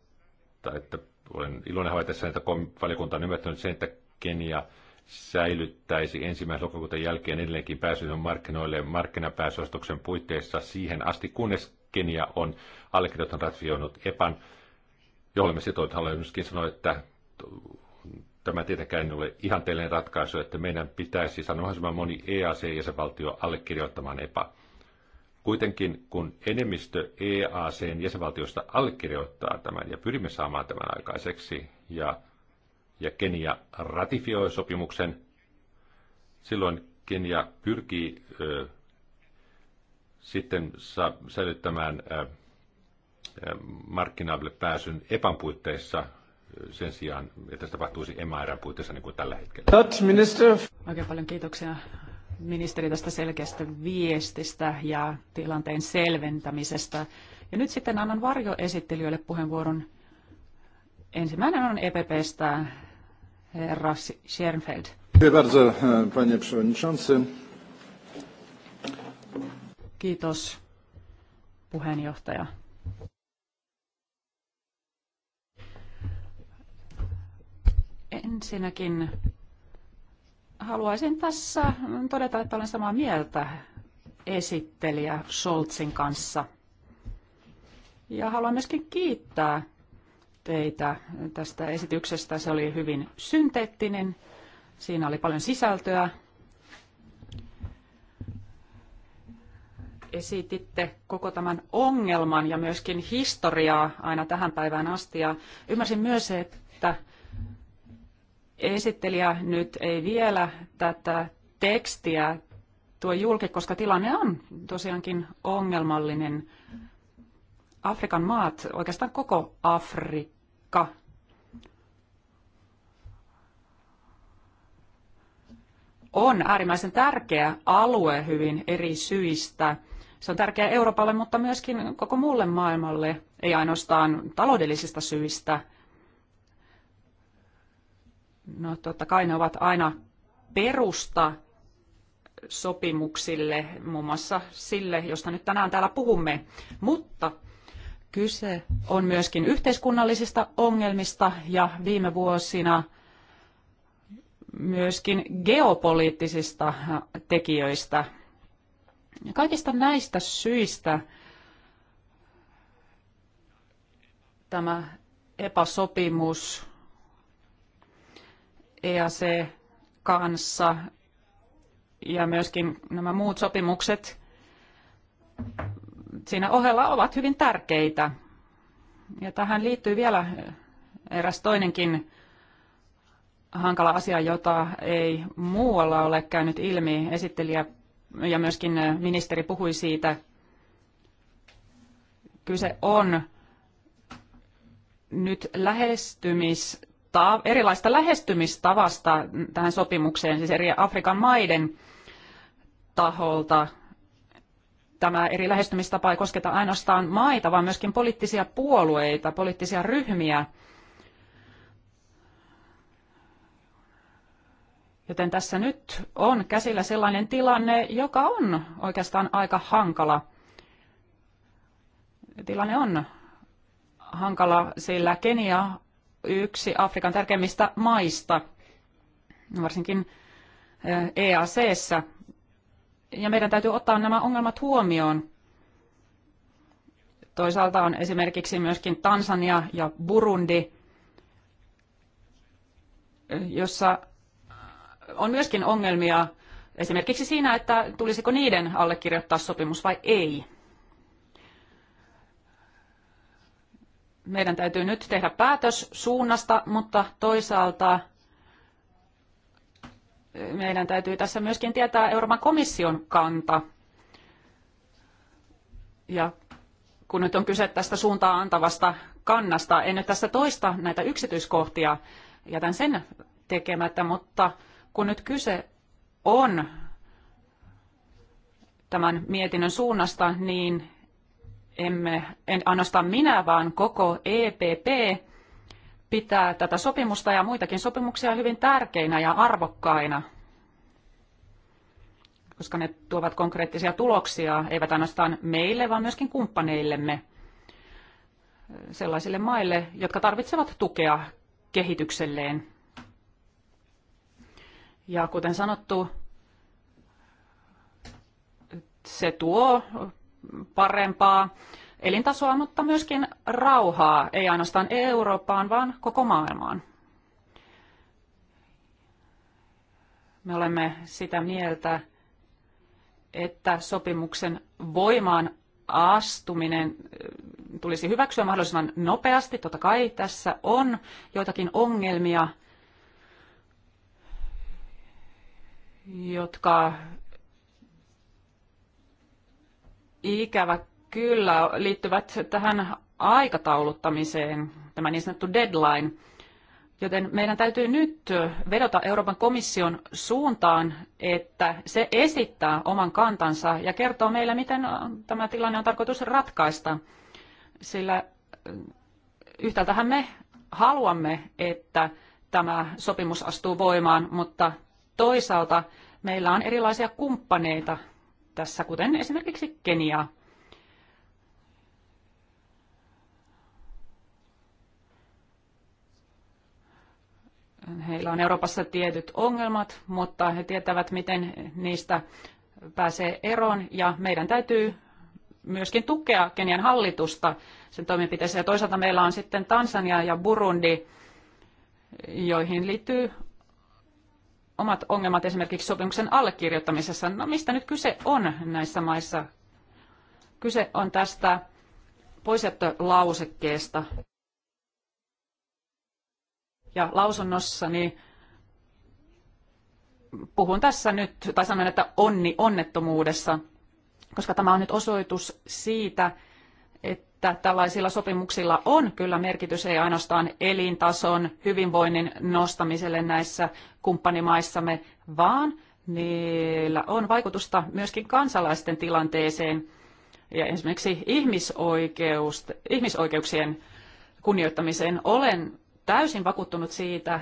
että olen iloinen havaitessa, että valiokunta on ymmärtänyt sen, että Kenia säilyttäisi ensimmäisen lokakuuta jälkeen edelleenkin pääsyn markkinoille markkinapääsostoksen puitteissa siihen asti, kunnes Kenia on allekirjoittanut ratifioinut EPAN, jolle me sitoutuneet haluan myöskin sanoa, että tämä tietenkään ei ole ihanteellinen ratkaisu, että meidän pitäisi sanoa mahdollisimman moni EAC-jäsenvaltio allekirjoittamaan EPA. Kuitenkin kun enemmistö EACn jäsenvaltioista allekirjoittaa tämän ja pyrimme saamaan tämän aikaiseksi ja, ja Kenia ratifioi sopimuksen, silloin Kenia pyrkii ö, sitten sa- säilyttämään ö, markkinaaville pääsyn EPAN puitteissa sen sijaan, että se tapahtuisi EMAERän puitteissa niin kuin tällä hetkellä.
Oikein paljon kiitoksia ministeri tästä selkeästä viestistä ja tilanteen selventämisestä. Ja nyt sitten annan varjoesittelijöille puheenvuoron. Ensimmäinen on EPPstä herra Schernfeld. Kiitos, puheenjohtaja. Ensinnäkin haluaisin tässä todeta, että olen samaa mieltä esittelijä Scholzin kanssa. Ja haluan myöskin kiittää teitä tästä esityksestä. Se oli hyvin synteettinen. Siinä oli paljon sisältöä. Esititte koko tämän ongelman ja myöskin historiaa aina tähän päivään asti. Ja ymmärsin myös, että esittelijä nyt ei vielä tätä tekstiä tuo julki, koska tilanne on tosiaankin ongelmallinen. Afrikan maat, oikeastaan koko Afrikka, on äärimmäisen tärkeä alue hyvin eri syistä. Se on tärkeä Euroopalle, mutta myöskin koko muulle maailmalle, ei ainoastaan taloudellisista syistä – No totta kai ne ovat aina perusta sopimuksille, muun muassa sille, josta nyt tänään täällä puhumme. Mutta kyse on myöskin yhteiskunnallisista ongelmista ja viime vuosina myöskin geopoliittisista tekijöistä. Kaikista näistä syistä tämä epäsopimus EAC kanssa ja myöskin nämä muut sopimukset siinä ohella ovat hyvin tärkeitä. Ja tähän liittyy vielä eh, eräs toinenkin hankala asia, jota ei muualla ole käynyt ilmi. Esittelijä ja myöskin eh, ministeri puhui siitä. Kyse on nyt lähestymis ehdottaa erilaista lähestymistavasta tähän sopimukseen, siis eri Afrikan maiden taholta. Tämä eri lähestymistapa ei kosketa ainoastaan maita, vaan myöskin poliittisia puolueita, poliittisia ryhmiä. Joten tässä nyt on käsillä sellainen tilanne, joka on oikeastaan aika hankala. Tilanne on hankala, sillä Kenia yksi Afrikan tärkeimmistä maista, varsinkin EACssä. Ja meidän täytyy ottaa nämä ongelmat huomioon. Toisaalta on esimerkiksi myöskin Tansania ja Burundi, jossa on myöskin ongelmia esimerkiksi siinä, että tulisiko niiden allekirjoittaa sopimus vai ei. meidän täytyy nyt tehdä päätös suunnasta, mutta toisaalta meidän täytyy tässä myöskin tietää Euroopan komission kanta. Ja kun nyt on kyse tästä suuntaa antavasta kannasta, en nyt tässä toista näitä yksityiskohtia, jätän sen tekemättä, mutta kun nyt kyse on tämän mietinnön suunnasta, niin emme, en ainoastaan minä, vaan koko EPP pitää tätä sopimusta ja muitakin sopimuksia hyvin tärkeinä ja arvokkaina, koska ne tuovat konkreettisia tuloksia, eivät ainoastaan meille, vaan myöskin kumppaneillemme, sellaisille maille, jotka tarvitsevat tukea kehitykselleen. Ja kuten sanottu, se tuo parempaa elintasoa, mutta myöskin rauhaa, ei ainoastaan Eurooppaan, vaan koko maailmaan. Me olemme sitä mieltä, että sopimuksen voimaan astuminen tulisi hyväksyä mahdollisimman nopeasti. Totta kai tässä on joitakin ongelmia, jotka ikävä kyllä liittyvät tähän aikatauluttamiseen, tämä niin sanottu deadline. Joten meidän täytyy nyt vedota Euroopan komission suuntaan, että se esittää oman kantansa ja kertoo meille, miten tämä tilanne on tarkoitus ratkaista. Sillä eh, yhtäältähän me haluamme, että tämä sopimus astuu voimaan, mutta toisaalta meillä on erilaisia kumppaneita tässä, kuten esimerkiksi Kenia. Heillä on Euroopassa tietyt ongelmat, mutta he tietävät, miten niistä pääsee eroon, ja meidän täytyy myöskin tukea Kenian hallitusta sen toimenpiteeseen. Ja toisaalta meillä on sitten Tansania ja Burundi, joihin liittyy omat ongelmat esimerkiksi sopimuksen allekirjoittamisessa. No mistä nyt kyse on näissä maissa? Kyse on tästä poisjättölausekkeesta. Ja lausunnossani puhun tässä nyt, tai sanon, että onni onnettomuudessa, koska tämä on nyt osoitus siitä, että tällaisilla sopimuksilla on kyllä merkitys ei ainoastaan elintason hyvinvoinnin nostamiselle näissä kumppanimaissamme, vaan niillä on vaikutusta myöskin kansalaisten tilanteeseen ja esimerkiksi ihmisoikeus, ihmisoikeuksien kunnioittamiseen. Olen täysin vakuuttunut siitä,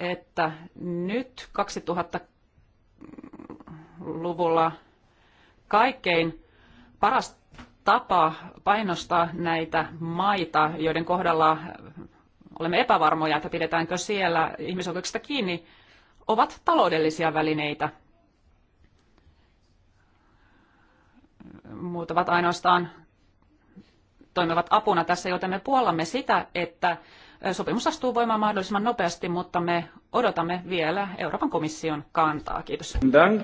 että nyt 2000-luvulla kaikkein paras tapa painostaa näitä maita, joiden kohdalla olemme epävarmoja, että pidetäänkö siellä ihmisoikeuksista kiinni, ovat taloudellisia välineitä. Muut ovat ainoastaan toimivat apuna tässä, joten me puollamme sitä, että sopimus astuu voimaan mahdollisimman nopeasti, mutta me odotamme vielä Euroopan komission kantaa. Kiitos. Dank.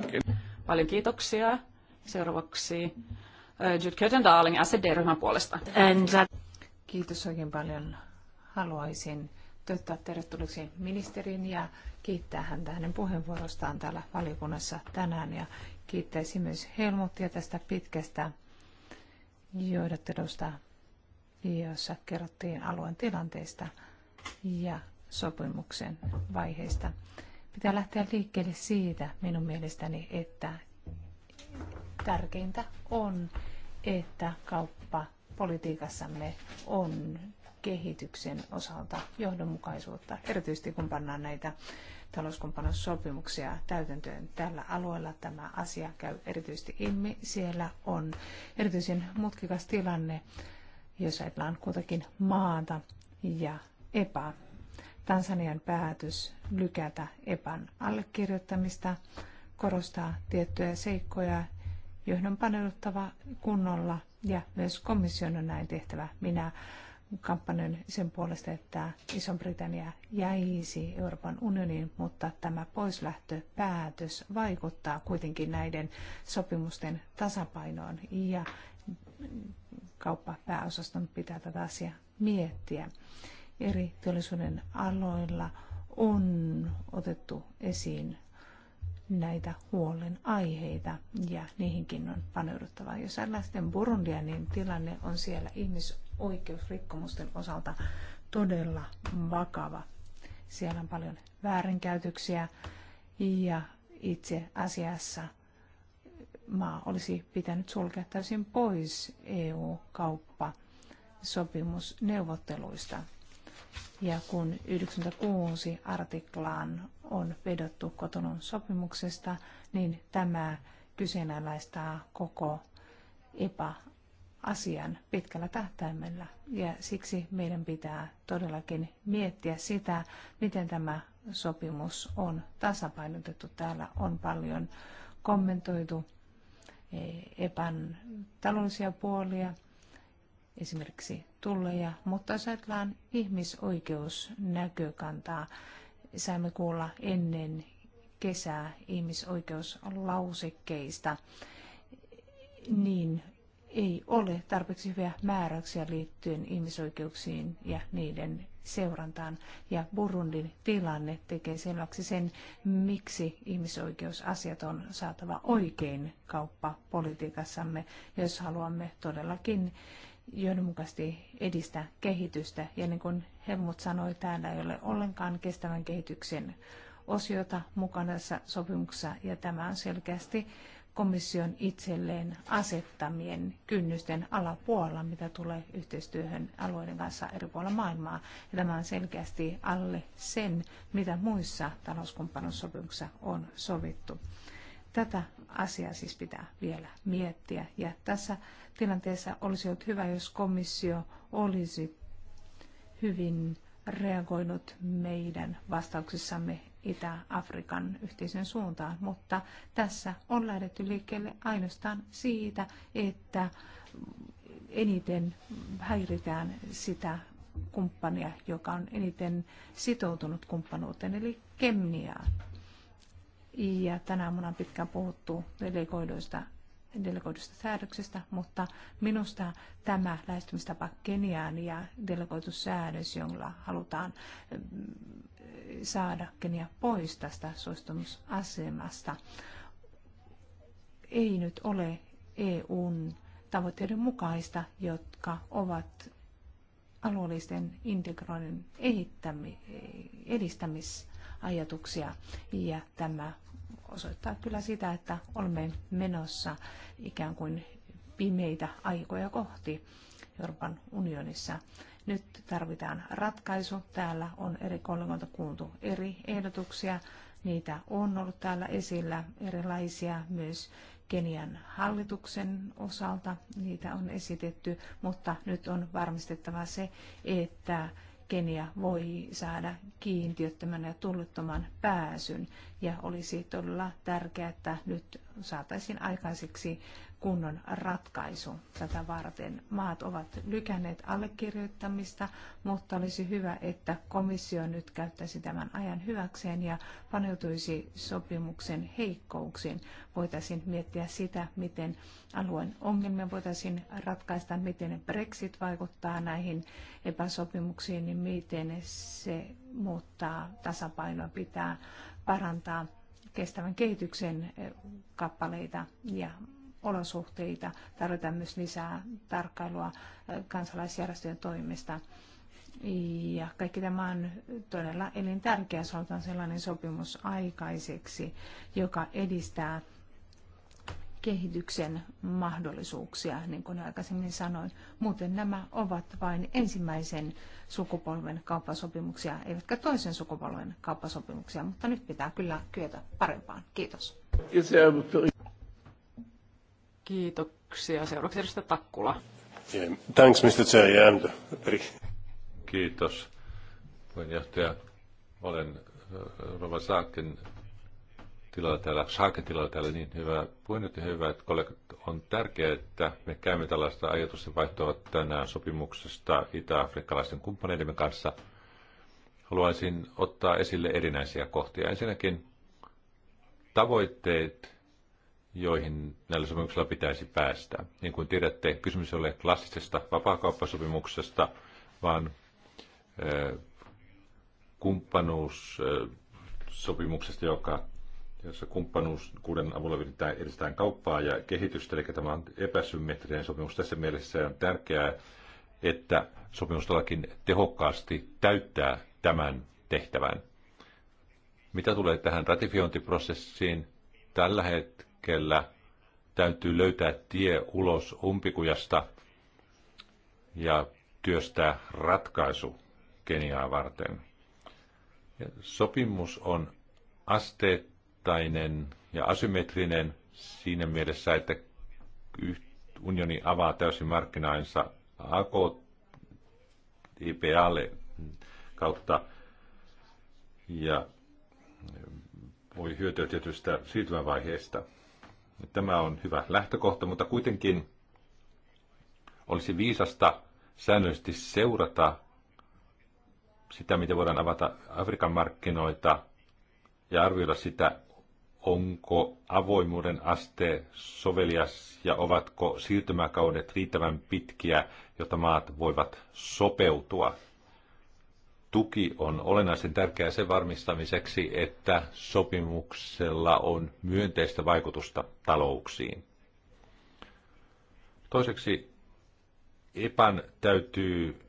Paljon kiitoksia. Seuraavaksi Äh, Jude Curtin Darling SD-ryhmän puolesta.
Kiitos oikein paljon. Haluaisin toivottaa tervetulleeksi ministerin ja kiittää häntä hänen puheenvuorostaan täällä valiokunnassa tänään ja kiittäisin myös Helmutia tästä pitkästä johdattelusta, jossa kerrottiin alueen tilanteesta ja sopimuksen vaiheista. Pitää lähteä liikkeelle siitä minun mielestäni, että tärkeintä on, että kauppapolitiikassamme on kehityksen osalta johdonmukaisuutta, erityisesti kun pannaan näitä talouskumppanuussopimuksia täytäntöön tällä alueella. Tämä asia käy erityisesti ilmi. Siellä on erityisen mutkikas tilanne, jos ajatellaan kuitenkin maata ja EPA. Tansanian päätös lykätä EPAn allekirjoittamista korostaa tiettyjä seikkoja, johdonpaneuduttava kunnolla ja myös komission on näin tehtävä. Minä kampanjoin sen puolesta, että Iso-Britannia jäisi Euroopan unioniin, mutta tämä poislähtöpäätös vaikuttaa kuitenkin näiden sopimusten tasapainoon ja kauppapääosaston pitää tätä asiaa miettiä. Eri teollisuuden aloilla on otettu esiin näitä huolen aiheita ja niihinkin on paneuduttava. Jos ajatellaan Burundia, niin tilanne on siellä ihmisoikeusrikkomusten osalta todella vakava. Siellä on paljon väärinkäytöksiä ja itse asiassa maa olisi pitänyt sulkea täysin pois EU-kauppa sopimusneuvotteluista. Ja kun 96 artiklaan on vedottu kotonon sopimuksesta, niin tämä kyseenalaistaa koko epäasian pitkällä tähtäimellä. Ja siksi meidän pitää todellakin miettiä sitä, miten tämä sopimus on tasapainotettu. Täällä on paljon kommentoitu eh, epän taloudellisia puolia, esimerkiksi tulleja, mutta jos ajatellaan ihmisoikeusnäkökantaa, saimme kuulla ennen kesää ihmisoikeuslausekkeista, niin ei ole tarpeeksi hyviä määräyksiä liittyen ihmisoikeuksiin ja niiden seurantaan. Ja Burundin tilanne tekee selväksi sen, miksi ihmisoikeusasiat on saatava oikein kauppapolitiikassamme, jos haluamme todellakin johdonmukaisesti edistää kehitystä. Ja niin kuin Helmut sanoi, täällä ei ole ollenkaan kestävän kehityksen osiota mukana tässä sopimuksessa, ja tämä on selkeästi komission itselleen asettamien kynnysten alapuolella, mitä tulee yhteistyöhön alueiden kanssa eri puolilla maailmaa. Ja tämä on selkeästi alle sen, mitä muissa talouskumppanuussopimuksissa on sovittu. Tätä asiaa siis pitää vielä miettiä. Ja tässä tilanteessa olisi ollut hyvä, jos komissio olisi hyvin reagoinut meidän vastauksissamme Itä-Afrikan yhteisen suuntaan, mutta tässä on lähdetty liikkeelle ainoastaan siitä, että eniten häiritään sitä kumppania, joka on eniten sitoutunut kumppanuuteen, eli Kemniaan. Ja tänä on pitkään puhuttu delegoiduista delegoidusta säädöksestä, mutta minusta tämä lähestymistapa Keniaan ja delegoitussäädös, jolla halutaan mm, saada Kenia pois tästä suostumusasemasta, ei nyt ole EUn tavoitteiden mukaista, jotka ovat alueellisten integroinnin edistämisajatuksia. Ja tämä osoittaa kyllä sitä, että olemme menossa ikään kuin pimeitä aikoja kohti Euroopan unionissa. Nyt tarvitaan ratkaisu. Täällä on eri kollegoilta kuultu eri ehdotuksia. Niitä on ollut täällä esillä erilaisia myös Kenian hallituksen osalta. Niitä on esitetty, mutta nyt on varmistettava se, että Kenia voi saada kiintiöttömän ja tulluttoman pääsyn. Ja olisi todella tärkeää, että nyt saataisiin aikaiseksi kunnon ratkaisu tätä varten. Maat ovat lykänneet allekirjoittamista, mutta olisi hyvä, että komissio nyt käyttäisi tämän ajan hyväkseen ja paneutuisi sopimuksen heikkouksiin. Voitaisiin miettiä sitä, miten alueen ongelmia voitaisiin ratkaista, miten Brexit vaikuttaa näihin epäsopimuksiin, niin miten se muuttaa tasapainoa, pitää parantaa kestävän kehityksen kappaleita ja olosuhteita. Tarvitaan myös lisää tarkkailua kansalaisjärjestöjen toimesta. Ja kaikki tämä on todella elintärkeä, sanotaan sellainen sopimus aikaiseksi, joka edistää kehityksen mahdollisuuksia, niin kuin aikaisemmin sanoin. Muuten nämä ovat vain ensimmäisen sukupolven kauppasopimuksia, eivätkä toisen sukupolven kauppasopimuksia, mutta nyt pitää kyllä kyetä parempaan. Kiitos.
Kiitoksia. Seuraavaksi edustaja Takkula.
Thanks, Mr. Chair, and uh, Kiitos, puheenjohtaja. Olen uh, Rova Saakin tilalla täällä, Saakin tilalla täällä niin hyvä puheenjohtaja, hyvät kollegat. On tärkeää, että me käymme tällaista ajatusten vaihtoa tänään sopimuksesta itä-afrikkalaisten kumppaneidemme kanssa. Haluaisin ottaa esille erinäisiä kohtia. Ensinnäkin tavoitteet joihin näillä sopimuksilla pitäisi päästä. Niin kuin tiedätte, kysymys ei ole klassisesta vapaakauppasopimuksesta, vaan kumppanuussopimuksesta, joka, jossa kumppanuuskuuden avulla yritetään edistää kauppaa ja kehitystä, eli tämä on epäsymmetrinen sopimus. Tässä mielessä on tärkeää, että sopimus todellakin tehokkaasti täyttää tämän tehtävän. Mitä tulee tähän ratifiointiprosessiin, tällä hetkellä hetkellä täytyy löytää tie ulos umpikujasta ja työstää ratkaisu Keniaa varten. Sopimus on asteittainen ja asymmetrinen siinä mielessä, että unioni avaa täysin markkinainsa akt kautta ja voi hyötyä tietystä siirtymävaiheesta. Tämä on hyvä lähtökohta, mutta kuitenkin olisi viisasta säännöllisesti seurata sitä, miten voidaan avata Afrikan markkinoita ja arvioida sitä, onko avoimuuden aste sovelias ja ovatko siirtymäkaudet riittävän pitkiä, jotta maat voivat sopeutua tuki on olennaisen tärkeää sen varmistamiseksi, että sopimuksella on myönteistä vaikutusta talouksiin. Toiseksi EPAN täytyy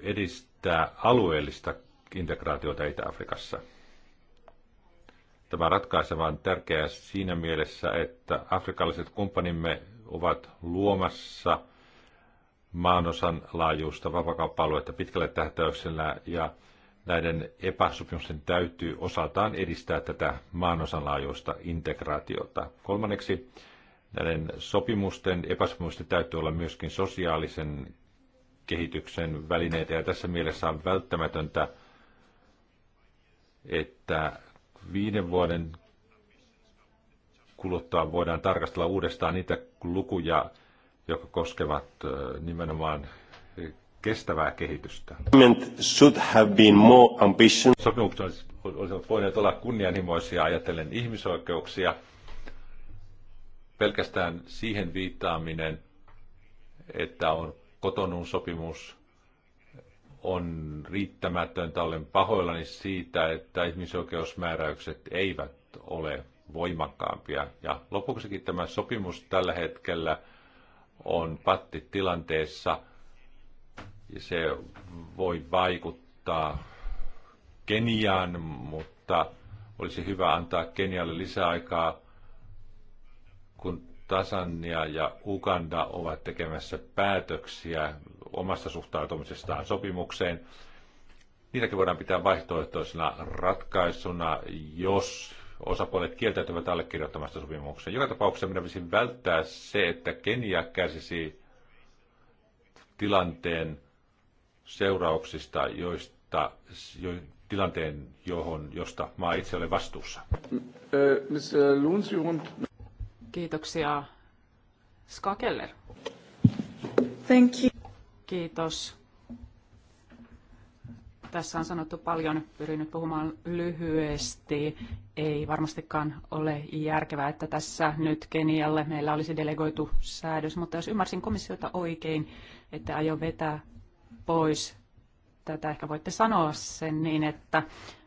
edistää alueellista integraatiota Itä-Afrikassa. Tämä on tärkeää siinä mielessä, että afrikkalaiset kumppanimme ovat luomassa – maanosan laajuista vapakauppa-aluetta pitkällä tähtäyksellä ja näiden epäsopimusten täytyy osaltaan edistää tätä maanosan laajuista integraatiota. Kolmanneksi näiden sopimusten, epäsopimusten täytyy olla myöskin sosiaalisen kehityksen välineitä ja tässä mielessä on välttämätöntä, että viiden vuoden kuluttua voidaan tarkastella uudestaan niitä lukuja, jotka koskevat nimenomaan kestävää kehitystä. Should have been more ambition. Sopimukset olisivat voineet olla kunnianhimoisia ajatellen ihmisoikeuksia. Pelkästään siihen viittaaminen, että on kotonun sopimus, on riittämätöntä. Olen pahoillani siitä, että ihmisoikeusmääräykset eivät ole voimakkaampia. Ja lopuksikin tämä sopimus tällä hetkellä – on pattitilanteessa. Se voi vaikuttaa Keniaan, mutta olisi hyvä antaa Kenialle lisäaikaa, kun Tasania ja Uganda ovat tekemässä päätöksiä omasta suhtautumisestaan sopimukseen. Niitäkin voidaan pitää vaihtoehtoisena ratkaisuna, jos osapuolet kieltäytyvät allekirjoittamasta sopimuksen. Joka tapauksessa minä voisin välttää se, että Kenia kärsisi tilanteen seurauksista, joista, jo, tilanteen, johon, josta maa itse olen vastuussa.
Kiitoksia.
Skakeller. Thank you. Kiitos. Tässä on sanottu paljon, pyrin nyt puhumaan lyhyesti. Ei varmastikaan ole järkevää, että tässä nyt Kenialle meillä olisi delegoitu säädös, mutta jos ymmärsin komissiota oikein, että aio vetää pois tätä, ehkä voitte sanoa sen niin, että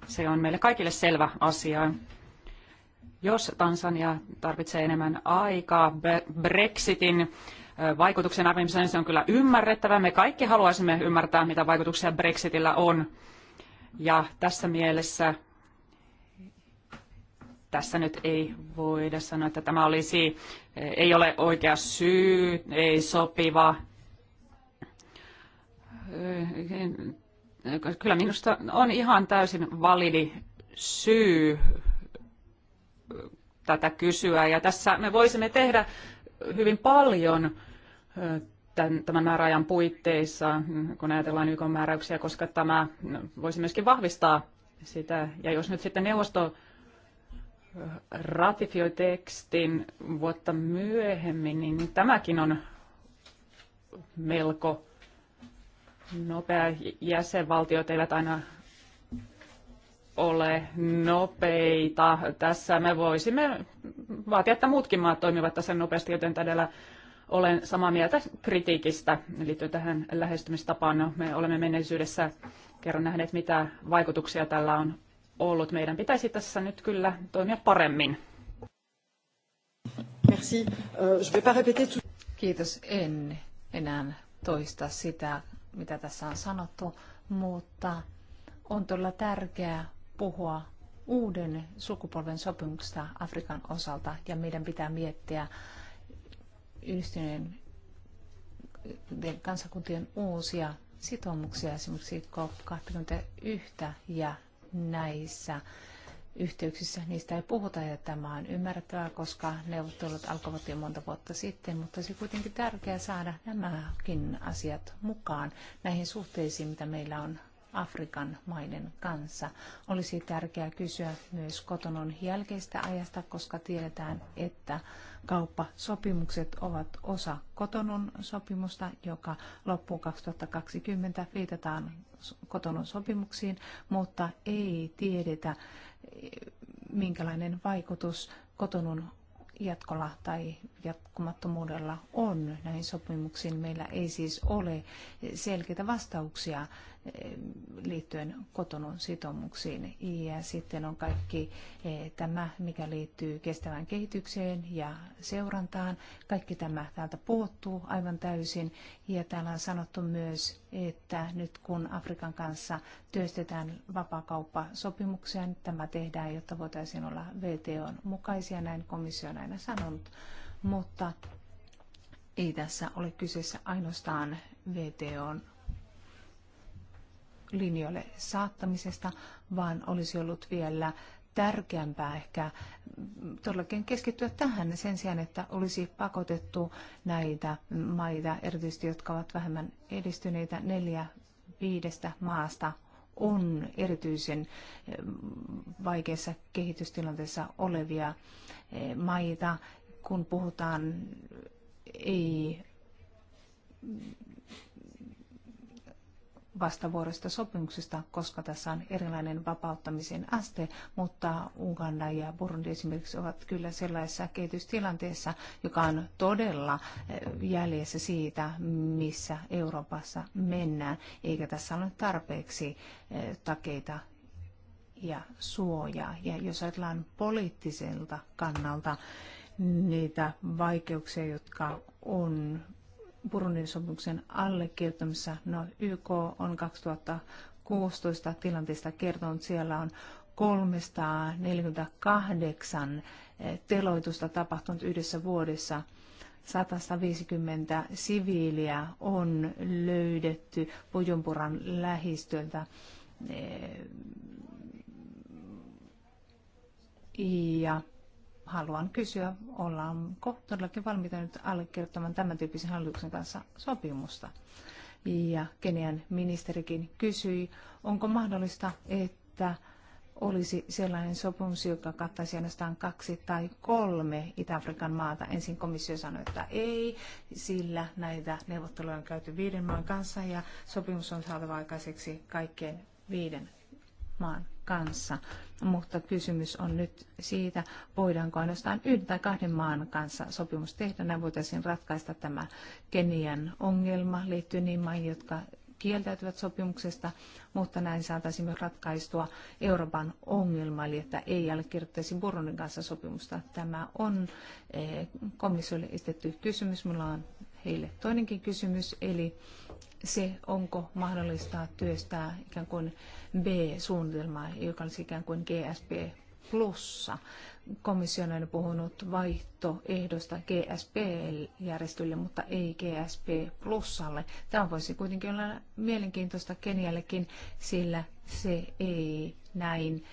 se on meille kaikille selvä asia. Jos Tansania tarvitsee enemmän aikaa Brexitin vaikutuksen arvioimiseen. se on kyllä ymmärrettävä. Me kaikki haluaisimme ymmärtää, mitä vaikutuksia Brexitillä on. Ja tässä mielessä tässä nyt ei voida sanoa, että tämä olisi, eh, ei ole oikea syy, ei sopiva. Eh, kyllä minusta on ihan täysin validi syy tätä kysyä. Ja tässä me voisimme tehdä hyvin paljon tämän määräajan puitteissa, kun ajatellaan YK määräyksiä, koska tämä voisi myöskin vahvistaa sitä. Ja jos nyt sitten neuvosto ratifioi tekstin vuotta myöhemmin, niin tämäkin on melko nopea. Jäsenvaltiot eivät aina ole nopeita. Tässä me voisimme vaatia, että muutkin maat toimivat tässä nopeasti, joten tällä olen samaa mieltä kritiikistä liittyen tähän lähestymistapaan. No, me olemme menneisyydessä kerran nähneet, mitä vaikutuksia tällä on ollut. Meidän pitäisi tässä nyt kyllä toimia paremmin. Merci. Euh,
je vais pas répéter tout... Kiitos. En enää toista sitä, mitä tässä on sanottu, mutta on todella tärkeää puhua uuden sukupolven sopimuksesta Afrikan osalta ja meidän pitää miettiä yhdistyneen kansakuntien uusia sitoumuksia, esimerkiksi COP21, ja näissä yhteyksissä niistä ei puhuta, ja tämä on ymmärrettävää, koska neuvottelut alkoivat jo monta vuotta sitten, mutta se kuitenkin tärkeää saada nämäkin asiat mukaan näihin suhteisiin, mitä meillä on Afrikan maiden kanssa. Olisi tärkeää kysyä myös kotonon jälkeistä ajasta, koska tiedetään, että kauppasopimukset ovat osa kotonon sopimusta, joka loppuun 2020 viitataan kotonon sopimuksiin, mutta ei tiedetä, minkälainen vaikutus kotonun jatkolla tai jatkumattomuudella on näihin sopimuksiin. Meillä ei siis ole selkeitä vastauksia liittyen kotonun sitoumuksiin. Ja sitten on kaikki eh, tämä, mikä liittyy kestävään kehitykseen ja seurantaan. Kaikki tämä täältä puuttuu aivan täysin. Ja täällä on sanottu myös, että nyt kun Afrikan kanssa työstetään vapaakauppasopimuksia, niin tämä tehdään, jotta voitaisiin olla VTOn mukaisia, näin komissio on aina sanonut. Mutta ei tässä ole kyseessä ainoastaan VTOn linjoille saattamisesta, vaan olisi ollut vielä tärkeämpää ehkä todellakin keskittyä tähän sen sijaan, että olisi pakotettu näitä maita, erityisesti jotka ovat vähemmän edistyneitä, neljä viidestä maasta on erityisen eh, vaikeassa kehitystilanteessa olevia eh, maita, kun puhutaan eh, ei vastavuoroista sopimuksista, koska tässä on erilainen vapauttamisen aste, mutta Uganda ja Burundi esimerkiksi ovat kyllä sellaisessa kehitystilanteessa, joka on todella eh, jäljessä siitä, missä Euroopassa mennään, eikä tässä ole tarpeeksi eh, takeita ja suojaa. Ja jos ajatellaan poliittiselta kannalta niitä vaikeuksia, jotka on Burundin sopimuksen allekirjoittamisessa. No, YK on 2016 tilanteesta kertonut, siellä on 348 eh, teloitusta tapahtunut yhdessä vuodessa. 150 siviiliä on löydetty Pujumpuran lähistöltä. Eh, ja haluan kysyä, ollaanko todellakin valmiita nyt allekirjoittamaan tämän tyyppisen hallituksen kanssa sopimusta. Ja Kenian ministerikin kysyi, onko mahdollista, että olisi sellainen sopimus, joka kattaisi ainoastaan kaksi tai kolme Itä-Afrikan maata. Ensin komissio sanoi, että ei, sillä näitä neuvotteluja on käyty viiden maan kanssa ja sopimus on saatava aikaiseksi kaikkien viiden maan kanssa, mutta kysymys on nyt siitä, voidaanko ainoastaan yhden tai kahden maan kanssa sopimus tehdä. Näin voitaisiin ratkaista tämä Kenian ongelma liittyen niin maihin, jotka kieltäytyvät sopimuksesta, mutta näin saataisiin myös ratkaistua Euroopan ongelma, eli että ei allekirjoittaisi Burundin kanssa sopimusta. Tämä on eh, komissiolle esitetty kysymys. Minulla on heille toinenkin kysymys, eli se, onko mahdollista työstää ikään kuin B-suunnitelmaa, joka olisi ikään kuin GSP plussa. Komissio on puhunut vaihtoehdosta GSP-järjestölle, mutta ei GSP plussalle. Tämä voisi kuitenkin olla mielenkiintoista Keniallekin, sillä se ei näin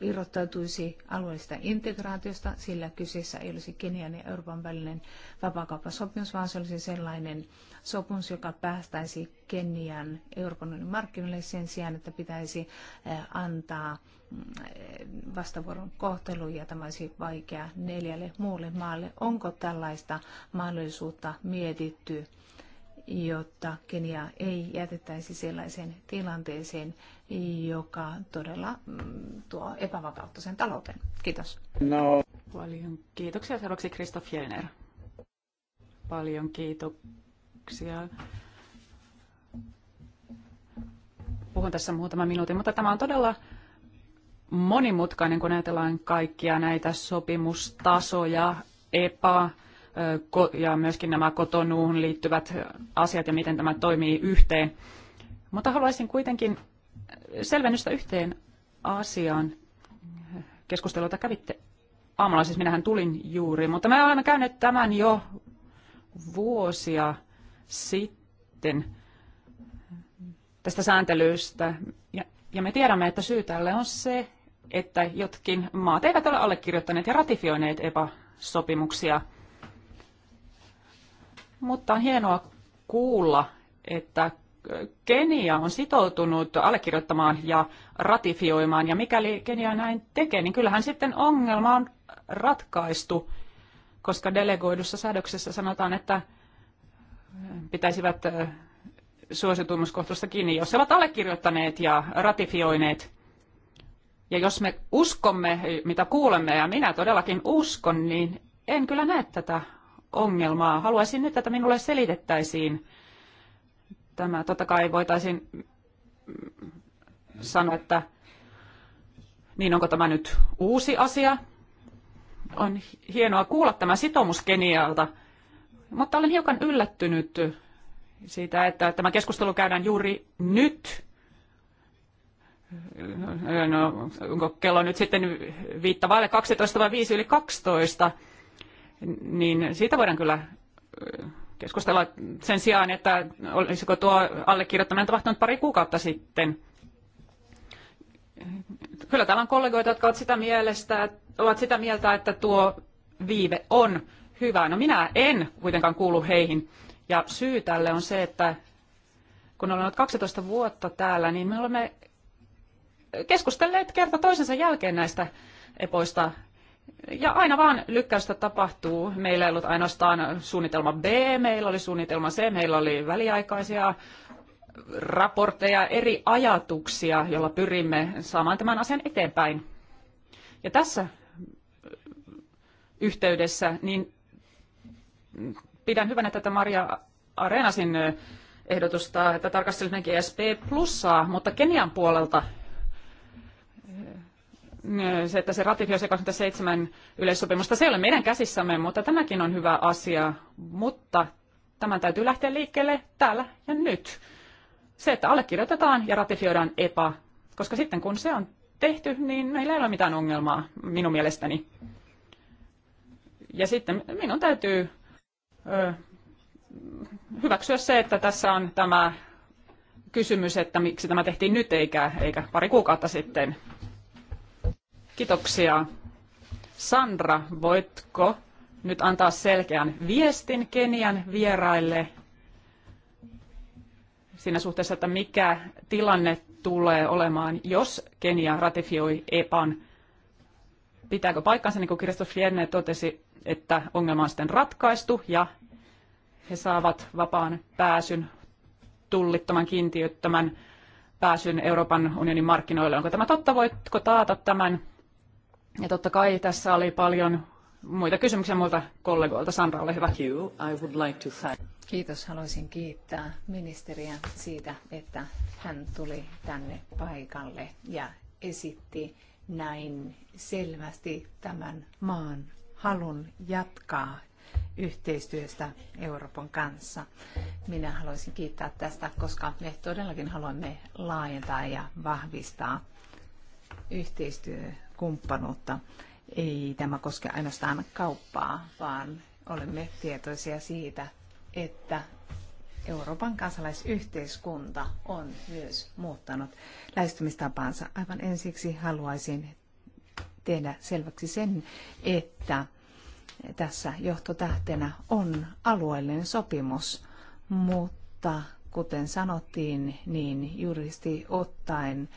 irrottautuisi alueellisesta integraatiosta, sillä kyseessä ei olisi Kenian ja Euroopan välinen vapaakauppasopimus, vaan se olisi sellainen sopimus, joka päästäisi Kenian Euroopan unionin markkinoille sen sijaan, että pitäisi eh, antaa mm, vastavuoron kohtelu ja tämä olisi vaikea neljälle muulle maalle. Onko tällaista mahdollisuutta mietitty? jotta Kenia ei jätettäisi sellaiseen tilanteeseen, joka todella mm, tuo epävakautta
sen talouteen. Kiitos. No. Paljon kiitoksia. Seuraavaksi Kristoff Jelner. Paljon kiitoksia. Puhun tässä muutama minuutin, mutta tämä on todella monimutkainen, kun ajatellaan kaikkia näitä sopimustasoja, EPA, ja myöskin nämä kotonuuhun liittyvät asiat ja miten tämä toimii yhteen. Mutta haluaisin kuitenkin selvennystä yhteen asiaan keskustelua, kävitte aamulla, siis minähän tulin juuri, mutta me olemme käyneet tämän jo vuosia sitten tästä sääntelystä. Ja, ja me tiedämme, että syy tälle on se, että jotkin maat eivät ole allekirjoittaneet ja ratifioineet EPA-sopimuksia – mutta on hienoa kuulla, että Kenia on sitoutunut allekirjoittamaan ja ratifioimaan, ja mikäli Kenia näin tekee, niin kyllähän sitten ongelma on ratkaistu, koska delegoidussa säädöksessä sanotaan, että pitäisivät suositumuskohtusta kiinni, jos he ovat allekirjoittaneet ja ratifioineet. Ja jos me uskomme, mitä kuulemme, ja minä todellakin uskon, niin en kyllä näe tätä ongelmaa. Haluaisin, että tätä minulle selitettäisiin. Tämä totta kai voitaisiin sanoa, että niin onko tämä nyt uusi asia. On hienoa kuulla tämä sitoumus Kenialta, mutta olen hiukan yllättynyt siitä, että tämä keskustelu käydään juuri nyt. No, onko kello nyt sitten viitta 12 vai 5 yli 12? niin siitä voidaan kyllä keskustella sen sijaan, että olisiko tuo allekirjoittaminen tapahtunut pari kuukautta sitten. Kyllä täällä on kollegoita, jotka ovat sitä, mielestä, ovat sitä mieltä, että tuo viive on hyvä. No minä en kuitenkaan kuulu heihin. Ja syy tälle on se, että kun olen ollut 12 vuotta täällä, niin me olemme keskustelleet kerta toisensa jälkeen näistä epoista ja aina vaan lykkäystä tapahtuu. Meillä ei ollut ainoastaan suunnitelma B, meillä oli suunnitelma C, meillä oli väliaikaisia raportteja, eri ajatuksia, joilla pyrimme saamaan tämän asian eteenpäin. Ja tässä yhteydessä niin pidän hyvänä tätä Maria Areenasin ehdotusta, että tarkastelisimmekin SP plussaa, mutta Kenian puolelta Äh, se, että se ratifioi se 27 yleissopimusta, se ei ole meidän käsissämme, mutta tämäkin on hyvä asia. Mutta tämän täytyy lähteä liikkeelle täällä ja nyt. Se, että allekirjoitetaan ja ratifioidaan EPA, koska sitten kun se on tehty, niin meillä ei ole mitään ongelmaa minun mielestäni. Ja sitten minun täytyy ö, hyväksyä se, että tässä on tämä kysymys, että miksi tämä tehtiin nyt eikä, eikä pari kuukautta sitten. Kiitoksia. Sandra, voitko nyt antaa selkeän viestin Kenian vieraille siinä suhteessa, että mikä tilanne tulee olemaan, jos Kenia ratifioi EPAN? Pitääkö paikkansa, niin kuin Kristof Fjerne totesi, että ongelma on sitten ratkaistu ja he saavat vapaan pääsyn tullittoman kiintiöttömän pääsyn Euroopan unionin markkinoille. Onko tämä totta? Voitko taata tämän? Ja totta kai tässä oli paljon muita kysymyksiä muilta kollegoilta. Sandra, ole hyvä.
Kiitos. Haluaisin kiittää ministeriä siitä, että hän tuli tänne paikalle ja esitti näin selvästi tämän maan halun jatkaa yhteistyöstä Euroopan kanssa. Minä haluaisin kiittää tästä, koska me todellakin haluamme laajentaa ja vahvistaa yhteistyötä kumppanuutta. Ei tämä koske ainoastaan kauppaa, vaan olemme tietoisia siitä, että Euroopan kansalaisyhteiskunta on myös muuttanut lähestymistapaansa. Aivan ensiksi haluaisin tehdä selväksi sen, että tässä johtotähtenä on alueellinen sopimus, mutta kuten sanottiin, niin juristi ottaen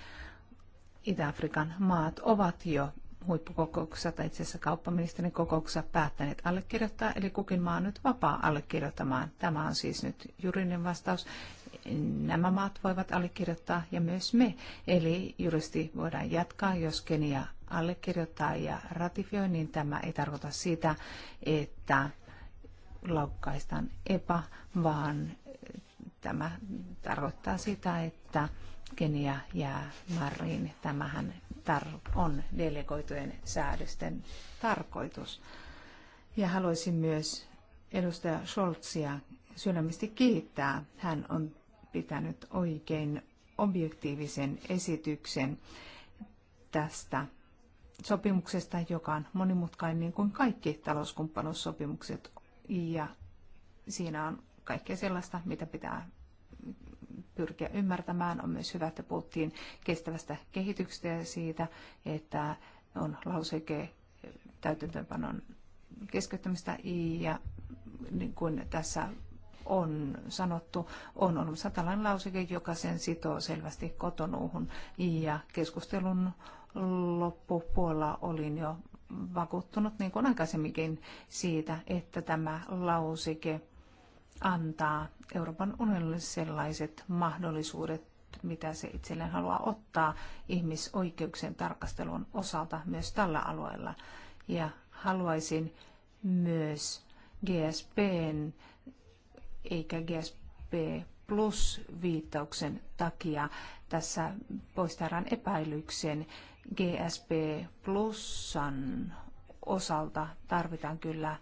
Itä-Afrikan maat ovat jo huippukokouksessa tai itse asiassa kauppaministerin kokouksessa päättäneet allekirjoittaa, eli kukin maa on nyt vapaa allekirjoittamaan. Tämä on siis nyt juridinen vastaus. Nämä maat voivat allekirjoittaa ja myös me. Eli juristi voidaan jatkaa, jos Kenia allekirjoittaa ja ratifioi, niin tämä ei tarkoita sitä, että laukkaistaan EPA, vaan tämä tarkoittaa sitä, että Kenia ja Marin. Tämähän tar- on delegoitujen säädösten tarkoitus. Ja haluaisin myös edustaja Scholzia sydämesti kiittää. Hän on pitänyt oikein objektiivisen esityksen tästä sopimuksesta, joka on monimutkainen niin kuin kaikki talouskumppanuussopimukset. Ja siinä on kaikkea sellaista, mitä pitää pyrkiä ymmärtämään. On myös hyvä, että puhuttiin kestävästä kehityksestä ja siitä, että on lauseke eh, täytäntöönpanon keskeyttämistä ja niin kuin tässä on sanottu, on olemassa tällainen lauseke, joka sen sitoo selvästi kotonuuhun. Ja keskustelun loppupuolella olin jo vakuuttunut, niin kuin aikaisemminkin, siitä, että tämä lauseke – antaa Euroopan unionille sellaiset mahdollisuudet, mitä se itselleen haluaa ottaa ihmisoikeuksien tarkastelun osalta myös tällä alueella. Ja haluaisin myös GSPn eikä GSP plus viittauksen takia tässä poistetaan epäilyksen GSP plusan osalta tarvitaan kyllä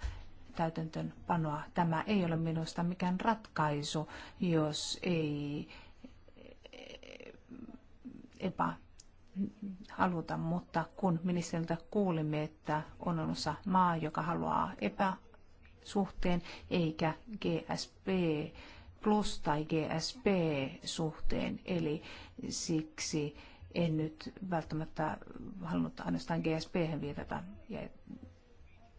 täytäntöönpanoa. Tämä ei ole minusta mikään ratkaisu, jos ei eh, epä haluta, mutta kun ministeriltä kuulimme, että on olemassa maa, joka haluaa epäsuhteen, eikä GSP plus tai GSP suhteen, eli siksi en nyt välttämättä halunnut ainoastaan GSP viitata ja,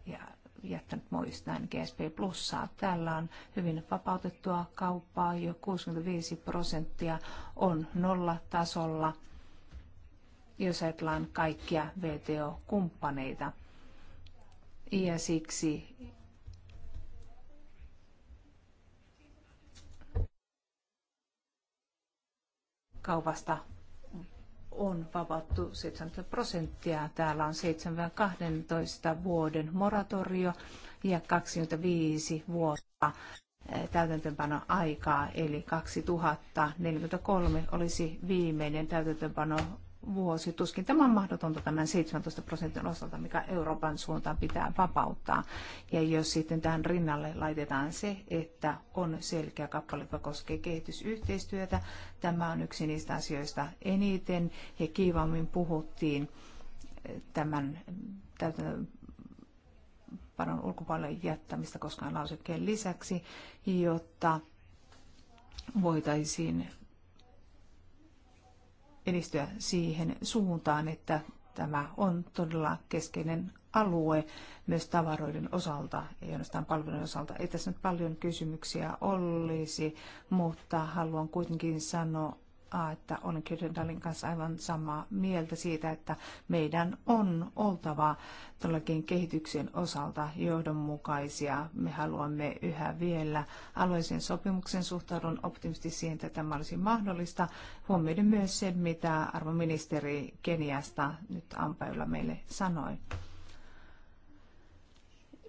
ja jättänyt muistaan GSP Plussaa. Täällä on hyvin vapautettua kauppaa, jo 65 prosenttia on nolla tasolla, jos ajatellaan kaikkia VTO-kumppaneita. Ja siksi kaupasta on vapauttu 70 prosenttia. Täällä on 7 vuoden moratorio ja 25 vuotta eh, täytäntöönpano aikaa, eli 2043 olisi viimeinen täytäntöönpano vuosi. Tuskin tämä on mahdotonta tämän 17 prosentin osalta, mikä Euroopan suuntaan pitää vapauttaa. Ja jos sitten tähän rinnalle laitetaan se, että on selkeä kappale, joka koskee kehitysyhteistyötä, tämä on yksi niistä asioista eniten ja kiivaammin puhuttiin eh, tämän, mm, tämän paron ulkopuolelle jättämistä koskaan lausekkeen lisäksi, jotta voitaisiin edistyä siihen suuntaan, että tämä on todella keskeinen alue myös tavaroiden osalta, ei ainoastaan palvelujen osalta. Ei tässä nyt paljon kysymyksiä olisi, mutta haluan kuitenkin sanoa, että olen Kyrdendalin kanssa aivan samaa mieltä siitä, että meidän on oltava tuollakin kehityksen osalta johdonmukaisia. Me haluamme yhä vielä alueellisen sopimuksen suhtaudun optimisti siihen, että tämä olisi mahdollista. Huomioiden myös sen, mitä arvoministeri Keniasta nyt Ampäyllä meille sanoi.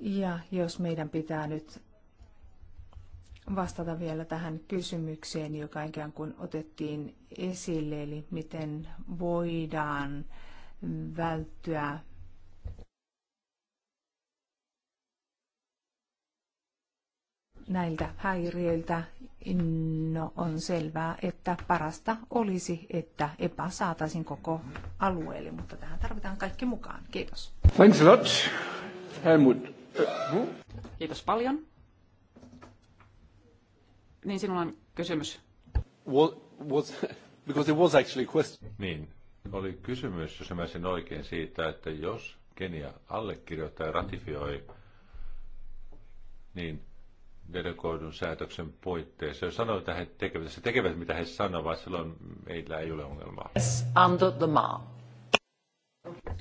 Ja jos meidän pitää nyt vastata vielä tähän kysymykseen, joka ikään kuin otettiin esille, eli miten voidaan välttyä näiltä häiriöiltä, no on selvää, että parasta olisi, että epä saataisiin koko alueelle, mutta tähän tarvitaan kaikki mukaan.
Kiitos. Thanks a lot, Helmut. Kiitos paljon. Niin sinulla on kysymys.
because it was actually question.
Niin, oli kysymys, jos mä sen oikein, siitä, että jos Kenia allekirjoittaa ja ratifioi, niin delegoidun säätöksen puitteissa. Jos sanoo, että he tekevät, se tekevät mitä he sanovat, silloin meillä ei ole ongelmaa. Yes,
under the map.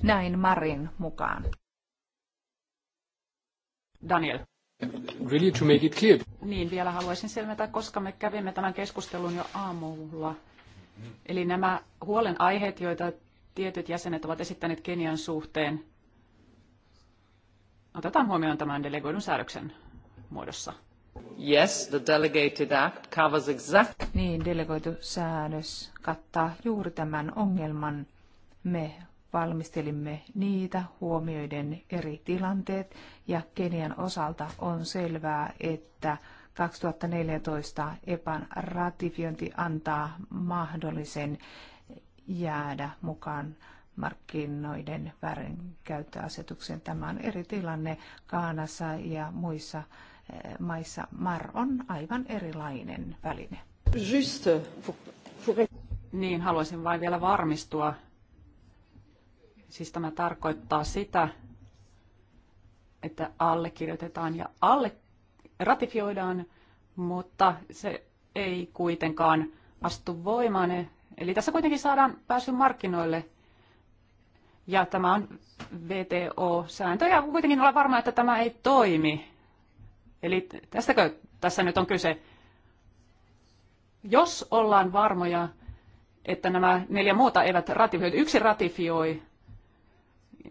Näin Marin
mukaan. Daniel. Niin, vielä haluaisin selventää, koska me kävimme tämän keskustelun jo aamulla. Eli nämä huolenaiheet, joita tietyt jäsenet ovat esittäneet Kenian suhteen, otetaan huomioon tämän delegoidun säädöksen muodossa. Yes, the delegated act covers exact... Niin, delegoitu säädös
kattaa juuri tämän ongelman. Me valmistelimme niitä huomioiden eri tilanteet ja Kenian osalta on selvää, että 2014 EPAn ratifiointi antaa mahdollisen jäädä mukaan markkinoiden väärinkäyttöasetuksen. Tämä on eri tilanne Kaanassa ja muissa eh, maissa. MAR on aivan erilainen väline.
Just. Niin, haluaisin vain vielä varmistua Siis tämä tarkoittaa sitä, että allekirjoitetaan ja alle, ratifioidaan, mutta se ei kuitenkaan astu voimaan. Eli tässä kuitenkin saadaan pääsy markkinoille. Ja tämä on VTO-sääntö. Ja kuitenkin olla varma, että tämä ei toimi. Eli tästäkö tässä nyt on kyse? Jos ollaan varmoja, että nämä neljä muuta eivät ratifioi, yksi ratifioi,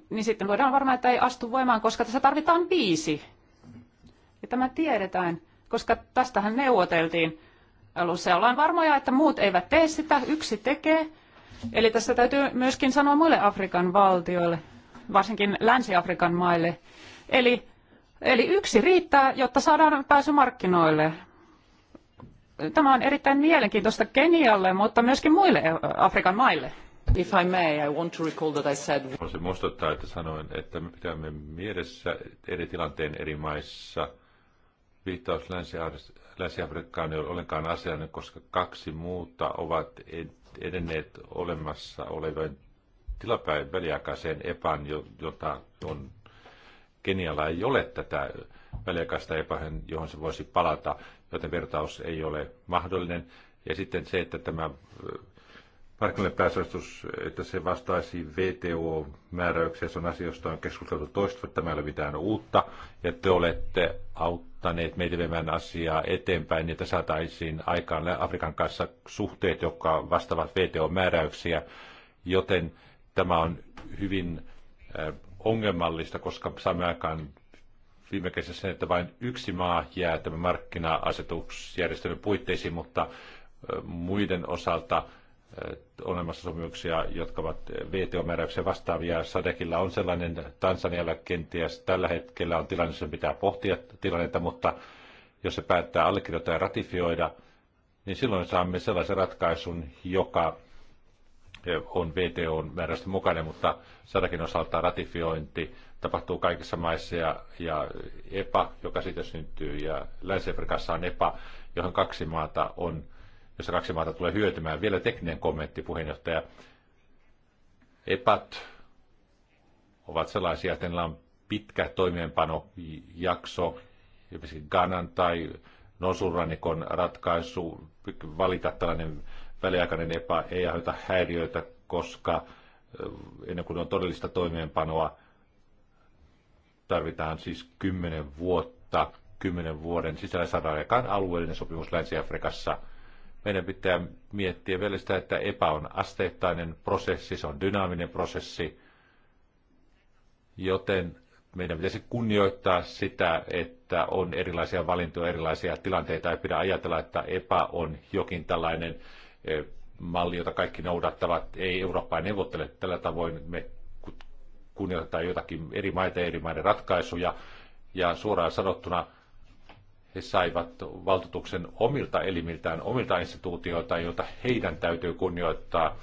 niin sitten voidaan varmaan, että ei astu voimaan, koska tässä tarvitaan viisi. Ja tämä tiedetään, koska tästähän neuvoteltiin alussa. Ollaan varmoja, että muut eivät tee sitä, yksi tekee. Eli tässä täytyy myöskin sanoa muille Afrikan valtioille, varsinkin Länsi-Afrikan maille. Eli, eli yksi riittää, jotta saadaan pääsy markkinoille. Tämä on erittäin mielenkiintoista Kenialle, mutta myöskin muille Afrikan maille. If I
may, I want to recall that I said... Haluaisin muistuttaa, että sanoin, että me pitämme mielessä eri tilanteen eri maissa. Viittaus Länsi-Afrikkaan ei ole ollenkaan asiana, koska kaksi muuta ovat edenneet olemassa olevan tilapäin väliaikaiseen epan, jota on Kenialla ei ole tätä väliaikaista epähän, johon se voisi palata, joten vertaus ei ole mahdollinen. Ja sitten se, että tämä markkinoille pääsäästys, että se vastaisi VTO-määräyksiä. Se on asia, josta on keskusteltu toista, tämä ei ole mitään uutta. Ja te olette auttaneet meitä viemään asiaa eteenpäin, niin että saataisiin aikaan Afrikan kanssa suhteet, jotka vastaavat VTO-määräyksiä. Joten tämä on hyvin äh, ongelmallista, koska saamme aikaan viime kädessä sen, että vain yksi maa jää tämän markkina-asetusjärjestelyn puitteisiin, mutta äh, muiden osalta – on jotka ovat VTO-määräyksiä vastaavia. Sadekilla on sellainen Tansanialla kenties tällä hetkellä on tilanne, jossa pitää pohtia tilannetta, mutta jos se päättää allekirjoittaa ja ratifioida, niin silloin saamme sellaisen ratkaisun, joka on VTOn määräysten mukainen, mutta sadakin osalta ratifiointi tapahtuu kaikissa maissa ja, ja EPA, joka siitä syntyy, ja Länsi-Afrikassa on EPA, johon kaksi maata on jossa kaksi maata tulee hyötymään. Vielä tekninen kommentti, puheenjohtaja. EPAT ovat sellaisia, että niillä on pitkä toimeenpanojakso, esimerkiksi Ganan tai Nosuranikon ratkaisu valita tällainen väliaikainen EPA ei aiheuta häiriöitä, koska eh, ennen kuin on todellista toimeenpanoa, tarvitaan siis kymmenen vuotta, kymmenen vuoden sisällä saadaan alueellinen sopimus Länsi-Afrikassa – meidän pitää miettiä vielä sitä, että epä on asteittainen prosessi, se on dynaaminen prosessi, joten meidän pitäisi kunnioittaa sitä, että on erilaisia valintoja, erilaisia tilanteita. Ei pidä ajatella, että epä on jokin tällainen eh, malli, jota kaikki noudattavat. Ei ei neuvottele tällä tavoin. Me kunnioitetaan jotakin eri maita eri maiden ratkaisuja. Ja suoraan sanottuna – he saivat valtuutuksen omilta elimiltään, omilta instituutioiltaan, joita heidän täytyy kunnioittaa.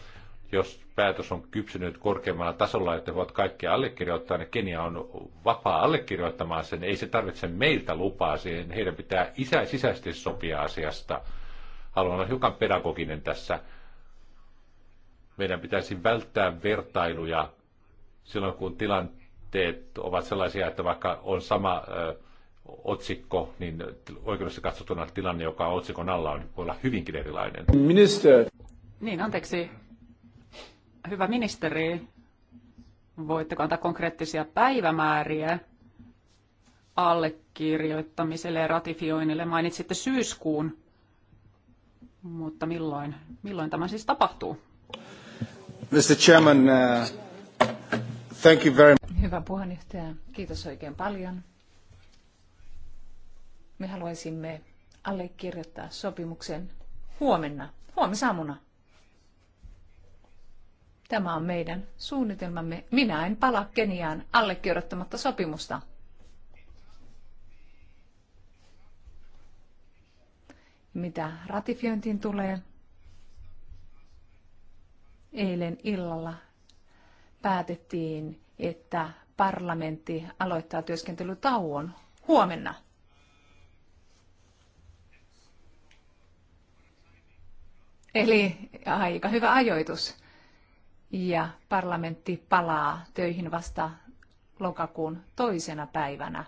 Jos päätös on kypsynyt korkeammalla tasolla, että he kaikki allekirjoittaa, niin Kenia on vapaa allekirjoittamaan sen. Ei se tarvitse meiltä lupaa siihen. Heidän pitää isä sisäisesti sopia asiasta. Haluan olla hiukan pedagoginen tässä. Meidän pitäisi välttää vertailuja silloin, kun tilanteet ovat sellaisia, että vaikka on sama äh, otsikko, niin oikeudessa katsottuna tilanne, joka on otsikon alla, on, voi olla hyvinkin erilainen.
Minister. Niin,
anteeksi. Hyvä ministeri, voitteko antaa konkreettisia päivämääriä allekirjoittamiselle ja ratifioinnille? Mainitsitte syyskuun, mutta milloin, milloin tämä siis
tapahtuu? Mr. Chairman, uh, thank you very much.
Hyvä puheenjohtaja, kiitos oikein paljon. Me haluaisimme allekirjoittaa sopimuksen huomenna, huomisaamuna. Tämä on meidän suunnitelmamme. Minä en pala Keniaan allekirjoittamatta sopimusta. Mitä ratifiointiin tulee, eilen illalla päätettiin, että parlamentti aloittaa työskentelytauon huomenna. Eli aika hyvä ajoitus. Ja parlamentti palaa töihin vasta lokakuun toisena päivänä.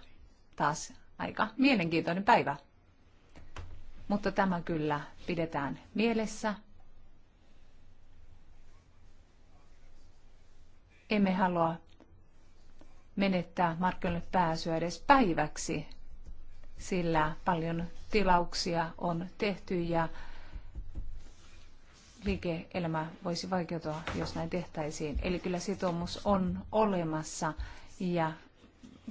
Taas aika mielenkiintoinen päivä. Mutta tämä kyllä pidetään mielessä. Emme halua menettää markkinoille pääsyä edes päiväksi, sillä paljon tilauksia on tehty ja liike-elämä voisi vaikeutua, jos näin tehtäisiin. Eli kyllä sitoumus on olemassa ja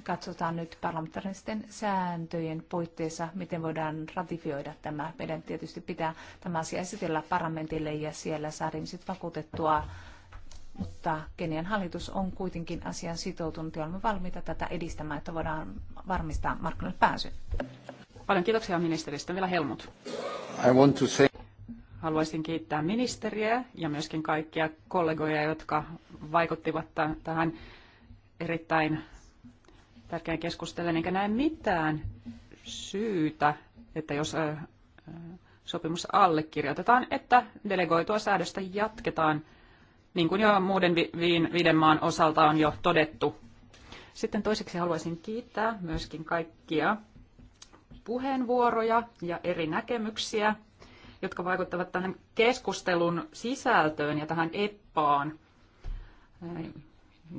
katsotaan nyt parlamentaaristen sääntöjen puitteissa, miten voidaan ratifioida tämä. Meidän tietysti pitää tämä asia esitellä parlamentille ja siellä saadaan sitten vakuutettua, mutta Kenian hallitus on kuitenkin asian sitoutunut ja olemme valmiita tätä edistämään, että voidaan varmistaa markkinoille pääsy.
Paljon kiitoksia ministeristä. Vielä Helmut. I want to say... Haluaisin kiittää ministeriä ja myöskin kaikkia kollegoja, jotka vaikuttivat tähän erittäin tärkeään keskusteluun, enkä näe mitään syytä, että jos sopimus allekirjoitetaan, että delegoitua säädöstä jatketaan, niin kuin jo muiden vi- vi- viiden maan osalta on jo todettu. Sitten toiseksi haluaisin kiittää myöskin kaikkia puheenvuoroja ja eri näkemyksiä jotka vaikuttavat tähän keskustelun sisältöön ja tähän EPPAan,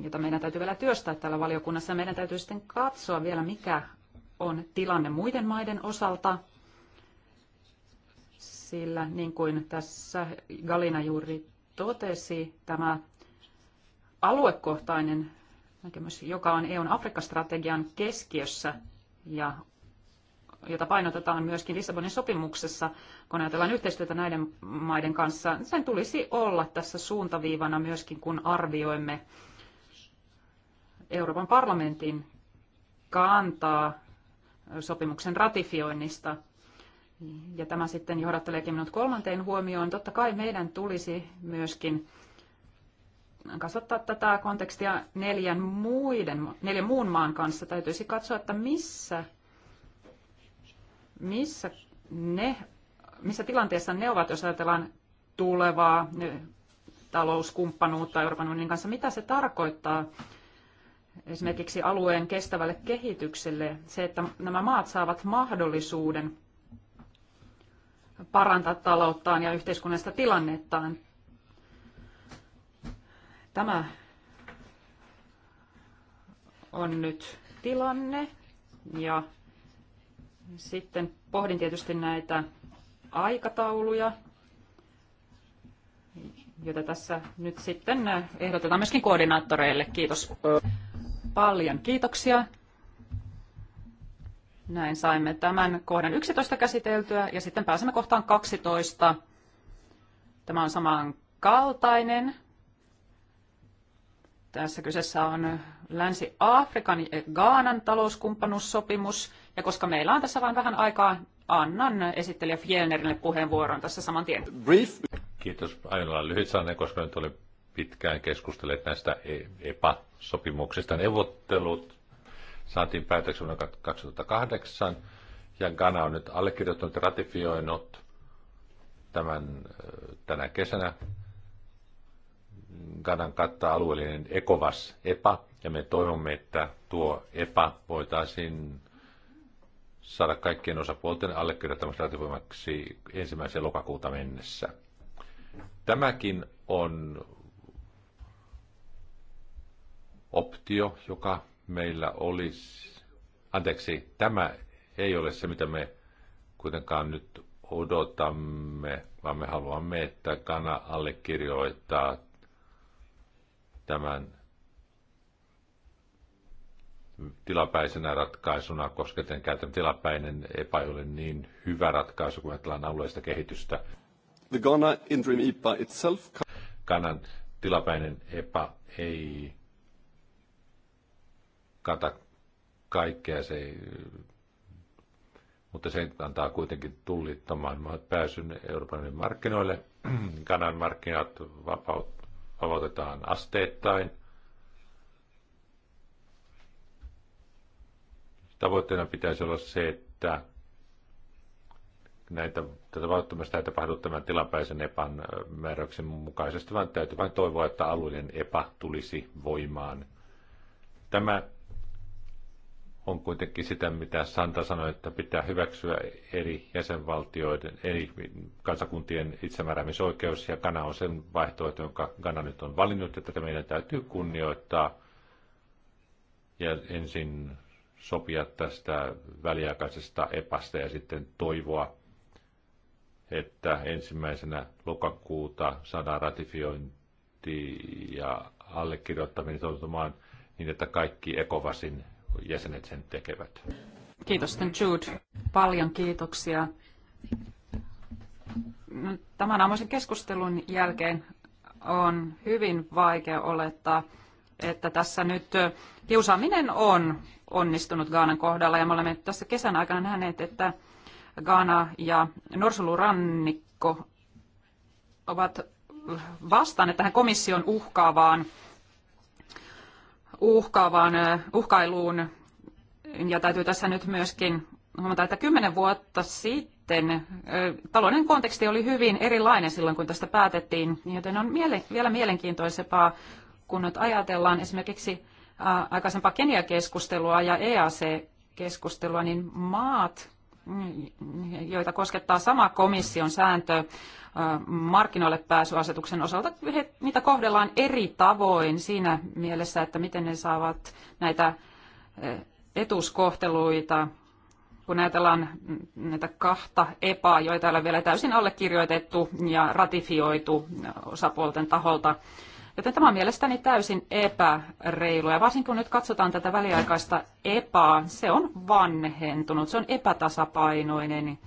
jota meidän täytyy vielä työstää täällä valiokunnassa. Meidän täytyy sitten katsoa vielä, mikä on tilanne muiden maiden osalta, sillä niin kuin tässä Galina juuri totesi, tämä aluekohtainen näkemys, joka on EUn Afrikka-strategian keskiössä ja jota painotetaan myöskin Lissabonin sopimuksessa, kun ajatellaan yhteistyötä näiden maiden kanssa, sen tulisi olla tässä suuntaviivana myöskin, kun arvioimme Euroopan parlamentin kantaa sopimuksen ratifioinnista. Ja tämä sitten johdatteleekin minut kolmanteen huomioon. Totta kai meidän tulisi myöskin kasvattaa tätä kontekstia neljän, muiden, neljän muun maan kanssa. Täytyisi katsoa, että missä missä, ne, missä tilanteessa ne ovat, jos ajatellaan tulevaa talouskumppanuutta Euroopan unionin kanssa, mitä se tarkoittaa esimerkiksi alueen kestävälle kehitykselle, se, että nämä maat saavat mahdollisuuden parantaa talouttaan ja yhteiskunnallista tilannettaan. Tämä on nyt tilanne ja sitten pohdin tietysti näitä aikatauluja, joita tässä nyt sitten ehdotetaan myöskin koordinaattoreille. Kiitos paljon. Kiitoksia. Näin saimme tämän kohdan 11 käsiteltyä ja sitten pääsemme kohtaan 12. Tämä on samankaltainen. Tässä kyseessä on Länsi-Afrikan ja Gaanan talouskumppanuussopimus. Ja koska meillä on tässä vain vähän aikaa, annan esittelijä Fjellnerille puheenvuoron tässä saman tien.
Brief. Kiitos. Ainoa lyhyt sanen, koska nyt oli pitkään keskustelleet näistä e- EPA-sopimuksista. Neuvottelut saatiin päätöksen vuonna 2008 ja Ghana on nyt allekirjoittanut ja ratifioinut tämän tänä kesänä Ganan kattaa alueellinen ECOVAS, EPA, ja me toivomme, että tuo EPA voitaisiin saada kaikkien osapuolten allekirjoittamassa ratifoimaksi ensimmäisen lokakuuta mennessä. Tämäkin on optio, joka meillä olisi. Anteeksi, tämä ei ole se, mitä me kuitenkaan nyt odotamme, vaan me haluamme, että Kana allekirjoittaa tämän tilapäisenä ratkaisuna, koska tämän käytön tilapäinen EPA ei ole niin hyvä ratkaisu, kun ajatellaan alueellista kehitystä. The Ghana interim EPA itself... Kanan tilapäinen EPA ei kata kaikkea, se ei, mutta se antaa kuitenkin tullittoman pääsyn Euroopan markkinoille. Kanan markkinat vapautta aloitetaan asteittain. Tavoitteena pitäisi olla se, että näitä, tätä valtuuttamista ei tapahdu tämän tilapäisen EPAn määräyksen mukaisesti, vaan täytyy vain toivoa, että alueellinen EPA tulisi voimaan. Tämä on kuitenkin sitä, mitä Santa sanoi, että pitää hyväksyä eri jäsenvaltioiden, eri kansakuntien itsemääräämisoikeus, ja Kana on sen vaihtoehto, jonka Kana nyt on valinnut, että tätä meidän täytyy kunnioittaa ja ensin sopia tästä väliaikaisesta epästä ja sitten toivoa, että ensimmäisenä lokakuuta saadaan ratifiointi ja allekirjoittaminen toteutumaan niin, että kaikki ekovasin jäsenet sen tekevät. Kiitos,
Jude. Paljon kiitoksia. No, tämän aamuisen keskustelun jälkeen on hyvin vaikea olettaa, että tässä nyt kiusaaminen on onnistunut Gaanan kohdalla ja me olemme tässä kesän aikana nähneet, että Gaana ja Norsulurannikko ovat vastanneet tähän komission uhkaavaan uhkaavaan uhkailuun. Ja täytyy tässä nyt myöskin huomata, että kymmenen vuotta sitten talouden konteksti oli hyvin erilainen silloin, kun tästä päätettiin, joten on miele- vielä mielenkiintoisempaa, kun nyt ajatellaan esimerkiksi aikaisempaa Kenia-keskustelua ja EAC-keskustelua, niin maat joita koskettaa sama komission sääntö markkinoille pääsyasetuksen osalta, niitä kohdellaan eri tavoin siinä mielessä, että miten ne saavat näitä etuskohteluita, kun ajatellaan näitä kahta epaa, joita ei ole vielä täysin allekirjoitettu ja ratifioitu osapuolten taholta. Joten tämä on mielestäni täysin epäreilua. Varsinkin kun nyt katsotaan tätä väliaikaista epää, se on vanhentunut, se on epätasapainoinen,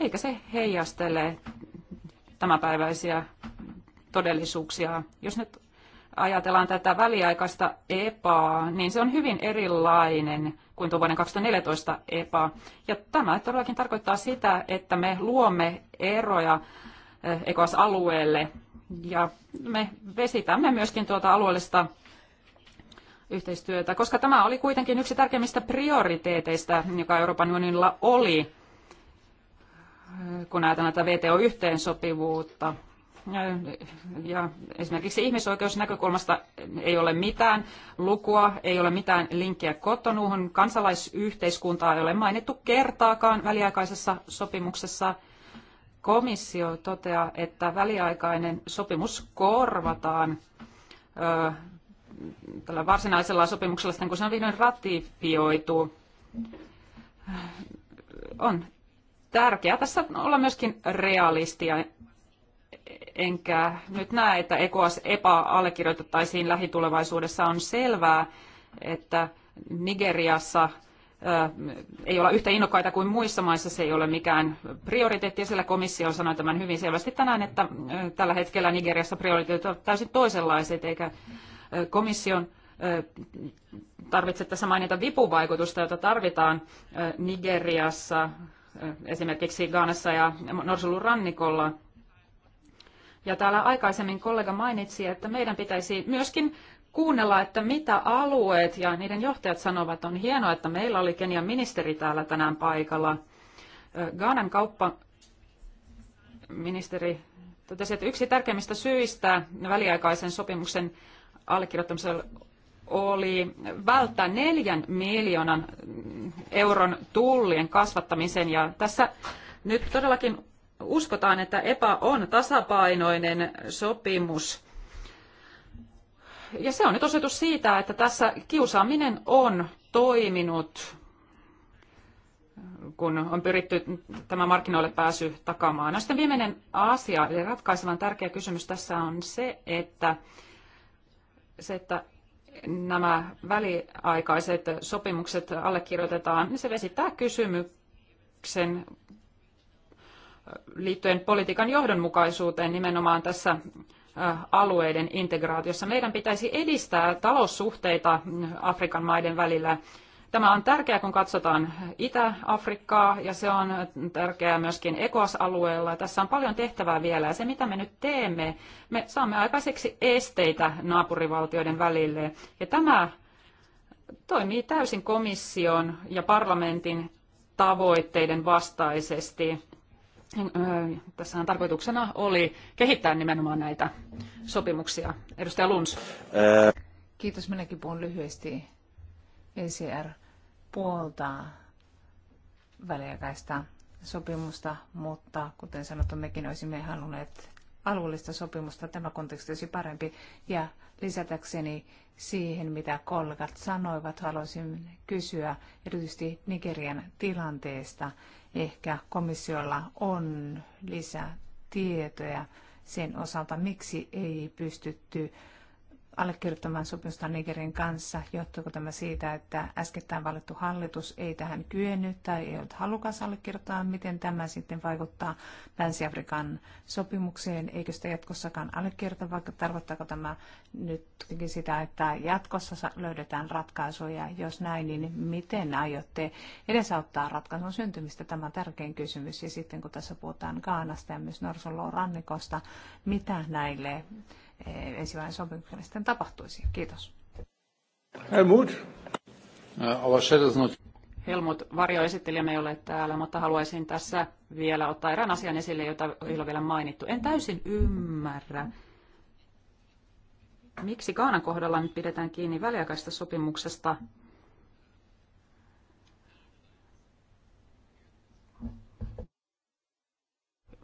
eikä se heijastele tämänpäiväisiä todellisuuksia. Jos nyt ajatellaan tätä väliaikaista epää, niin se on hyvin erilainen kuin tuo vuoden 2014 epää. Ja tämä todellakin tarkoittaa sitä, että me luomme eroja ECOAS-alueelle eh, ja me vesitämme myöskin tuota alueellista yhteistyötä, koska tämä oli kuitenkin yksi tärkeimmistä prioriteeteista, joka Euroopan unionilla oli, kun ajatellaan tätä VTO-yhteensopivuutta. Ja esimerkiksi ihmisoikeusnäkökulmasta ei ole mitään lukua, ei ole mitään linkkiä kotonuuhun, kansalaisyhteiskuntaa ei ole mainittu kertaakaan väliaikaisessa sopimuksessa – komissio toteaa, että väliaikainen sopimus korvataan ö, tällä varsinaisella sopimuksella sitten, kun se on vihdoin ratifioitu. On tärkeää tässä olla myöskin realistia, enkä nyt näe, että ECOAS EPA allekirjoitettaisiin lähitulevaisuudessa. On selvää, että Nigeriassa – ei olla yhtä innokkaita kuin muissa maissa, se ei ole mikään prioriteetti, ja siellä komissio sanoi tämän hyvin selvästi tänään, että tällä hetkellä Nigeriassa prioriteetit ovat täysin toisenlaiset, eikä komission tarvitse tässä mainita vipuvaikutusta, jota tarvitaan Nigeriassa, esimerkiksi Gaanassa ja Norsulun rannikolla. Ja täällä aikaisemmin kollega mainitsi, että meidän pitäisi myöskin kuunnella, että mitä alueet ja niiden johtajat sanovat. On hienoa, että meillä oli Kenian ministeri täällä tänään paikalla. Gaanan kauppaministeri totesi, että yksi tärkeimmistä syistä väliaikaisen sopimuksen allekirjoittamisella oli välttää neljän miljoonan euron tullien kasvattamisen. Ja tässä nyt todellakin uskotaan, että EPA on tasapainoinen sopimus ja se on nyt osoitus siitä, että tässä kiusaaminen on toiminut, kun on pyritty tämä markkinoille pääsy takamaan. No sitten viimeinen asia, eli ratkaisevan tärkeä kysymys tässä on se, että, se, että nämä väliaikaiset sopimukset allekirjoitetaan, niin se vesittää kysymyksen liittyen politiikan johdonmukaisuuteen nimenomaan tässä alueiden integraatiossa. Meidän pitäisi edistää taloussuhteita Afrikan maiden välillä. Tämä on tärkeää, kun katsotaan Itä-Afrikkaa ja se on tärkeää myöskin ECOAS-alueella. Tässä on paljon tehtävää vielä ja se, mitä me nyt teemme, me saamme aikaiseksi esteitä naapurivaltioiden välille. Ja tämä toimii täysin komission ja parlamentin tavoitteiden vastaisesti. Tässähän tarkoituksena oli kehittää nimenomaan näitä sopimuksia. Edustaja Luns. Kiitos, minäkin puhun lyhyesti.
ECR puoltaa väliaikaista sopimusta, mutta kuten sanottu, mekin olisimme halunneet alueellista sopimusta. Tämä konteksti olisi parempi. Ja lisätäkseni siihen, mitä kollegat sanoivat, haluaisin kysyä erityisesti Nigerian tilanteesta ehkä komissiolla on lisää tietoja sen osalta, miksi ei pystytty allekirjoittamaan sopimusta Nigerin kanssa. Johtuuko tämä siitä, että äskettäin valittu hallitus ei tähän kyennyt tai ei ollut halukas allekirjoittaa? Miten tämä sitten vaikuttaa Länsi-Afrikan sopimukseen? Eikö sitä jatkossakaan allekirjoita, vaikka tarkoittaako tämä nyt sitä, että jatkossa löydetään ratkaisuja? Jos näin, niin miten aiotte edesauttaa ratkaisun syntymistä? Tämä on tärkein kysymys. Ja sitten kun tässä puhutaan Kaanasta ja myös Norsunluon rannikosta, mitä näille
Eh, ensimmäinen sopimuksen sitten tapahtuisi. Kiitos.
Helmut. No-
Helmut, varjoesittelijämme ei ole täällä, mutta haluaisin tässä vielä ottaa erään asian esille, jota ei ole vielä mainittu. En täysin ymmärrä, miksi Kaanan kohdalla nyt pidetään kiinni väliaikaisesta sopimuksesta,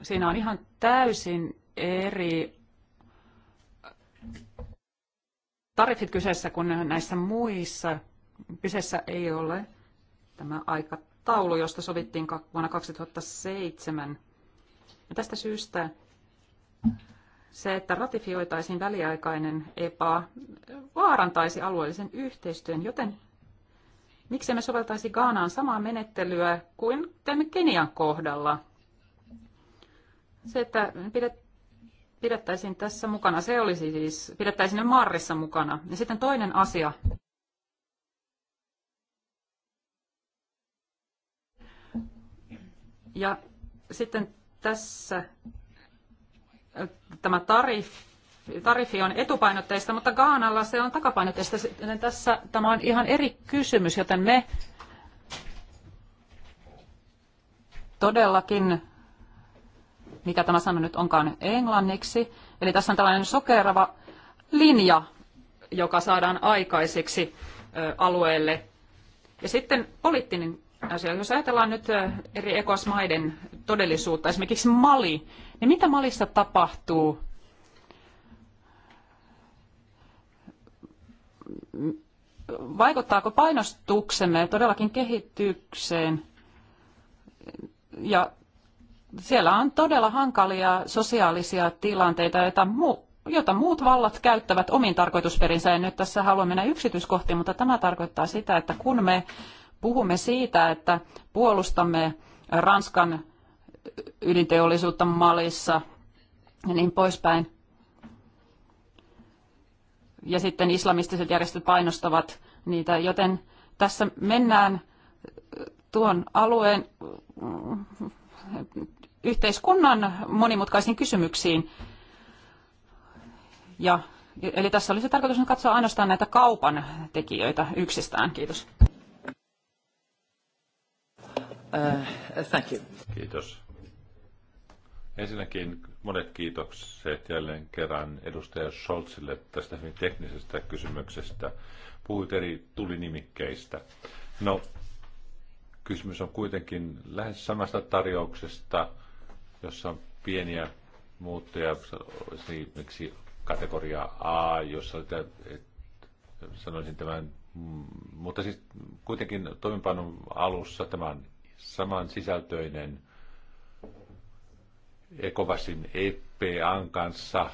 siinä on ihan täysin eri tariffit kyseessä kun näissä muissa. Kyseessä ei ole tämä aikataulu, josta sovittiin vuonna 2007. Ja tästä syystä se, että ratifioitaisiin väliaikainen EPA, vaarantaisi alueellisen yhteistyön, joten miksi me soveltaisi Gaanaan samaa menettelyä kuin teemme Kenian kohdalla? Se, että pidet, pidettäisiin tässä mukana. Se olisi siis, pidettäisiin ne Marrissa mukana. Ja sitten toinen asia. Ja sitten tässä tämä tariffi tariffi on etupainotteista, mutta Gaanalla se on takapainotteista. Sitten tässä tämä on ihan eri kysymys, joten me todellakin mikä tämä sana nyt onkaan englanniksi. Eli tässä on tällainen sokerava linja, joka saadaan aikaiseksi alueelle. Ja sitten poliittinen asia. Jos ajatellaan nyt eri ekosmaiden todellisuutta, esimerkiksi Mali, niin mitä Malissa tapahtuu? Vaikuttaako painostuksemme todellakin kehitykseen? Ja siellä on todella hankalia sosiaalisia tilanteita, joita, mu, jota muut vallat käyttävät omiin tarkoitusperinsä. En nyt tässä halua mennä yksityiskohtiin, mutta tämä tarkoittaa sitä, että kun me puhumme siitä, että puolustamme Ranskan ydinteollisuutta Malissa ja niin poispäin, ja sitten islamistiset järjestöt painostavat niitä, joten tässä mennään tuon alueen yhteiskunnan monimutkaisiin kysymyksiin. Ja, eli tässä olisi tarkoitus katsoa ainoastaan näitä kaupan tekijöitä yksistään. Kiitos. Uh, thank you.
Kiitos. Ensinnäkin monet kiitokset jälleen kerran edustaja Scholzille tästä hyvin teknisestä kysymyksestä. Puhuit eri tulinimikkeistä. No, kysymys on kuitenkin lähes samasta tarjouksesta, jossa on pieniä muuttuja, esimerkiksi kategoria A, jossa että, että, sanoisin tämän, mm, mutta siis kuitenkin toimipanon alussa tämä on saman sisältöinen Ekovasin EPAn kanssa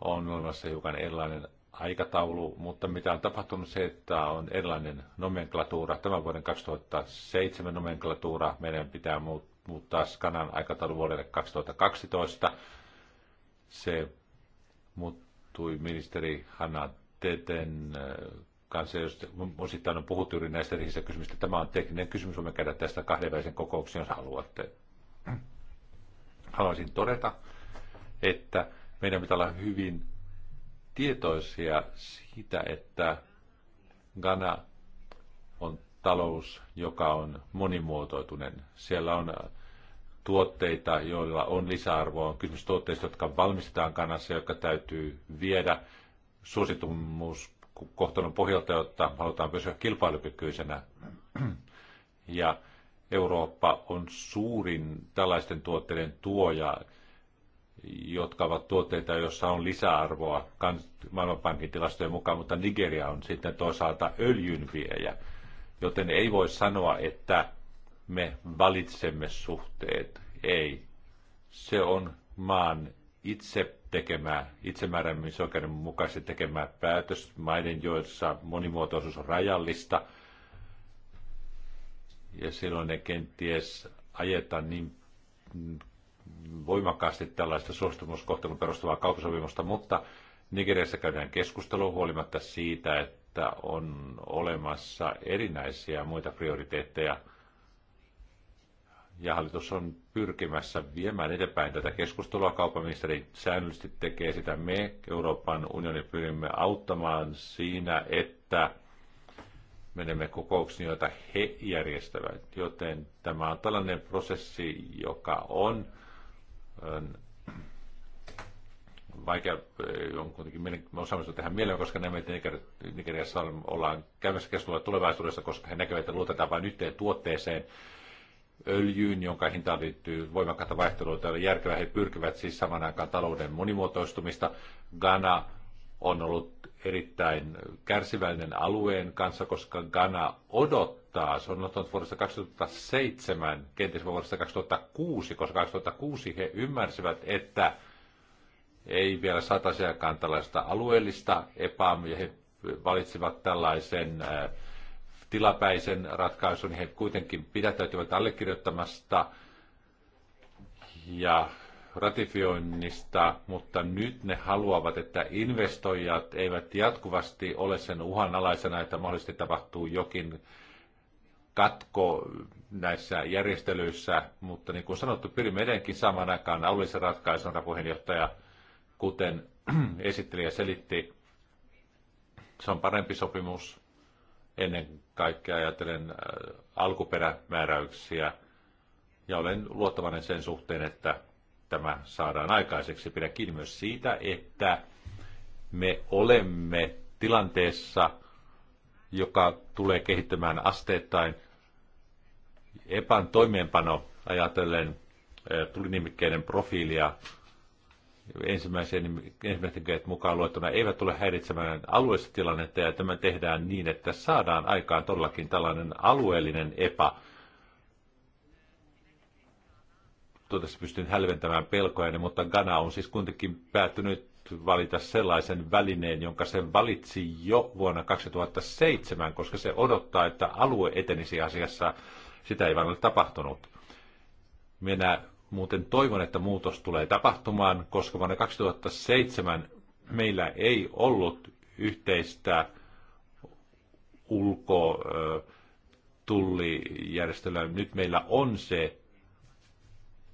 on olemassa hiukan erilainen aikataulu, mutta mitä on tapahtunut se, että on erilainen nomenklatuura. Tämän vuoden 2007 nomenklatuura meidän pitää muuttaa muuttaa Skanan aikataulu vuodelle 2012. Se muuttui ministeri Hanna Teten äh, kanssa, josta osittain on puhuttu juuri näistä riisistä kysymyksistä. Tämä on tekninen kysymys, voimme käydä tästä kahdenvälisen kokouksen, jos haluatte. Haluaisin todeta, että meidän pitää olla hyvin tietoisia siitä, että Ghana talous, joka on monimuotoitunen. Siellä on tuotteita, joilla on lisäarvoa. On kysymys tuotteista, jotka valmistetaan kanassa, jotka täytyy viedä suositumuskohtelun pohjalta, jotta halutaan pysyä kilpailukykyisenä. Ja Eurooppa on suurin tällaisten tuotteiden tuoja, jotka ovat tuotteita, joissa on lisäarvoa maailmanpankin tilastojen mukaan, mutta Nigeria on sitten toisaalta öljynviejä. Joten ei voi sanoa, että me valitsemme suhteet. Ei. Se on maan itse tekemää, itsemääräämisoikeuden mukaisesti tekemää päätös maiden, joissa monimuotoisuus on rajallista. Ja silloin ne kenties ajeta niin voimakkaasti tällaista suostumuskohtelun perustuvaa kauppasopimusta, mutta Nigeriassa käydään keskustelua huolimatta siitä, että että on olemassa erinäisiä muita prioriteetteja. Ja hallitus on pyrkimässä viemään eteenpäin tätä keskustelua. Kauppaministeri säännöllisesti tekee sitä. Me Euroopan unioni pyrimme auttamaan siinä, että menemme kokouksiin, joita he järjestävät. Joten tämä on tällainen prosessi, joka on vaikea, eh, on kuitenkin me osallistua tähän mieleen, koska ne meitä Nigeriassa ollaan käymässä keskustelua tulevaisuudessa, koska he näkevät, että luotetaan vain yhteen tuotteeseen, öljyyn, jonka hintaan liittyy voimakkaita vaihteluita, ei järkevää. He pyrkivät siis saman aikaan talouden monimuotoistumista. Ghana on ollut erittäin kärsivällinen alueen kanssa, koska Ghana odottaa, se on ottanut vuodesta 2007, kenties vuodesta 2006, koska 2006 he ymmärsivät, että ei vielä satasiakaan tällaista alueellista EPAM, ja he valitsivat tällaisen äh, tilapäisen ratkaisun, niin he kuitenkin pidättäytyvät allekirjoittamasta ja ratifioinnista, mutta nyt ne haluavat, että investoijat eivät jatkuvasti ole sen uhanalaisena, että mahdollisesti tapahtuu jokin katko näissä järjestelyissä, mutta niin kuin sanottu, pyrimme edelleenkin saamaan aikaan alueellisen ratkaisun, puheenjohtaja, Kuten esittelijä selitti, se on parempi sopimus ennen kaikkea ajatellen äh, alkuperämääräyksiä ja olen luottavainen sen suhteen, että tämä saadaan aikaiseksi. Pidä kiinni myös siitä, että me olemme tilanteessa, joka tulee kehittämään asteittain. EPAn toimeenpano ajatellen äh, tulinimikkeiden profiilia ensimmäisen, ensimmäisen kädet mukaan luettuna eivät tule häiritsemään alueellista tilannetta ja tämä tehdään niin, että saadaan aikaan todellakin tällainen alueellinen epä. Toivottavasti pystyn hälventämään pelkoja, mutta Ghana on siis kuitenkin päättynyt valita sellaisen välineen, jonka se valitsi jo vuonna 2007, koska se odottaa, että alue etenisi asiassa. Sitä ei vaan ole tapahtunut. Minä Muuten toivon, että muutos tulee tapahtumaan, koska vuonna 2007 meillä ei ollut yhteistä ulko tullijärjestelmä. Nyt meillä on se,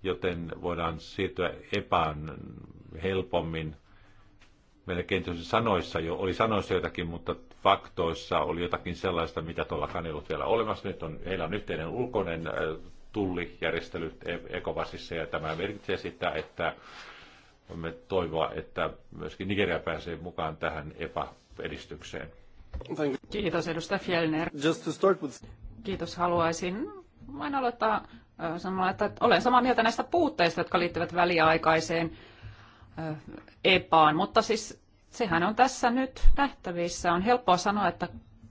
joten voidaan siirtyä epään helpommin. Meillä kenties sanoissa jo, oli sanoissa jotakin, mutta faktoissa oli jotakin sellaista, mitä tuolla kanilut vielä olemassa. Nyt on, heillä on yhteinen ulkoinen tullijärjestelyt Ekovasissa ja tämä merkitsee sitä, että voimme toivoa, että myöskin Nigeria pääsee mukaan tähän epäedistykseen.
Kiitos edustaja Fjellner. Just to start with... Kiitos. Haluaisin vain aloittaa sanomalla, että olen samaa mieltä näistä puutteista, jotka liittyvät väliaikaiseen epaan, mutta siis sehän on tässä nyt nähtävissä. On helppoa sanoa, että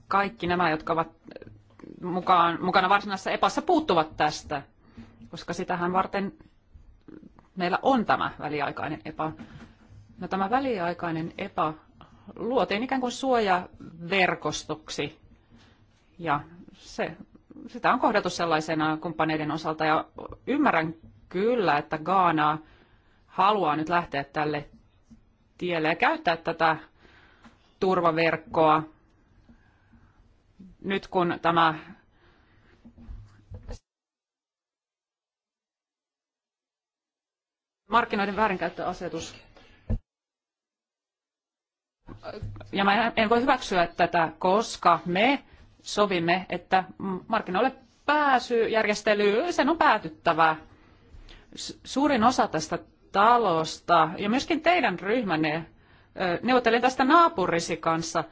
kaikki nämä, jotka ovat mukaan, mukana varsinaisessa epassa puuttuvat tästä, koska sitähän varten meillä on tämä väliaikainen epa. No tämä väliaikainen epa luotiin ikään kuin suojaverkostoksi ja se, sitä on kohdattu sellaisena kumppaneiden osalta ja ymmärrän kyllä, että Gaana haluaa nyt lähteä tälle tielle ja käyttää tätä turvaverkkoa nyt kun tämä markkinoiden väärinkäyttöasetus. Ja mä en voi hyväksyä tätä, koska me sovimme, että markkinoille pääsyjärjestely, sen on päätyttävä. Suurin osa tästä talosta ja myöskin teidän ryhmänne neuvottelin tästä naapurisi kanssa –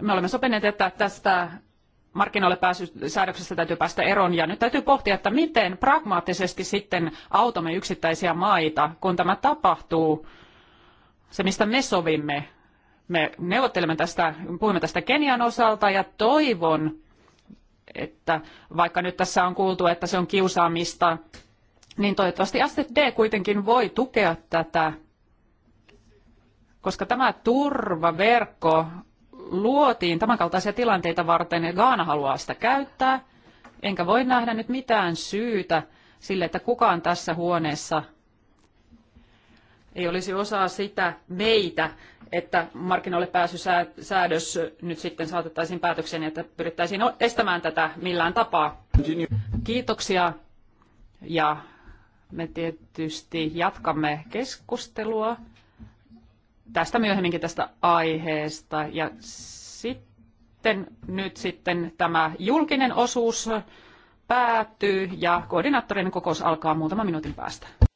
me olemme sopineet, että tästä markkinoille pääsysäädöksestä täytyy päästä eroon. Ja nyt täytyy pohtia, että miten pragmaattisesti sitten autamme yksittäisiä maita, kun tämä tapahtuu. Se, mistä me sovimme, me neuvottelemme tästä, puhumme tästä Kenian osalta ja toivon, että vaikka nyt tässä on kuultu, että se on kiusaamista, niin toivottavasti D kuitenkin voi tukea tätä, koska tämä turvaverkko luotiin tämänkaltaisia tilanteita varten ja Gaana haluaa sitä käyttää. Enkä voi nähdä nyt mitään syytä sille, että kukaan tässä huoneessa ei olisi osaa sitä meitä, että markkinoille pääsysäädös nyt sitten saatettaisiin päätökseen, että pyrittäisiin estämään tätä millään tapaa. Kiitoksia ja me tietysti jatkamme keskustelua tästä myöhemminkin tästä aiheesta. Ja sitten nyt sitten tämä julkinen osuus päättyy ja koordinaattorien kokous alkaa muutaman minuutin päästä.